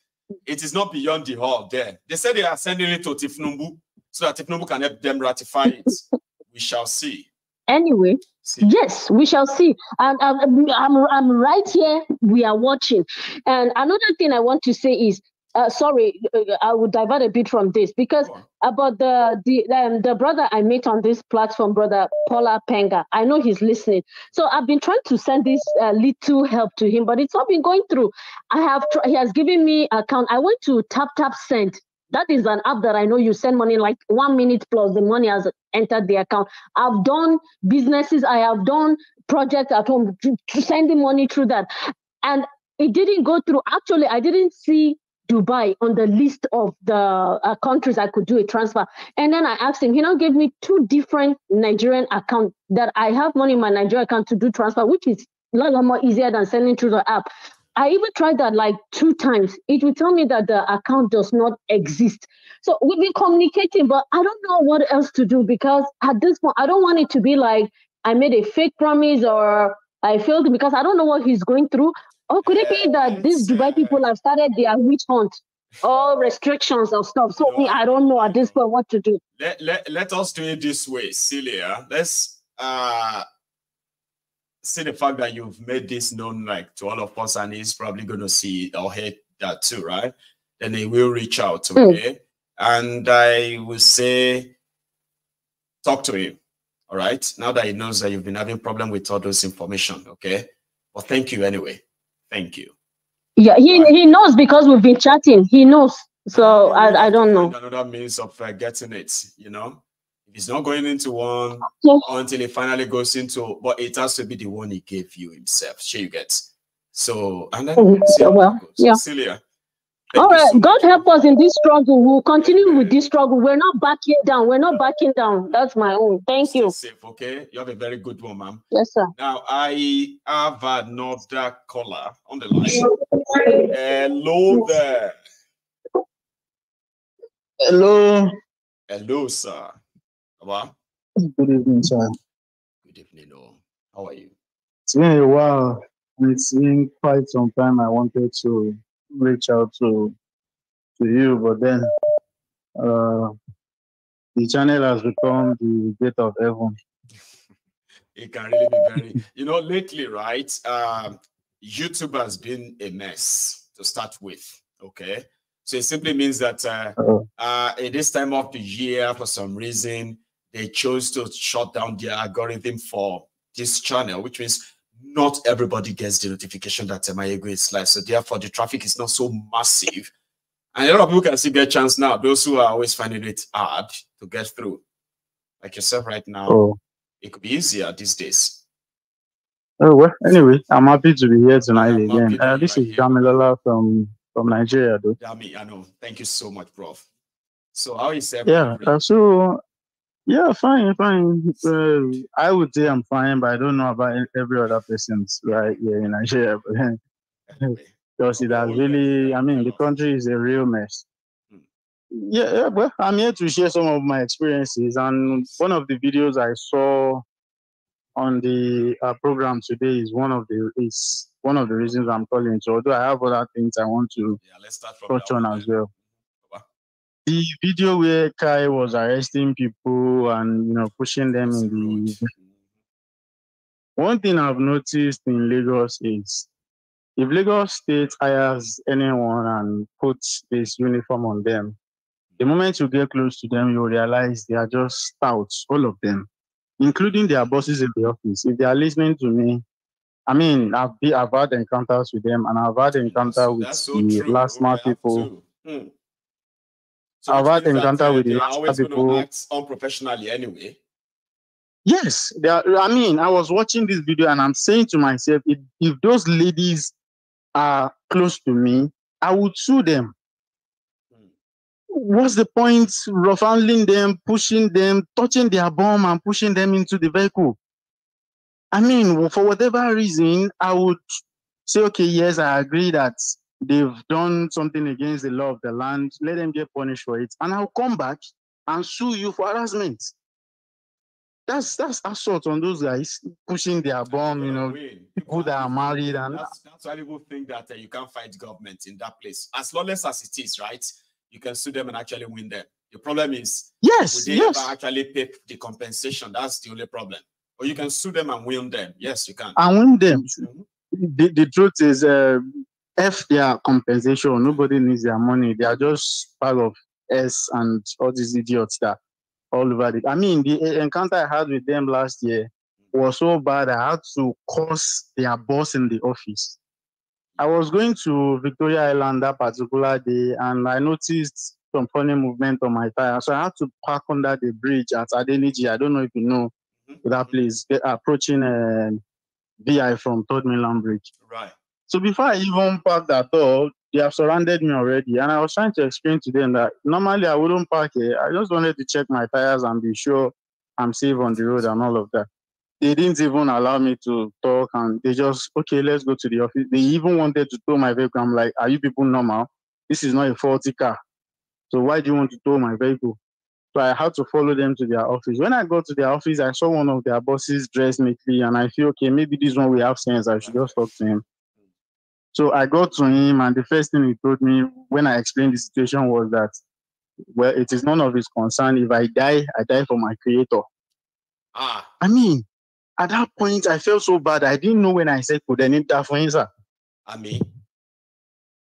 [SPEAKER 4] it is not beyond the hall there. They said they are sending it to Tifnumbu so that Tifnumbu can help them ratify it. we shall
[SPEAKER 16] see. Anyway, see. yes, we shall see. And I'm, um, I'm, I'm, right here. We are watching. And another thing I want to say is uh, sorry, uh, I would divert a bit from this because about the the um, the brother I meet on this platform, brother Paula Penga. I know he's listening, so I've been trying to send this uh, little help to him, but it's not been going through. I have tr- he has given me account. I went to tap tap send. That is an app that I know you send money like one minute plus the money has entered the account. I've done businesses, I have done projects at home, to sending money through that. And it didn't go through. Actually, I didn't see Dubai on the list of the uh, countries I could do a transfer. And then I asked him, he now gave me two different Nigerian accounts that I have money in my Nigerian account to do transfer, which is a lot more easier than sending through the app. I even tried that like two times. It will tell me that the account does not exist. So we've been communicating, but I don't know what else to do because at this point, I don't want it to be like I made a fake promise or I failed because I don't know what he's going through. Or oh, could it be that these Dubai people have started their witch hunt all restrictions and stuff. So no. I don't know at this point what to do.
[SPEAKER 4] Let, let, let us do it this way, Celia. Let's uh, see the fact that you've made this known like to all of us, and he's probably going to see or hear that too, right? Then he will reach out, hmm. okay? Mm. And I will say, talk to him, all right? Now that he knows that you've been having problem with all those information, okay? Well, thank you anyway. Thank you.
[SPEAKER 16] Yeah, he, right. he knows because we've been chatting. He knows. So I, I don't know.
[SPEAKER 4] Another means of uh, getting it, you know? He's not going into one okay. until he finally goes into, but it has to be the one he gave you himself. Sure, you get. So, and then, mm -hmm. well,
[SPEAKER 16] yeah. Thank All right, so God help us in this struggle. We'll continue with this struggle. We're not backing down. We're not backing down. That's my own. Thank Stay you. Safe,
[SPEAKER 4] okay. You have a very good one, ma'am. Yes, sir. Now I have another caller on the
[SPEAKER 1] line.
[SPEAKER 4] Hello there. Hello. Hello, sir. Hello.
[SPEAKER 9] Good evening, sir. Good
[SPEAKER 4] evening, all. Oh. How are you?
[SPEAKER 9] It's been a while. It's been quite some time. I wanted to reach out to to you, but then uh, the channel has become the gate of heaven.
[SPEAKER 4] it can really be very, you know, lately, right? Um, YouTube has been a mess to start with. Okay. So it simply means that uh, oh. uh, at this time of the year, for some reason, they chose to shut down the algorithm for this channel, which means not everybody gets the notification that Temayego is live. So therefore, the traffic is not so massive. And a lot of people can still get chance now. Those who are always finding it hard to get through, like yourself right now, oh. it could be easier these days.
[SPEAKER 9] Oh well. Anyway, I'm happy to be here tonight I'm again.
[SPEAKER 4] Uh, this right is Jamilala from from Nigeria, though. Dami, I know. Thank you so much, bro. So how is everything? Yeah.
[SPEAKER 9] Uh, so yeah, fine, fine. Uh, I would say I'm fine, but I don't know about every other person's right here in Nigeria. because it has really, I mean, the country is a real mess. Hmm. Yeah, yeah, well, I'm here to share some of my experiences. And one of the videos I saw on the uh, program today is one of the is one of the reasons I'm calling. So although I have other things I want to yeah, touch on as well. The video where Kai was arresting people and you know pushing them in the one thing I've noticed in Lagos is if Lagos State hires anyone and puts this uniform on them, the moment you get close to them, you realize they are just stouts, all of them, including their bosses in the office. If they are listening to me, I mean, I've, be, I've had encounters with them and I've had encounters with so the last smart people. So I've had encounter with the always people. Act
[SPEAKER 4] unprofessionally anyway.
[SPEAKER 9] Yes, are, I mean, I was watching this video and I'm saying to myself, if, if those ladies are close to me, I would sue them. Hmm. What's the point roughhandling them, pushing them, touching their bomb and pushing them into the vehicle? I mean, for whatever reason, I would say, okay, yes, I agree that they've done something against the law of the land. Let them get punished for it. And I'll come back and sue you for harassment. That's that's assault on those guys pushing their bomb, you know, people, that are married and that's,
[SPEAKER 3] that's why
[SPEAKER 4] people think that uh, you can't fight government in that place. As lawless as it is, right? You can sue them and actually win them. The problem is yes, they yes. actually pay the compensation? That's the only problem. Or you can sue them and win them. Yes, you can.
[SPEAKER 9] And win them. Mm -hmm. The, the truth is, uh, F are compensation. Nobody needs their money. They are just part of S and all these idiots that all over it. I mean, the encounter I had with them last year was so bad I had to curse their boss in the office. I was going to Victoria Island that particular day and I noticed some funny movement on my tire. So I had to park under the bridge at Adeniji. I don't know if you know mm-hmm. that mm-hmm. place, approaching um, VI from Third Mainland Bridge. Right. So before I even parked at all, they have surrounded me already. And I was trying to explain to them that normally I wouldn't park here. I just wanted to check my tires and be sure I'm safe on the road and all of that. They didn't even allow me to talk and they just, okay, let's go to the office. They even wanted to tow my vehicle. I'm like, are you people normal? This is not a faulty car. So why do you want to tow my vehicle? So I had to follow them to their office. When I got to their office, I saw one of their bosses dressed neatly and I feel, okay, maybe this one will have sense. I should just talk to him. So I got to him, and the first thing he told me when I explained the situation was that, well, it is none of his concern. If I die, I die for my creator. Ah. I mean, at that point, I felt so bad. I didn't know when I said, could any for him, sir? I mean,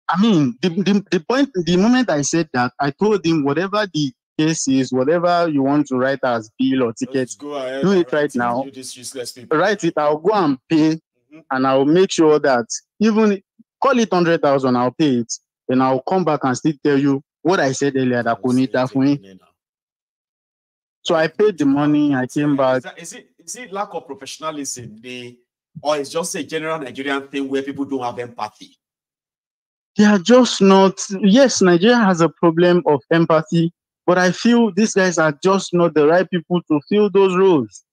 [SPEAKER 9] I mean, the, the, the point, the moment I said that, I told him whatever the case is, whatever you want to write as bill or ticket, do it right now. Write it. I'll go and pay and I'll make sure that even call it 100,000, I'll pay it. and I'll come back and still tell you what I said earlier that could need that for me. So I paid the money, I came back. Is, that, is,
[SPEAKER 4] it, is it lack of professionalism, the, or is just a general Nigerian thing where people don't have
[SPEAKER 9] empathy? They are just not. Yes, Nigeria has a problem of empathy, but I feel these guys are just not the right people to fill those roles.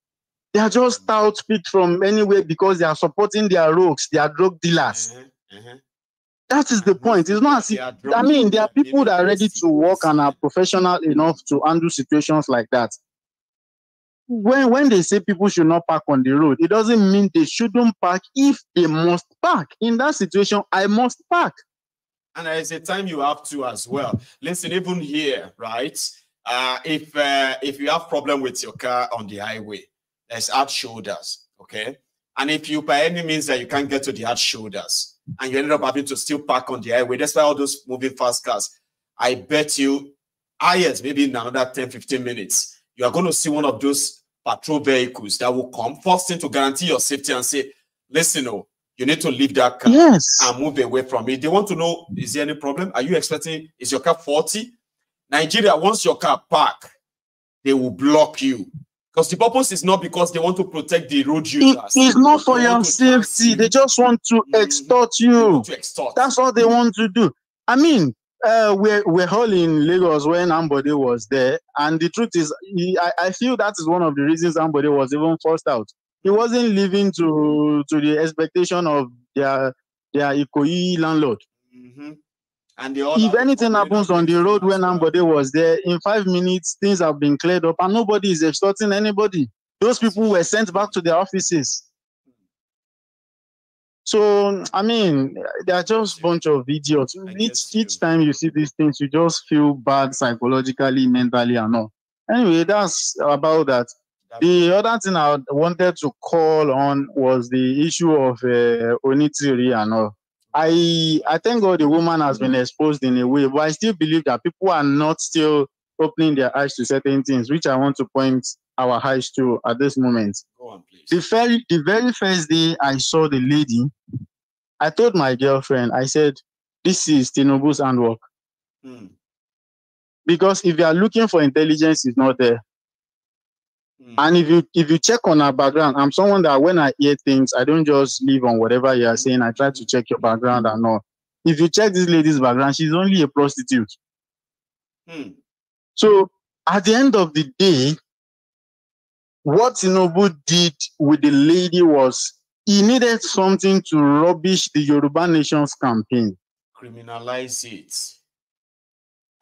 [SPEAKER 9] They are just mm-hmm. out picked from anywhere because they are supporting their rogues, they are drug dealers. Mm-hmm. mm-hmm. That is the mm-hmm. point. It's not as if, I mean, there are people that are ready to work and are professional enough to handle situations like that. When, when they say people should not park on the road, it doesn't mean they shouldn't park if they must park. In that situation, I must park.
[SPEAKER 4] And there is a time you have to as well. Listen, even here, right? Uh, if uh, if you have problem with your car on the highway, there's hard shoulders, okay? And if you, by any means, that you can't get to the hard shoulders, and you ended up having to still park on the highway, that's why all those moving fast cars, I bet you, highest, maybe in another 10, 15 minutes, you are going to see one of those patrol vehicles that will come, first thing to guarantee your safety and say, listen, oh, you need to leave that car yes. and move away from it. They want to know, is there any problem? Are you expecting, is your car 40? Nigeria, once your car park, they will block you. Because the purpose is not because they want to protect the road users. It is not for your
[SPEAKER 9] safety. They just want to mm-hmm. extort you. To extort. That's all they want to do. I mean, uh, we're, we're all in Lagos when Ambode was there. And the truth is, he, I, I feel that is one of the reasons Ambode was even forced out. He wasn't living to to the expectation of their their Ikoyi landlord. Mm-hmm. And the if anything happens on the road when nobody was there, in five minutes things have been cleared up, and nobody is extorting anybody. Those people were sent back to their offices. So I mean, they are just bunch of idiots. Each each time you see these things, you just feel bad psychologically, mentally, and all. Anyway, that's about that. The other thing I wanted to call on was the issue of uh, Onitiri and all. I I thank God the woman has been exposed in a way, but I still believe that people are not still opening their eyes to certain things, which I want to point our eyes to at this moment. Go on, please. The very the very first day I saw the lady, I told my girlfriend, I said, This is Tinobu's handwork. Mm. Because if you are looking for intelligence, it's not there. Mm. And if you if you check on our background, I'm someone that when I hear things, I don't just leave on whatever you are mm. saying. I try to check your background and all. If you check this lady's background, she's only a prostitute. Hmm. So at the end of the day, what Tinobu did with the lady was he needed something to rubbish the Yoruba Nation's campaign.
[SPEAKER 4] Criminalize it.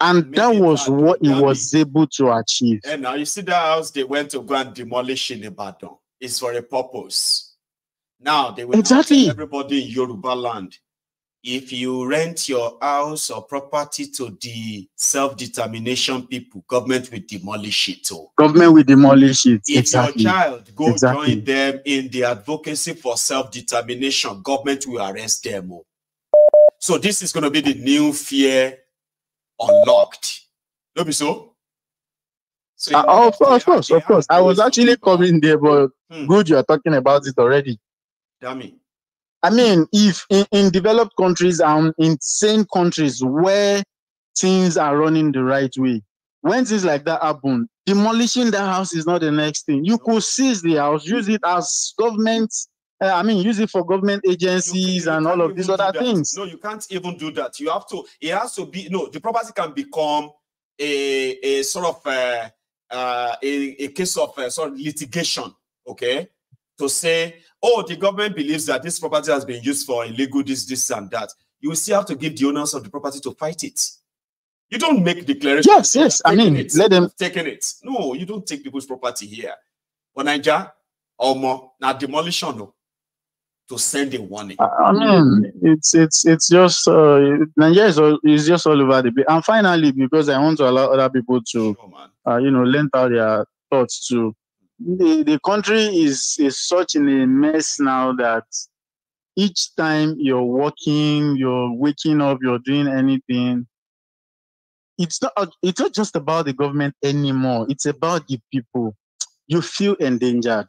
[SPEAKER 9] And that was Ibadan, what he was able to achieve.
[SPEAKER 4] And eh, now you see that house they went to go and demolish in Ibadan. It's for a purpose. Now they will exactly. everybody in Yoruba land. If you rent your house or property to the self-determination people, government will demolish it. Too.
[SPEAKER 9] Government will demolish it. If exactly. your child go exactly. join
[SPEAKER 4] them in the advocacy for self-determination, government will arrest them. Oh. So this is going to be the new fear unlocked.
[SPEAKER 9] Don't be so. So uh, of course, of course, of course. I was actually coming there, but hmm. good, you are talking about it already. Damn it. I mean, if in, in developed countries and um, in countries where things are running the right way, when things like that happen, demolishing the house is not the next thing. You could seize the house, use it as government uh, I mean, use it for government agencies and all of these other things.
[SPEAKER 4] No, you can't even do that. You have to. It has to be. No, the property can become a a sort of a, uh, uh, a, a case of uh, sort of litigation. Okay, to say, oh, the government believes that this property has been used for illegal this, this, and that. You will still have to give the owners of the property to fight it. You don't make declarations. Yes,
[SPEAKER 9] yes. I mean, it, let them
[SPEAKER 4] taking it. No, you don't take people's property here. For Niger, or more now demolition. No to send a warning.
[SPEAKER 9] I mean, it's it's it's just uh, Nigeria is, all, just all over the place. And finally, because I want to allow other people to, sure, uh, you know, lend out their thoughts to. The, the country is is such in a mess now that each time you're working, you're waking up, you're doing anything. It's not it's not just about the government anymore. It's about the people. You feel endangered.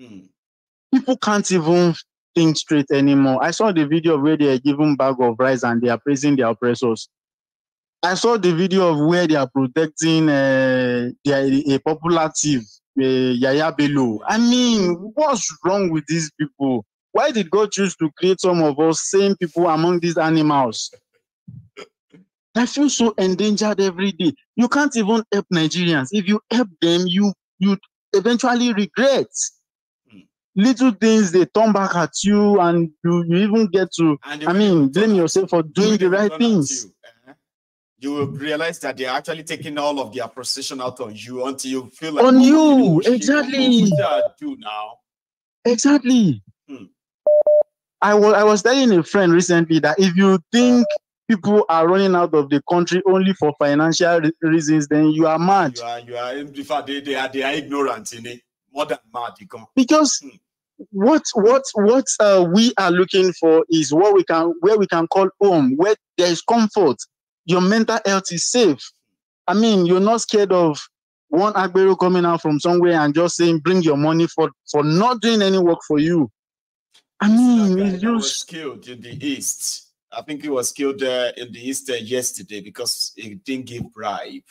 [SPEAKER 9] Mm. People can't even think straight anymore. I saw the video where they are giving bag of rice and they are praising their oppressors. I saw the video of where they are protecting uh, their, a popular thief, uh, Yaya I mean, what's wrong with these people? Why did God choose to create some of us same people among these animals? I feel so endangered every day. You can't even help Nigerians. If you help them, you you eventually regret little things they turn back at you and you, you even get to i mean blame yourself for doing the right things uh-huh.
[SPEAKER 4] you. will realize that they're actually taking all of their precision out on you until you feel like on oh, you exactly do
[SPEAKER 9] now exactly hmm. I was I was telling a friend recently that if you think people are running out of the country only for financial re- reasons, then you are mad. You are,
[SPEAKER 4] you are in fact, they, they are they are ignorant in it more than mad.
[SPEAKER 9] Because hmm what what what uh, we are looking for is what we can where we can call home, where there is comfort. Your mental health is safe. I mean, you're not scared of one Agbero coming out from somewhere and just saying, "Bring your money for for not doing any work for you." I mean, uh, it's just was
[SPEAKER 4] killed in the east. I think he was killed uh, in the east uh, yesterday because he didn't give bribe.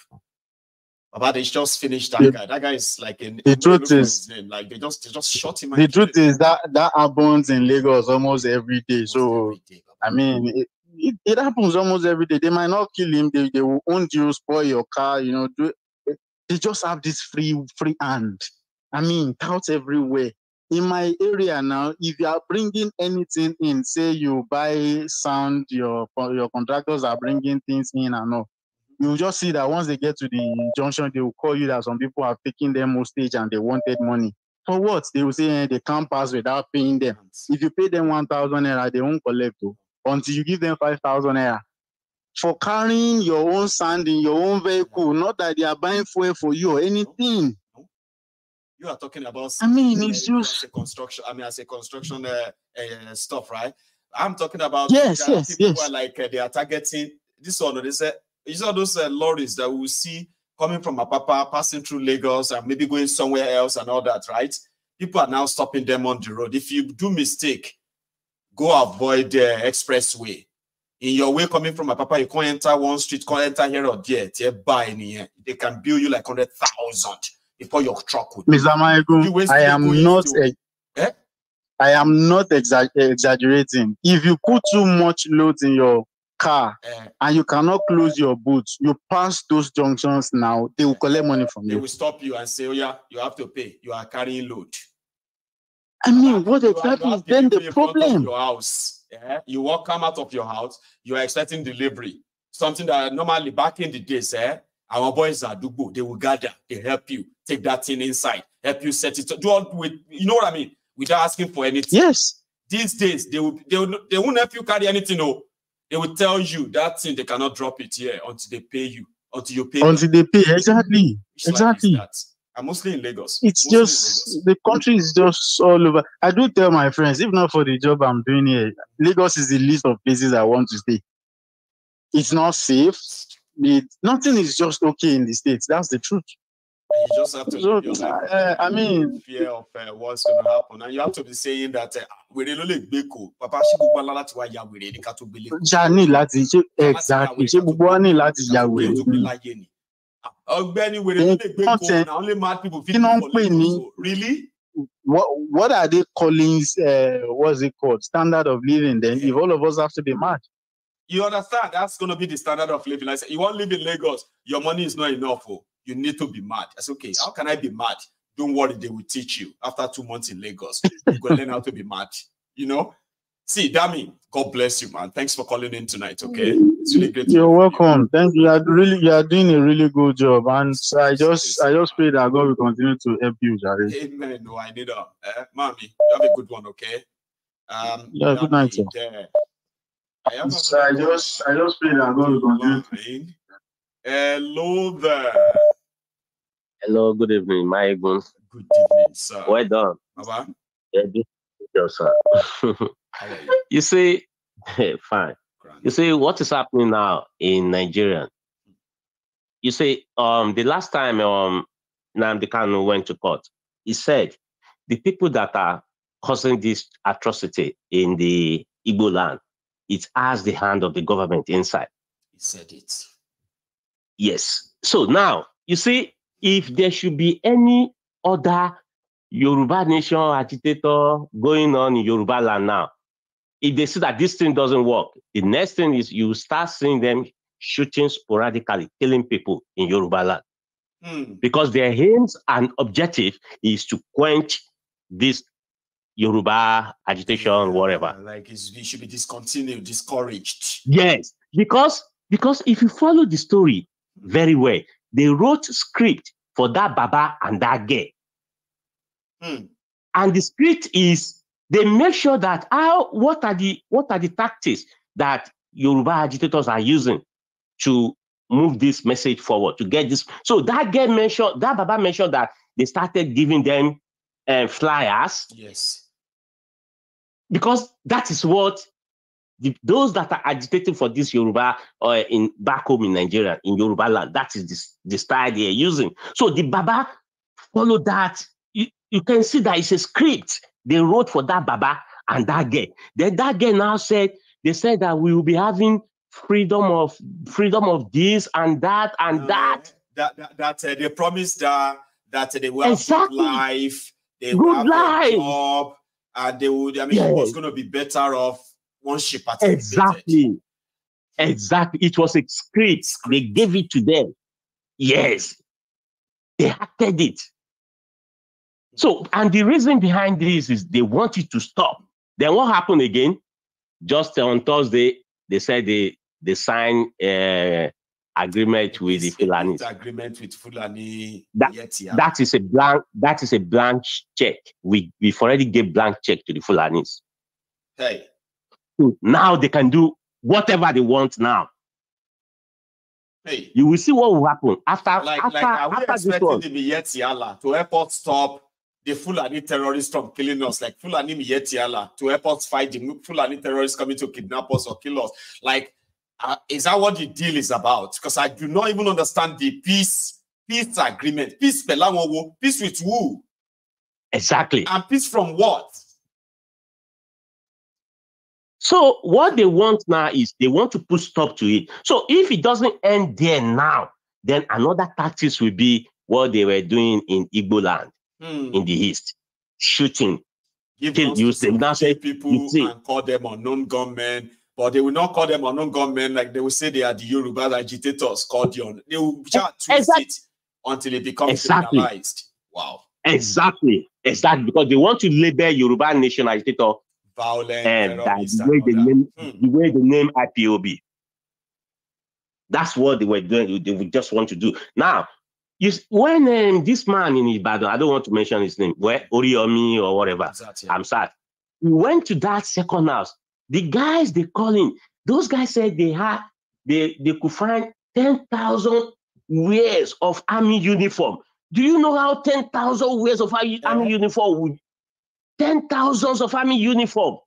[SPEAKER 4] About he's just finished that the, guy. That guy is like in the truth is like they just they just shot him. The truth is
[SPEAKER 9] that that happens in Lagos almost every day. so every day. I mean, it, it, it, happens almost every day. They might not kill him. They they will own you, spoil your car. You know, do, they just have this free free hand. I mean, touts everywhere. In my area now, if you are bringing anything in, say you buy sound, your your contractors are bringing things in and all you just see that once they get to the junction, they will call you that some people are taking them hostage and they wanted money. For what? They will say eh, they can't pass without paying them. If you pay them 1,000 naira, they won't collect you until you give them 5,000 naira. For carrying your own sand in your own vehicle, not that they are buying fuel for you or anything.
[SPEAKER 4] You are talking about. I mean, it's uh, a construction. I mean, as a construction uh, uh, stuff, right? I'm talking about yes, yes, people yes. Are like uh, they are targeting this one. They say you saw those uh, lorries that we see coming from Apapa, passing through Lagos, and maybe going somewhere else and all that, right? People are now stopping them on the road. If you do mistake, go avoid the expressway. In your way coming from Apapa, you can't enter one street, can't enter here or there. They can bill you like 100,000 before your truck
[SPEAKER 9] would. Mr. Maegun, I am not... A- eh? I am not exa exaggerating. If you put too much load in your car eh. and you cannot close your boots, you pass those junctions now, they will collect money from they you. They will
[SPEAKER 4] stop you and say, Oh, yeah, you have to pay. You are carrying load.
[SPEAKER 9] I mean, what exactly is then the problem?
[SPEAKER 4] Your house. Yeah? You walk come out of your house, you are expecting delivery. Something that normally back in the days, eh? Our boys are Dugbo, they will gather, they help you take that thing inside, help you set it. Do all with you know what I mean? Without asking for anything. Yes. These days, they will they will they won't help you carry anything. No, oh. They will tell you that thing they cannot drop it here until they pay you, until you pay. Until
[SPEAKER 9] them. they pay, exactly, it's exactly. Like
[SPEAKER 4] I'm mostly in Lagos.
[SPEAKER 9] It's mostly just Lagos. the country is just all over. I do tell my friends, if not for the job I'm doing here, Lagos is the least of places I want to stay. It's not safe. It, nothing is just okay in the states. That's the truth
[SPEAKER 4] you just have to, so, just have uh, I mean, fear of uh, what's going to happen, and you have to be saying that eh, ah, wèrè ló lè gbé kò bàbá ṣé gbogbo alá láti wá ya wèrè ní
[SPEAKER 9] ká tó Jani ja láti exactly ṣé ní láti ya wèrè ní. Ah, ọ̀gbẹ́ni only mad people fit really. What, what are they calling uh, what's it called standard of living then yeah. if all of us have to be mad
[SPEAKER 4] you understand that's going to be the standard of living I said you wan live in Lagos your money is not enough oh you need to be mad. I said, okay, how can I be mad? Don't worry, they will teach you. After two months in Lagos, you can learn how to be mad. You know, see, Dami, God bless you, man. Thanks for calling in tonight. Okay, it's really great. You're
[SPEAKER 9] welcome. You. Thank you. You are really, you are doing a really good job, and I just, I just pray that God will continue to help you, Jared.
[SPEAKER 4] Amen. No, I need that. Uh, eh, mommy, have a good one. Okay.
[SPEAKER 9] Um, yeah. Good night, sir.
[SPEAKER 4] Yeah. I, so I just, I just pray that God will continue. Hello
[SPEAKER 15] there. Hello, good evening, my good. Good evening, sir. Well done. Baba. Yeah, you, sir. you? you see, fine. Grand. You see what is happening now in Nigeria. You see, um, the last time um Namdi Kanu went to court, he said the people that are causing this atrocity in the Igbo land, it has the hand of the government inside. He said it. Yes. So now, you see, if there should be any other Yoruba nation agitator going on in Yoruba land now, if they see that this thing doesn't work, the next thing is you start seeing them shooting sporadically, killing people in Yoruba land. Mm. Because their aims and objective is to quench this Yoruba agitation, whatever. Like it should be discontinued, discouraged. Yes, because because if you follow the story, very well. They wrote script for that Baba and that girl. Hmm. And the script is they make sure that how what are the what are the tactics that Yoruba agitators are using to move this message forward to get this. So that girl mentioned that Baba mentioned that they started giving them uh, flyers. Yes. Because that is what the, those that are agitating for this Yoruba uh, in back home in Nigeria, in Yoruba land, that is this, the style they are using. So the Baba follow that. You, you can see that it's a script they wrote for that Baba and that guy. Then that guy now said, they said that we will be having freedom of freedom of this and that and uh, that.
[SPEAKER 4] That that, that uh, they promised that that uh, they will exactly. good life, they good will have life. job, and they would. I mean, yes. going to be better off once she participated.
[SPEAKER 15] Exactly. Exactly. It was a script. They gave it to them. Yes. They acted it. So, and the reason behind this is they wanted to stop. Then what happened again? Just on Thursday, they said they they signed uh, agreement with it's the Fulani.
[SPEAKER 4] Agreement with Fulani.
[SPEAKER 15] That, that is a blank. That is a blank check. We we've already gave blank check to the Fulanis. Hey. Now they can do whatever they want now. Hey. You will see what will happen after like, after, like are we
[SPEAKER 4] after expecting this one. Yetiala to us stop the Fulani terrorists from killing us, like Fulani Yetiala to us fight the Fulani terrorists coming to kidnap us or kill us. Like, uh, is that what the deal is about? Because I do not even understand the
[SPEAKER 1] peace peace agreement. Peace, Pelangowo, peace with who? Exactly. And peace from what?
[SPEAKER 15] So what they want now is they want to put stop to it. So if it doesn't end there now, then another tactics will be what they were doing in Igbo land hmm. in the east, shooting. Give kill, you say, now say, people you and call them unknown gunmen, but
[SPEAKER 4] they will not call them unknown gunmen. Like they will say they are the Yoruba agitators called on. They will just
[SPEAKER 15] exactly. it until it becomes exactly. criminalized. Wow. Exactly. Exactly. Because they want to label Yoruba nation agitator violent, and that's that,
[SPEAKER 10] the way the name, hmm. the way
[SPEAKER 15] the name IPOB. That's what they were doing. They would just want to do now. You, when um, this man in Ibadan, I don't want to mention his name, where Oriomi or whatever. Exactly. I'm sad. We went to that second house. The guys they calling, those guys said they had they they could find ten thousand wears of army uniform. Do you know how ten thousand wears of army yeah. Uh-huh. uniform would ten thousands of army uniform.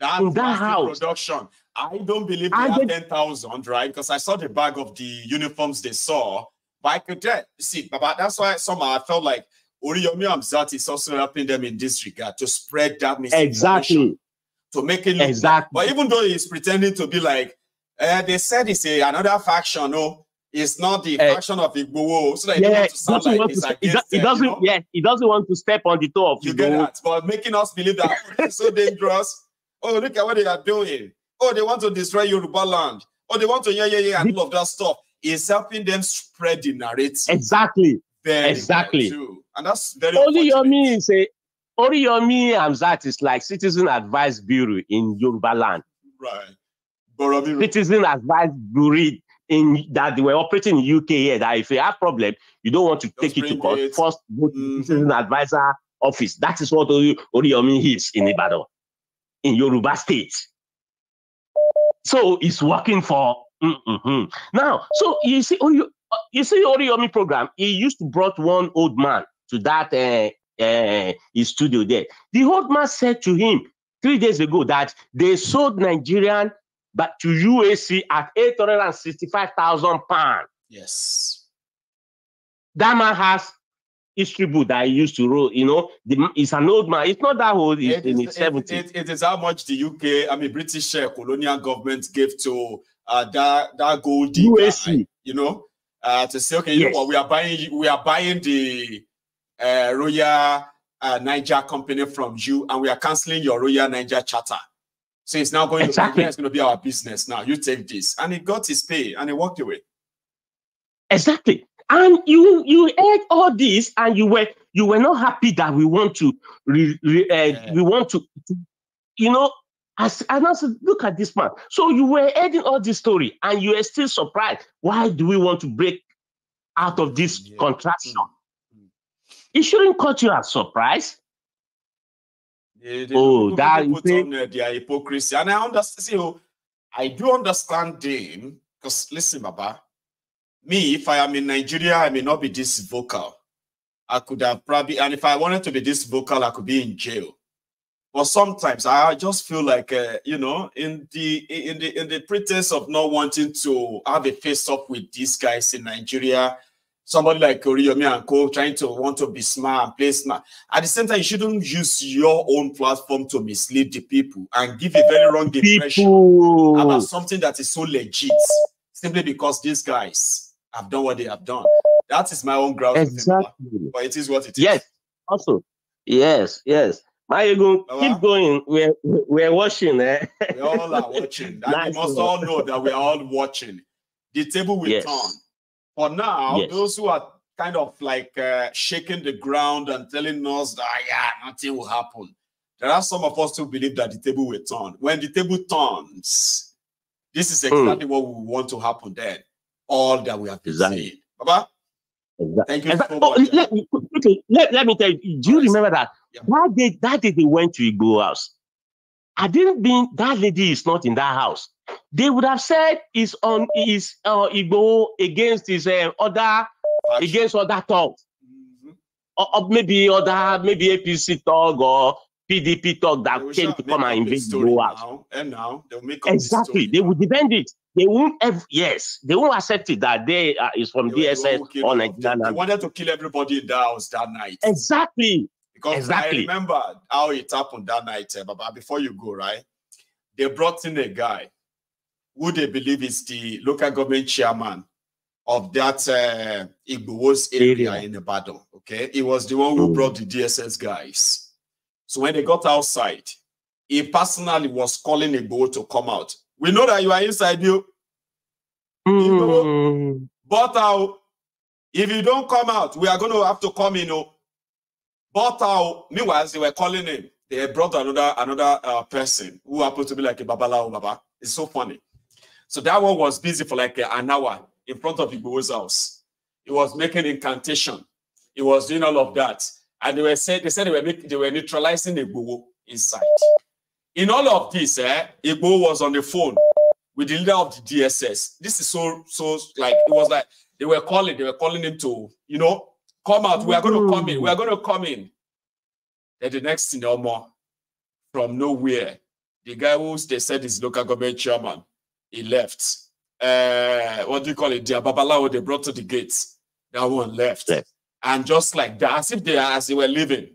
[SPEAKER 15] That in that house
[SPEAKER 4] production. I don't believe they I have ten thousand, right? Because I saw the bag of the uniforms they saw. But I could tell, see, but that's why somehow I felt like Uriyomi Amzati is also helping them in this regard to spread that misinformation. Exactly. To make it look exactly. But even though he's pretending to be like, uh, they said it's a, another faction, no, oh, it's not the uh, fashion of Igbo, so that yeah, not sound like it's against it, doesn't, them, you know? yeah, he
[SPEAKER 15] doesn't want to step on
[SPEAKER 4] the toe of you Igbo. get that, but making us believe that oh, it's so dangerous. Oh, look at what they are doing. Oh, they want to destroy Yoruba land. Oh, they want to yeah, yeah, yeah, and all of that stuff. It's helping them
[SPEAKER 15] spread the narrative. Exactly. Very exactly. And that's very only Yomi is a Oriyomi Amzat is like Citizen Advice Bureau in Yoruba land. Right. Borobiru. Citizen Advice Bureau in that they were operating in UK here that if you have problem, you don't want to Just take it to court. It. First, go to mm. citizen advisor office. That is what Oriomi is in Ibado, in Yoruba state. So it's working for mm-hmm. now. So you see, you, you see program. He used to brought one old man to that uh, uh, his studio there. The old man said to him three days ago that they sold Nigerian back to UAC at 865,000 pounds. Yes. That man has history. that he used to roll. You know, the, he's an old man. It's not that old. He's it in his seventies.
[SPEAKER 4] It, it is how much the UK, I mean, British uh, colonial government gave to uh, that that gold digger. UAC. You know, uh, to say, okay, you know we are buying, we are buying the uh, Royal uh, Niger company from you, and we are canceling your Royal Niger charter. So it's now going exactly. to be, it's going to be our business now. You take this. And he got his pay and he walked away.
[SPEAKER 15] Exactly. And you you heard all this and you were you were not happy that we want to re, re, uh, yeah. we want to you know as and I said, look at this man. So you were adding all this story and you were still surprised. Why do we want to break out of this yeah. contraction? Mm -hmm. It shouldn't caught you as surprise.
[SPEAKER 3] Eh,
[SPEAKER 4] oh, that put eh, their, hypocrisy, and I understand. See, oh, I do understand them because listen, Baba, me if I am in Nigeria, I may not be this vocal. I could have probably, and if I wanted to be this vocal, I could be in jail. But sometimes I just feel like, uh, you know, in the in the in the pretense of not wanting to have a face up with these guys in Nigeria, somebody like Oriyomi and Co trying to want to be smart and play smart. At the same time, you shouldn't use your own platform to mislead the people and give a very wrong impression people. about something that is so legit simply because these guys have done what they have done. That is my own ground. Exactly. But it is what it is. Yes. Also,
[SPEAKER 15] yes, yes. Mayegun, uh, keep going. We're we're watching. Eh?
[SPEAKER 4] We all are watching. nice. We must all know that we are all watching. The table will yes. turn for now, yes. those who are kind of like uh, shaking the ground and telling us that, yeah, nothing will happen. There are some of us who believe that the table will turn. When the table turns, this is hmm. exactly mm. what we want to happen then. All that we have designed,
[SPEAKER 15] Baba? Exactly. Thank you exactly. so oh, much. Oh, let, me, okay, let, let me tell you, do you remember that? Yeah. That day, that day they went to Igbo house. I didn't mean that lady is not in that house they would have said is on his uh, Igbo against his uh, other Actually. against other talk Mm-hmm. Or, uh, or, uh, maybe other maybe APC talk or PDP talk that came to come and invade the house. and now they'll make exactly they will defend it. They won't have, yes, they won't accept it that they uh, is from they DSS on Nigerian. They, they wanted to kill everybody in the house that night. Exactly. Because exactly. I
[SPEAKER 4] remember how it happened that night, eh, Baba. Before you go, right? They brought in a guy who they believe is the local government chairman of that uh, Igbo's area in battle. Okay, he was the one who oh. brought the DSS guys. So when they got outside, he personally was calling Igbo to come out. We know that you are inside you. Hmm. But out. If you don't come out, we are going to have to come in. Oh. But out. Meanwhile, they were calling him. They brought another another uh, person who happened to be like a babalawo baba. It's so funny. So that one was busy for like uh, an hour in front of Igbo's house. He was making incantation. He was doing all of that. And they were saying they said they were making, they were neutralizing Igbo inside. In all of this, eh, Igbo was on the phone with the leader of the DSS. This is so so like it was like they were calling, they were calling him to, you know, come out. We are going to come in. We are going to come in. Then the next thing, no from nowhere, the guy who they said is local government chairman he left. Uh, what do you call it? The Babalawo they brought to the gates. That one left. left. And just like that, as if they are, as they were leaving,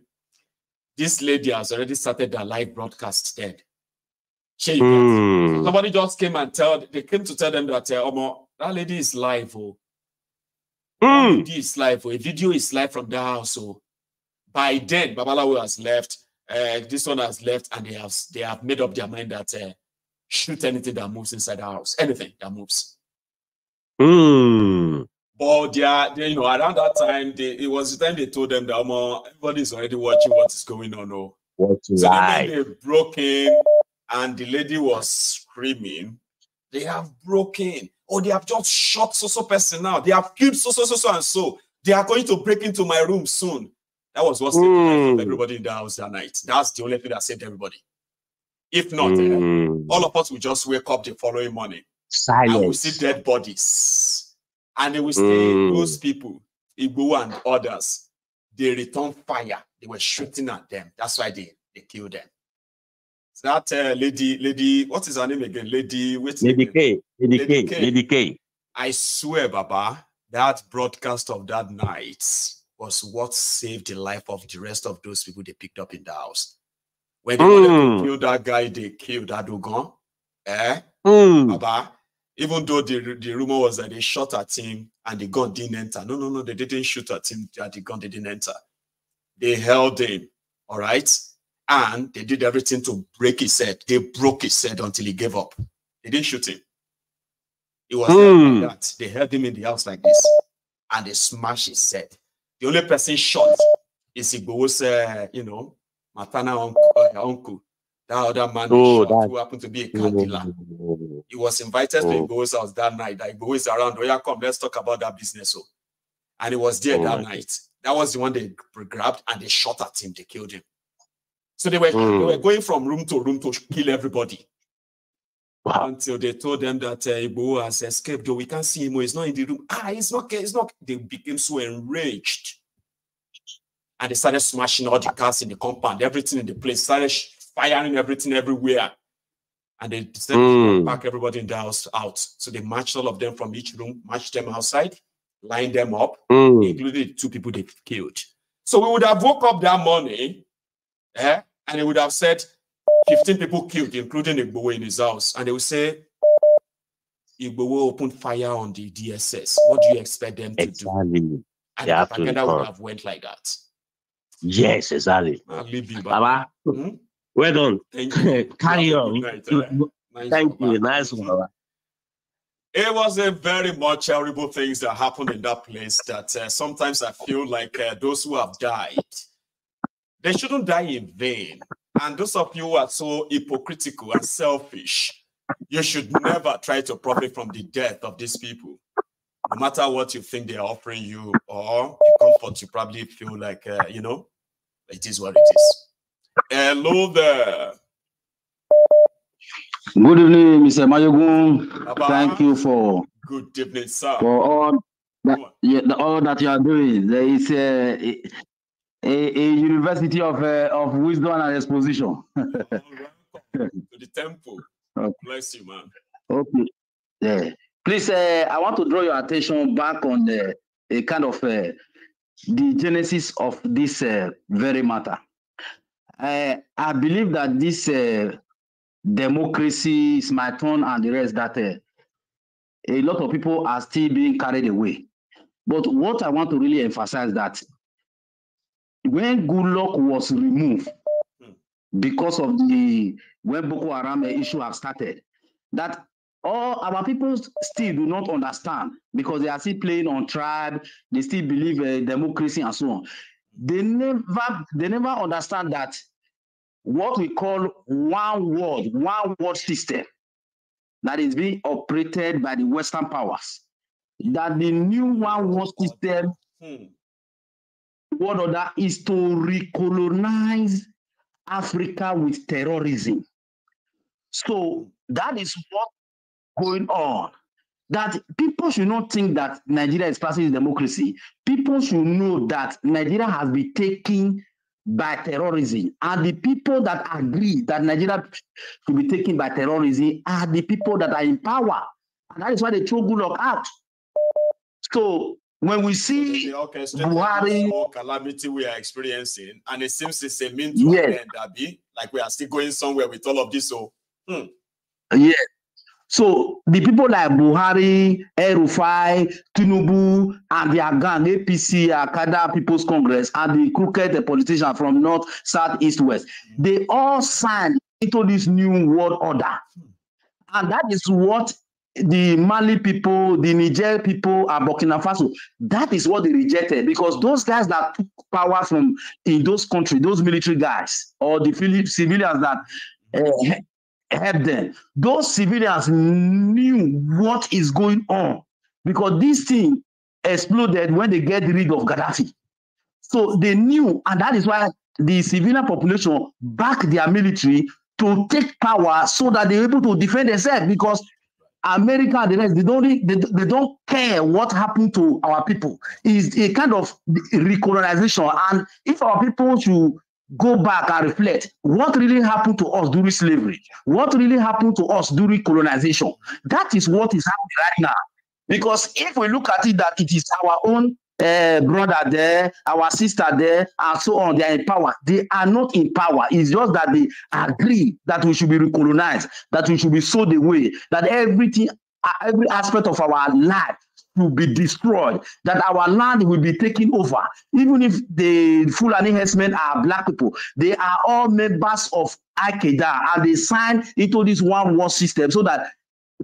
[SPEAKER 4] this lady has already started their live broadcast dead.
[SPEAKER 1] She
[SPEAKER 15] mm. somebody
[SPEAKER 4] just came and tell they came to tell them that uh, Omo, that lady is live. Oh, mm. lady is live. Oh. A video is live from the house. Oh. By then, Babalawo has left. Uh, this one has left, and they have they have made up their mind that uh, shoot anything that moves inside the house, anything that moves.
[SPEAKER 3] Mm.
[SPEAKER 4] But yeah, they, you know, around that time, they, it was the time they told them that um, everybody's already watching what is going on. Oh.
[SPEAKER 9] What's so right.
[SPEAKER 4] they broke in, and the lady was screaming. They have broken. Oh, they have just shot so so person now. They have killed so so so so and so. They are going to break into my room soon. That was what's mm. everybody in the house that night. That's the only thing that saved everybody. If not, eh,
[SPEAKER 3] mm. all
[SPEAKER 4] of us will just wake up the following morning.
[SPEAKER 15] Silence. And we see
[SPEAKER 4] dead bodies. And they will say, mm. those people, Igbo and others, they returned fire. They were shooting at them. That's why they, they killed them. So that uh, lady, lady, what is her name again? Lady, wait. Lady K.
[SPEAKER 15] Lady, lady K. K. Lady K.
[SPEAKER 4] I swear, Baba, that broadcast of that night was what saved the life of the rest of those people they picked up in the house when they mm. wanted to kill that guy, they killed Adogan. Eh? Mm. Baba. Even though the, the rumor was that they shot at him and the gun didn't enter. No, no, no, they didn't shoot at him at the gun, they didn't enter. They held him, all right? And they did everything to break his head. They broke his head until he gave up. They didn't shoot him. It was mm. like hmm. that. They held him in the house like this and they smashed his head. The only person shot is Igbo's, uh, you know, my uncle, uh, uncle that other man oh, shot, who happened to be a car Oh, he was invited oh. to Igbo's house that night. That Igbo is around. Oh, yeah, come, let's talk about that business. So, oh. and he was there that night. That was the one they grabbed and they shot at him. They killed him. So they were, mm. they hmm. were going from room to room to kill everybody. Wow. Until they told them that uh, eh, Igbo has escaped, though we can't see him, oh, he's not in the room. Ah, he's not, he's not. They became so enraged and they started smashing all the cars in the compound, everything in the place, started firing everything everywhere. And they decided mm. to hmm. pack everybody in the house out. So they marched all of them from each room, marched them outside, lined them up, mm. including the two people they killed. So we would have woke up that morning, eh, and they would have said 15 people killed, including Igbowo in his house. And they would say, Igbowo opened fire on the DSS. What do you expect them
[SPEAKER 15] to exactly. do? And I would have
[SPEAKER 4] went like that.
[SPEAKER 15] Yes, exactly. Baba, hmm? well done. Carry on. Thank you. Nice Thank you. Nice one. Baba.
[SPEAKER 10] It
[SPEAKER 4] was a very much terrible things that happened in that place that uh, sometimes I feel like uh, those who have died, they shouldn't die in vain. And those of you who are so hypocritical and selfish, you should never try to profit from the death of these people matter what you think they're offering you or the comfort, you probably feel like, uh, you know, it is what it is. Hello there.
[SPEAKER 11] Good evening, Mr. Mayogun. Thank you for
[SPEAKER 4] good evening, sir. For
[SPEAKER 11] all that, yeah, all that you are doing, there is a, a, a university of uh, of wisdom and exposition. to the temple. Bless you, man. Okay. Yeah. Please, uh, I want to draw your attention back on the uh, a kind of uh, the genesis of this uh, very matter. Uh, I believe that this uh, democracy is my turn and the rest that a lot of people are still being carried away. But what I want to really emphasize that when Goodluck was removed hmm. because of the when Boko Haram issue have started, that or our people still do not understand because they are still playing on tribe, they still believe uh, democracy and so on. They never, they never understand that what we call one world, one world system that is being operated by the Western powers. That the new one world system, hmm. one what that is is to recolonize Africa with terrorism. So that is what going on. That people should not think that Nigeria is passing democracy. People should know that Nigeria has been taken by terrorism. And the people that agree that Nigeria should be taken by terrorism are the people that are in power. And that is why they throw good luck out. So when we see okay,
[SPEAKER 4] Buhari calamity we are experiencing, and it seems it's a mean to yes. end, Abby. Like we are still going somewhere with all of this. So, hmm. yes,
[SPEAKER 11] so the people like Buhari, Erufai, Tinubu, and their gang, APC, Akada People's Congress, and the crooked politicians from north, south, east, west, they all signed into this new world order. And that is what the Mali people, the Niger people, and Burkina Faso, that is what they rejected because those guys that took power from in those countries, those military guys, or the civilians that uh, help them. Those civilians knew what is going on because this thing exploded when they get rid of Gaddafi. So they knew, and that is why the civilian population backed their military to take power so that they're able to defend themselves because America and the rest, they don't, they, they don't care what happened to our people. It's a kind of recolonization. And if our people should go back and reflect what really happened to us during slavery what really happened to us during colonization that is what is happening right now because if we look at it that it is our own uh, brother there our sister there and so on they are in power they are not in power it's just that they agree that we should be recolonized that we should be sold away that everything every aspect of our life will be destroyed, that our land will be taken over. Even if the Fulani herdsmen are black people, they are all members of Akeda and they sign into this one world system so that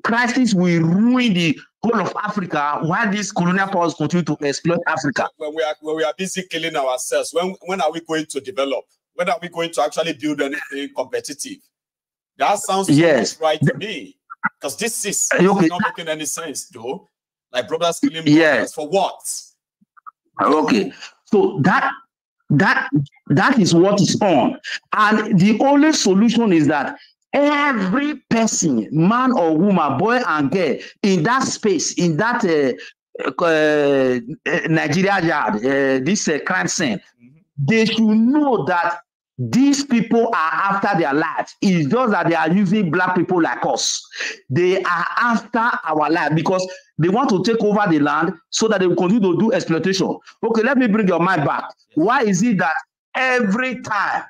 [SPEAKER 11] crisis will ruin the whole of Africa while these colonial powers continue to exploit Africa.
[SPEAKER 4] When we are, when we are busy killing ourselves, when, when are we going to develop? When are we going to actually build anything competitive? That sounds yes. right to me because this is, okay. is not making any sense, though. like brothers killing brothers yes. for what?
[SPEAKER 11] Okay, so that that that is what is on, and the only solution is that every person, man or woman, boy and girl, in that space, in that uh, uh, uh Nigeria yard, uh, this uh, crime scene, mm-hmm. they should know that These people are after their lives. It's just that they are using black people like us. They are after our life because they want to take over the land so that they will continue to do exploitation. Okay, let me bring your mind back. Why is it that every time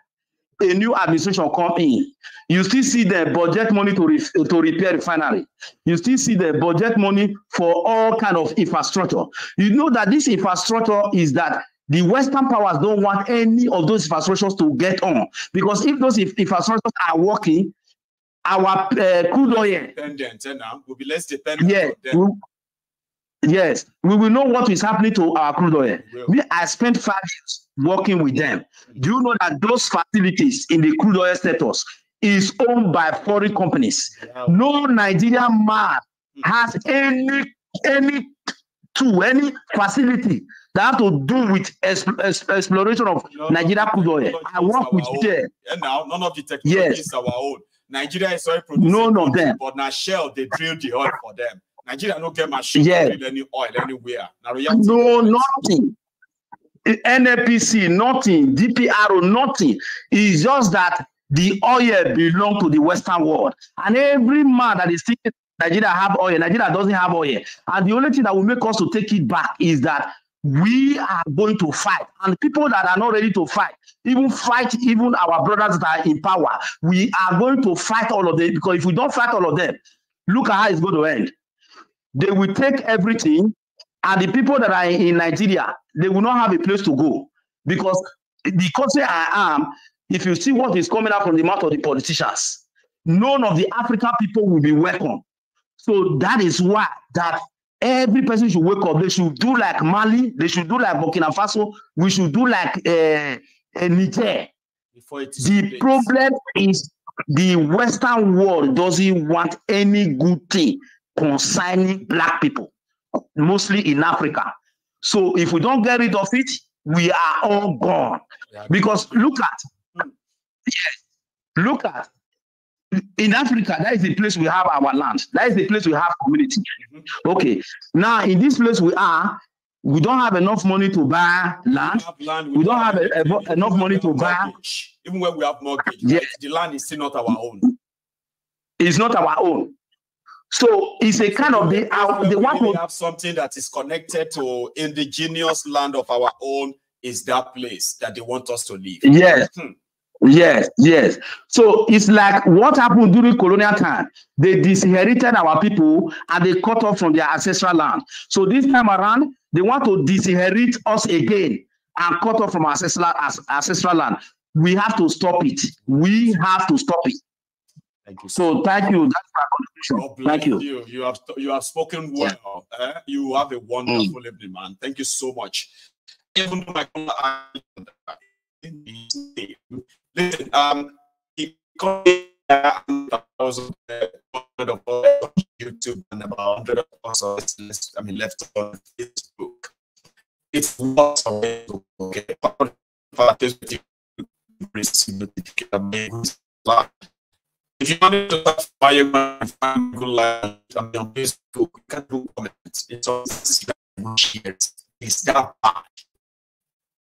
[SPEAKER 11] a new administration come in, you still see the budget money to, re to repair refinery. You still see the budget money for all kind of infrastructure. You know that this infrastructure is that The Western powers don't want any of those infrastructures to get on because if those if infrastructures are working, our uh, crude oil.
[SPEAKER 4] Dependent, eh, now will be less dependent.
[SPEAKER 11] Yeah, we, yes, we will know what is happening to our crude oil. Me, I spent five years working with them. Do you know that those facilities in the crude oil status is owned by foreign companies? Wow. No Nigerian man hmm. has any any to any facility that to do with exploration of no, Nigeria crude oil. I work with there.
[SPEAKER 4] And now none of the technology yes. is our own. Nigeria is oil producing.
[SPEAKER 11] None of them.
[SPEAKER 4] But now Shell, they drill the oil for them. Nigeria don't get machine yes. drill any oil anywhere. Now, no,
[SPEAKER 11] nothing. NAPC, nothing. DPRO, nothing. It's just that the oil belong to the Western world. And every man that is thinking Nigeria have oil, Nigeria doesn't have oil. And the only thing that will make us to take it back is that we are going to fight and people that are not ready to fight even fight even our brothers that are in power we are going to fight all of them because if we don't fight all of them look at how it's going to end they will take everything and the people that are in nigeria they will not have a place to go because the country i am if you see what is coming out from the mouth of the politicians none of the african people will be welcome so that is why that Every person should wake up. They should do like Mali. They should do like Burkina Faso. We should do like uh, Niger.
[SPEAKER 9] The
[SPEAKER 11] problem is the Western world doesn't want any good thing concerning black people, mostly in Africa. So if we don't get rid of it, we are all gone. Yeah, because look at, hmm. yes, look at in Africa, that is the place we have our land. That is the place we have community. Mm-hmm. Okay. Now, in this place we are, we don't have enough money to buy land. We, land, we, we don't have, have a, a, enough money to buy.
[SPEAKER 4] Even when we have mortgage, Yes, the land is still not our own. It's not our own. So it's a kind of the,
[SPEAKER 11] our, the one we
[SPEAKER 4] have something that is connected to indigenous land of our own is that place that they want us to live. Yes.
[SPEAKER 11] Hmm. Yes, yes. So it's like what happened during colonial time. They disinherited our people and they cut off from their ancestral land. So this time around, they want to disinherit us again and cut off from ancestral, ancestral land. We have to stop it. We have to stop it. Thank you. So thank you. That's my contribution. Thank you.
[SPEAKER 4] you. You have you have spoken well. Yeah. Eh? You have a wonderful mm. evening, man. Thank you so much. Even though Listen, um, he thousand on YouTube and about hundred of us I mean, left on Facebook. It's not lots of Facebook. Okay, if you want to have fire, find good life on Facebook, you can do comments. It's all shares.
[SPEAKER 3] It's that bad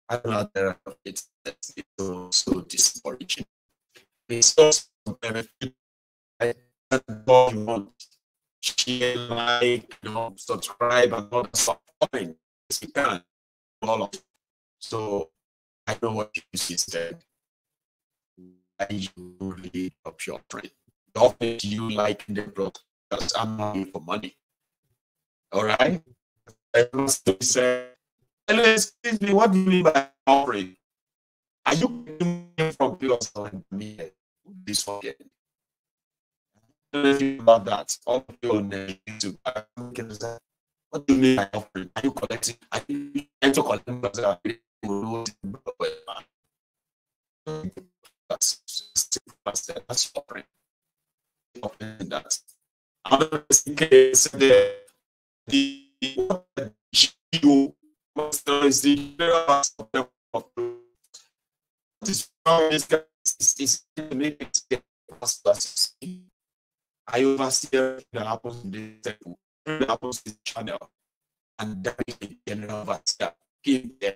[SPEAKER 3] another of its also this origin. It's also very I want
[SPEAKER 4] share, like, you know, subscribe and all that comment as
[SPEAKER 1] we can. All of so I know what you said. I usually help your friend. Often you like the
[SPEAKER 4] broadcast, I'm not for money. All right. I must say Hello, excuse me, what do you mean by offering? Are you coming from Dios and me this weekend? About that, on YouTube, what do you mean by offering? Are you collecting? Are
[SPEAKER 3] you trying to collect? That's that's offering. Offering that. Another case, the the I oversee everything
[SPEAKER 4] that happens in the temple, that happens in the channel, and that is the general
[SPEAKER 1] overseer. Give them.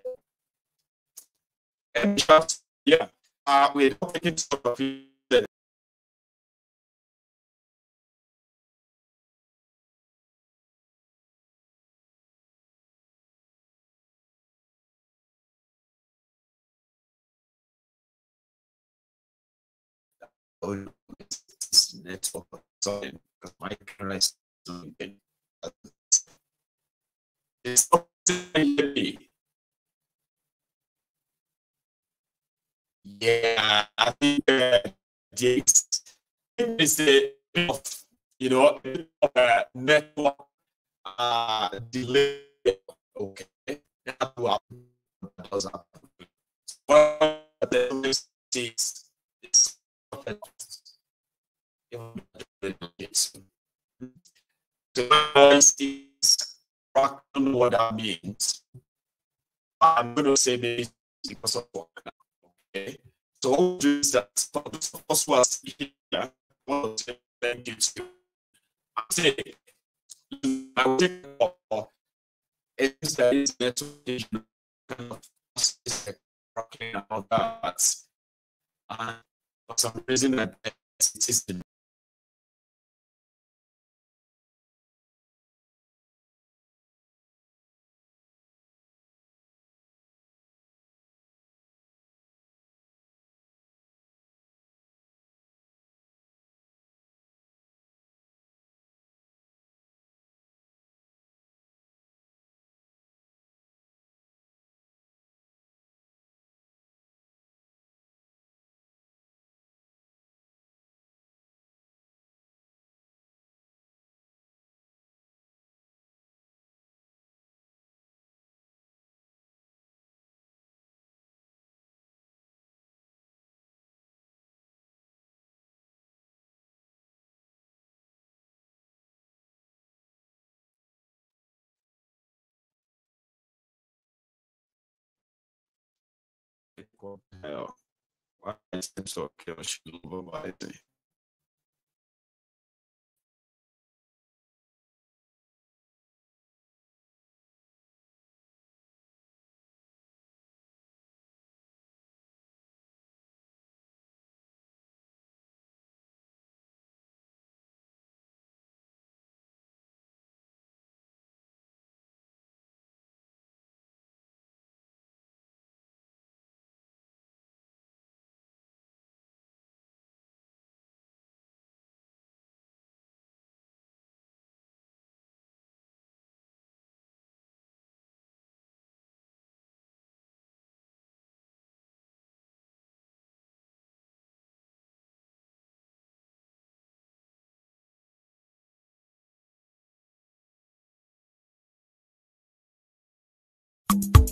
[SPEAKER 1] And just, yeah, uh, we're not taking stock of it. network sorry,
[SPEAKER 3] because my camera is not
[SPEAKER 1] yeah, I think uh, is the of you know network uh, delay. Okay, that will happen. That does happen. But the
[SPEAKER 3] is so is know what that means.
[SPEAKER 4] I'm going to say this because of work now. Okay. So what do that for those who are here, I want to say thank you to
[SPEAKER 1] I say I will take it is that is better kind of talking about that. And for some reason that it is the qual é a exceção que eu acho que não vou mais. Hein?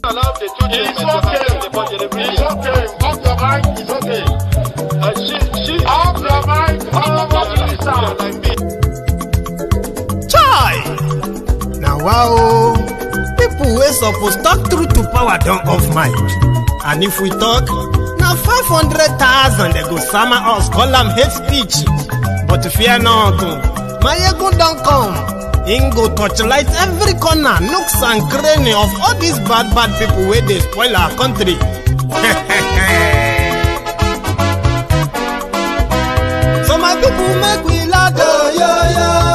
[SPEAKER 1] Allow the children it's okay. It's okay. it's okay.
[SPEAKER 3] Uh, she, she, off your mind, off your sound. Chai!
[SPEAKER 2] Now wow, people wey suppose talk true to power don off mind. And if we talk, na 500,000 they go sama us, call am hate speech. But fear not, oh. my ego don come im go torchlight every corner nooks and cranny of all these bad bad people wey dey spoil our country so my people make we yo yo.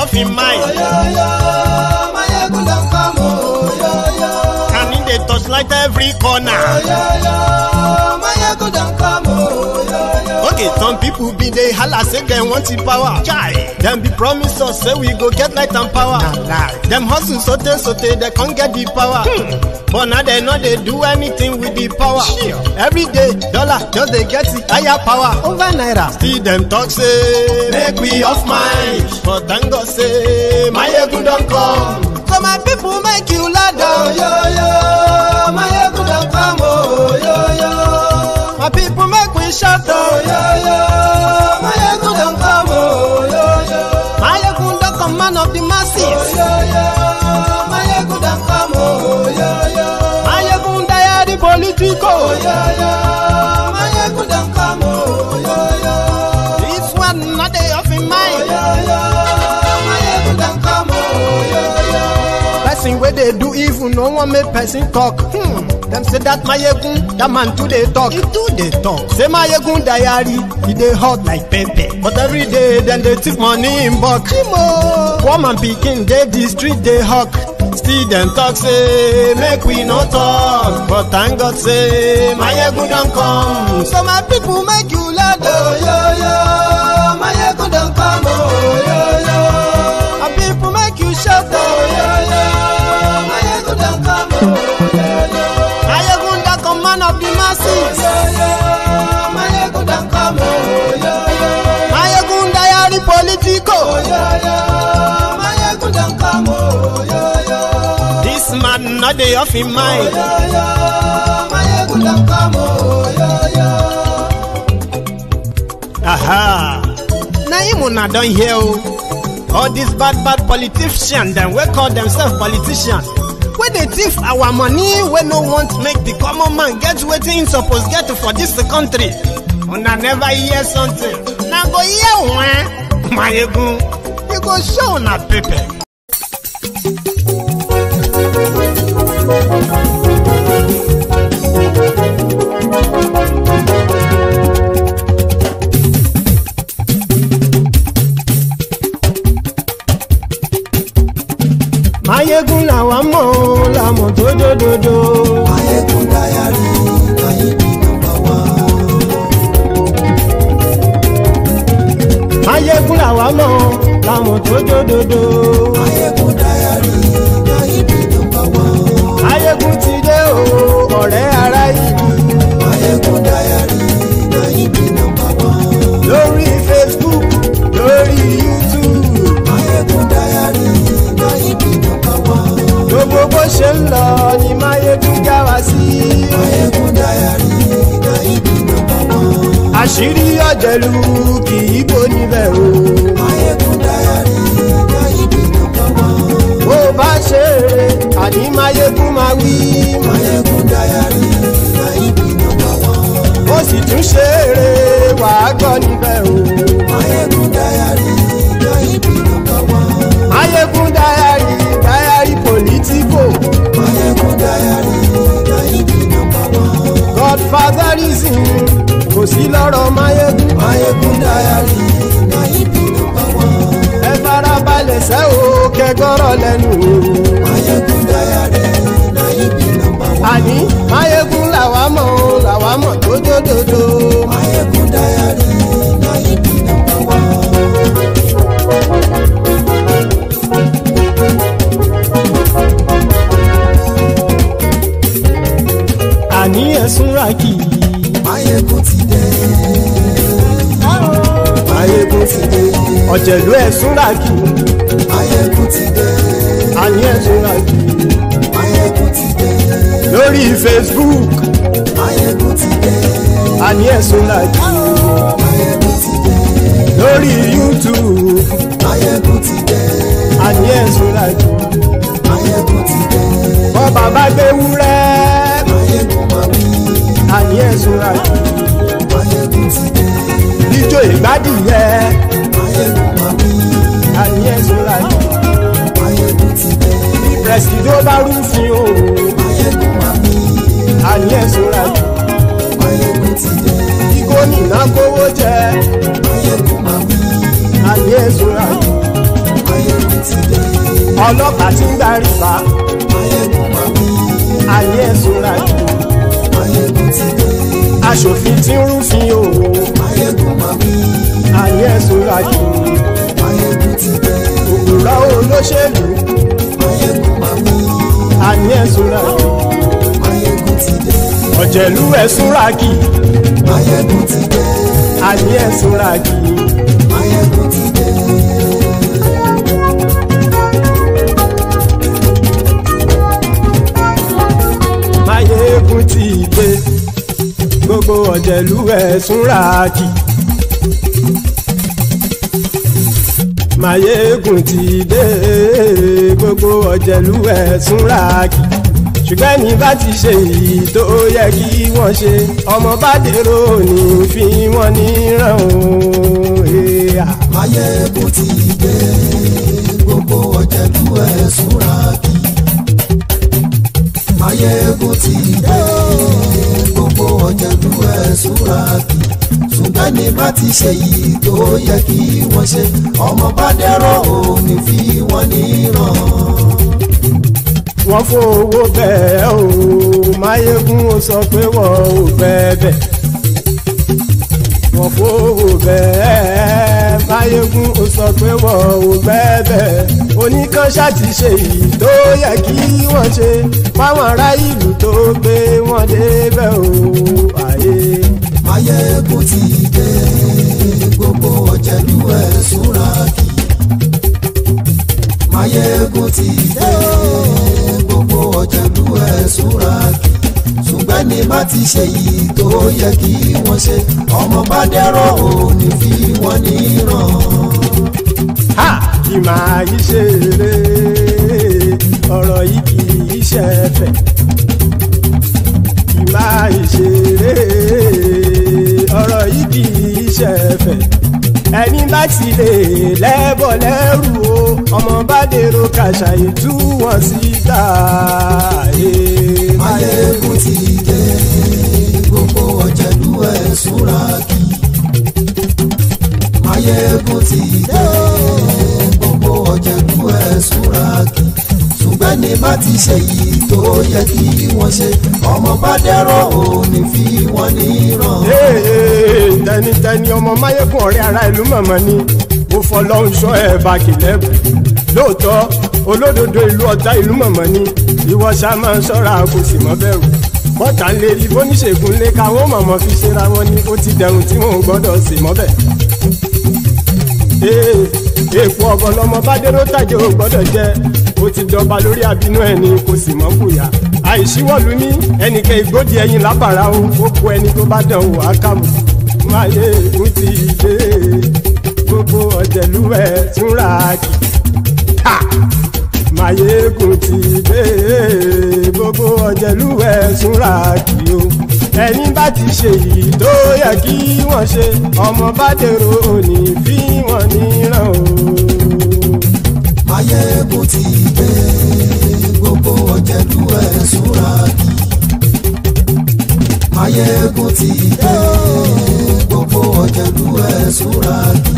[SPEAKER 2] your fi mind. Oyoyo, Mayegun don come, oyoyo. And in dey touch light every corner market some people bin dey hala say dem want the power chai dem be promise us say we go get light and power dem hustle sote sote dem come get the power hmm. but now dem no dey do anything with the power sure. every day dollar just dey get the higher power over naira still dem talk say make we off mind but thank god say mayegun don come so my people make you oh, yo, oyoyo mayegun don come Oh yo yo, my people make. Shout ṣàtọ̀ yọ̀yọ̀. wey dey do evil no wan make person talk hmm dem say dat mayegun dat man too dey talk e too dey talk say mayegun diary e dey hot like pepper but every day dem dey thief money in bulk One man pikin dey di street dey hawk still dem talk say make we no talk but thank god say mayegun don come so my pipo make you Oh yo yo mayegun don. This man not dey off in mind. Aha! Na him una don hear oh. All these bad bad politicians dem we call themselves politicians wey they thief our money we no want make the common man get wetin him suppose get for this country. Una never hear something. Na go hear one mayegun you go show una pepper. mayegun làwa mọ̀ ọ́ làmọ̀ tó dódódó. mayegun. ayékún làwa mọ̀ làwọn tó jódodo. ayékún dayari dáìbì nọ́mbà wán. ayékún ti dé o ọ̀rẹ́ ara yìí.
[SPEAKER 3] ayékún dayari dáìbì nọ́mbà wán. lórí Facebook lórí YouTube. ayékún dayari dáìbì nọ́mbà
[SPEAKER 2] wán. gbogbo bó ṣe ń lọ ni máyékún já wa sí. ayékún dayari dáìbì nọ́mbà wán. àṣírí ọ̀jẹ̀lú kì í níbẹ̀ o. máyégún dárí káyídì tó kọ́wọ́. bó o bá ṣe eré àní máyégún máa wí. máyégún dárí káyídì tó kọ́wọ́. ó sì tún ṣe eré wàá gbọ́ níbẹ̀ o. máyégún dárí káyídì tó kọ́wọ́. máyégún dárí dárí pòlítíkò. máyégún dárí káyídì tó kọ́wọ́. godfatherism kò sí lọ́rọ̀ máyégún. kẹgọrọ lẹ́nu o. Mayegun dayare nayi bi nọ́mbà wọn. Ani Mayegun làwa mọ̀ o làwa mọ̀ tó Mayegun dayare nayi bi nọ́mbà wọn. àní ẹ̀sùn rákì. Mayegun ti ayégun ti dé. ọ̀jẹ̀lú ẹ̀ súnra jù. ayégun ti dé. ayé ẹ̀ súnra jù. ayégun ti dé. lórí Facebook. ayégun ti dé. ayé ẹ̀ súnra jù. ayégun ti dé. lórí YouTube. ayégun ti dé. ayé ẹ̀ súnra jù. ayégun ti dé. bọ́ bàbá gbé wúrẹ́. ayégun máa wí. ayé ẹ̀ súnra jù ijó ìgbádùn yẹn. ayégun máa bí. ayé zola yìí. ayégun ti dé. bí pẹ̀sìdó bá rúfin o. ayégun máa bí. ayé zola yìí. ayégun ti dé. bí gómìnà kówó jẹ. ayégun máa bí. ayé zola yìí. ayégun ti dé. ọlọ́pàá ti ń darí bá. ayégun máa bí. ayé zola yìí. ayégun ti dé aṣòfin tí ń rúfin o. ayégun máa wí. ayégun lajú. ayégun ti dé. òkúra olóṣèlú. ayégun máa wí. ayégun lajú. ayégun ti ọ̀jẹ̀lú ẹ̀ súnrakì. ayégun ti dé. ayégun súnrakì. ayégun gbogbo ọ̀jẹ̀lú ẹ̀sùn ràákì. Màyégùn ti dé gbogbo ọ̀jẹ̀lú ẹ̀sùn ràákì. ṣùgbọ́n ní bá ti ṣe èyí tó yẹ kí wọ́n ṣe ọmọ bá dèrò ní fi wọ́n níran òun. Màyégùn ti dé gbogbo ọ̀jẹ̀lú ẹ̀sùn ràákì. Màyégùn ti dé wọn jẹ̀lú ẹ̀ súra kì ṣùgbọ́n ní bá ti ṣe yìí tó yẹ kí wọ́n ṣe ọmọ bá dẹ́rọ̀ ò ní fi wọ́n níran. wọ́n fowó bẹ́ẹ̀ o máyégún ó sọ pé wọ́n ò bẹ́ẹ̀ bẹ́ẹ̀ wọ́n fowó bẹ́ẹ̀ máyégún ó sọ pé wọ́n ò bẹ́ẹ̀ bẹ́ẹ̀ oníkanṣá ti ṣe yìí tó yẹ kí wọ́n ṣe fáwọn ará ìlú tó gbé wọn débẹ̀ o àyè. Maiyegun ti dé gbogbo ọ̀jẹ̀lú ẹ̀ súnra kì í. Maiyegun ti dé gbogbo ọ̀jẹ̀lú ẹ̀ súnra kì í ṣùgbọ́n ní má ti ṣe yìí tó yẹ kí wọ́n ṣe ọmọ bá dẹ́rọ̀ ò fi wọ́n níran. ha kì máa ṣe eré ọ̀rọ̀ yìí kì í ṣe ẹ̀fẹ̀ kì máa ìṣeré ọ̀rọ̀ yìí kì í ṣe ẹ̀fẹ̀ ẹni bá ti lè lẹ́bọ̀ lẹ́rù o ọmọ bá dèrò kàṣàyè tú wọn síta. Máyégún ti dé
[SPEAKER 3] gbogbo ọ̀jẹ̀lú ẹ̀ súnra kí. Máyégún ti dé gbogbo ọ̀jẹ̀lú ẹ̀ súnra kí
[SPEAKER 2] ẹnikẹ́ni má ti ṣe yìí tó yẹ kí wọ́n ṣe ọmọ bá dẹ́rọ̀ ò
[SPEAKER 3] ní fi wọ́n ní
[SPEAKER 2] ràn. tẹnitẹni ọmọ máyégún ọ̀rẹ́ ara ìlú mọ̀mọ́ ni mo fọlọ́hún sọ ẹ̀ bàkìlẹ̀ lóòótọ́ olódodo ìlú ọ̀tá ìlú mọ̀mọ́ ni ìwọ ṣá máa ń ṣọ́ra kò sì mọ́ bẹ̀rù bọ́tà ń lé libó níṣègùn lé káwọn mọ̀mọ́ fi ṣera wọn ni ó ti dẹrùn tí wọn ò gbọ́dọ̀ sí mọ́bẹ̀ èèpo ọ̀bọ̀lọmọ bá dérò tàjẹ́ ò gbọ́dọ̀ jẹ́ ó ti jọba lórí àbínú ẹni kò sì mọ́ fòyà àìsíwọ́lu ní ẹnìkẹ́ ìgbódì ẹyin lábàrá o ó kó ẹni tó bá dán o àkàmù máyé ń ti dé gbogbo ọ̀jẹ̀lú ẹ̀ túnra kì mayegun ti dé gbogbo ọ̀jẹ̀lú ẹ̀ túnra kì o ẹni bá ti ṣe èyí tó yẹ kí wọ́n ṣe ọmọ bá dèrò òní fi wọ́n níran o. mayegun ti dé pé gbogbo ọ̀jẹ̀lú ẹ̀ súnra kí. Máyégún ti dé gbogbo ọ̀jẹ̀lú ẹ̀ súnra kí.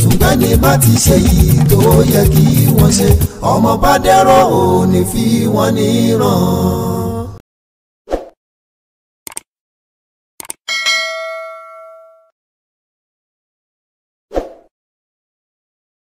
[SPEAKER 3] Ṣùgbọ́n ní bá ti ṣe yìí tó yẹ kí wọ́n ṣe ọmọ bá dẹ́rọ̀ ò
[SPEAKER 1] ní fi wọ́n níran.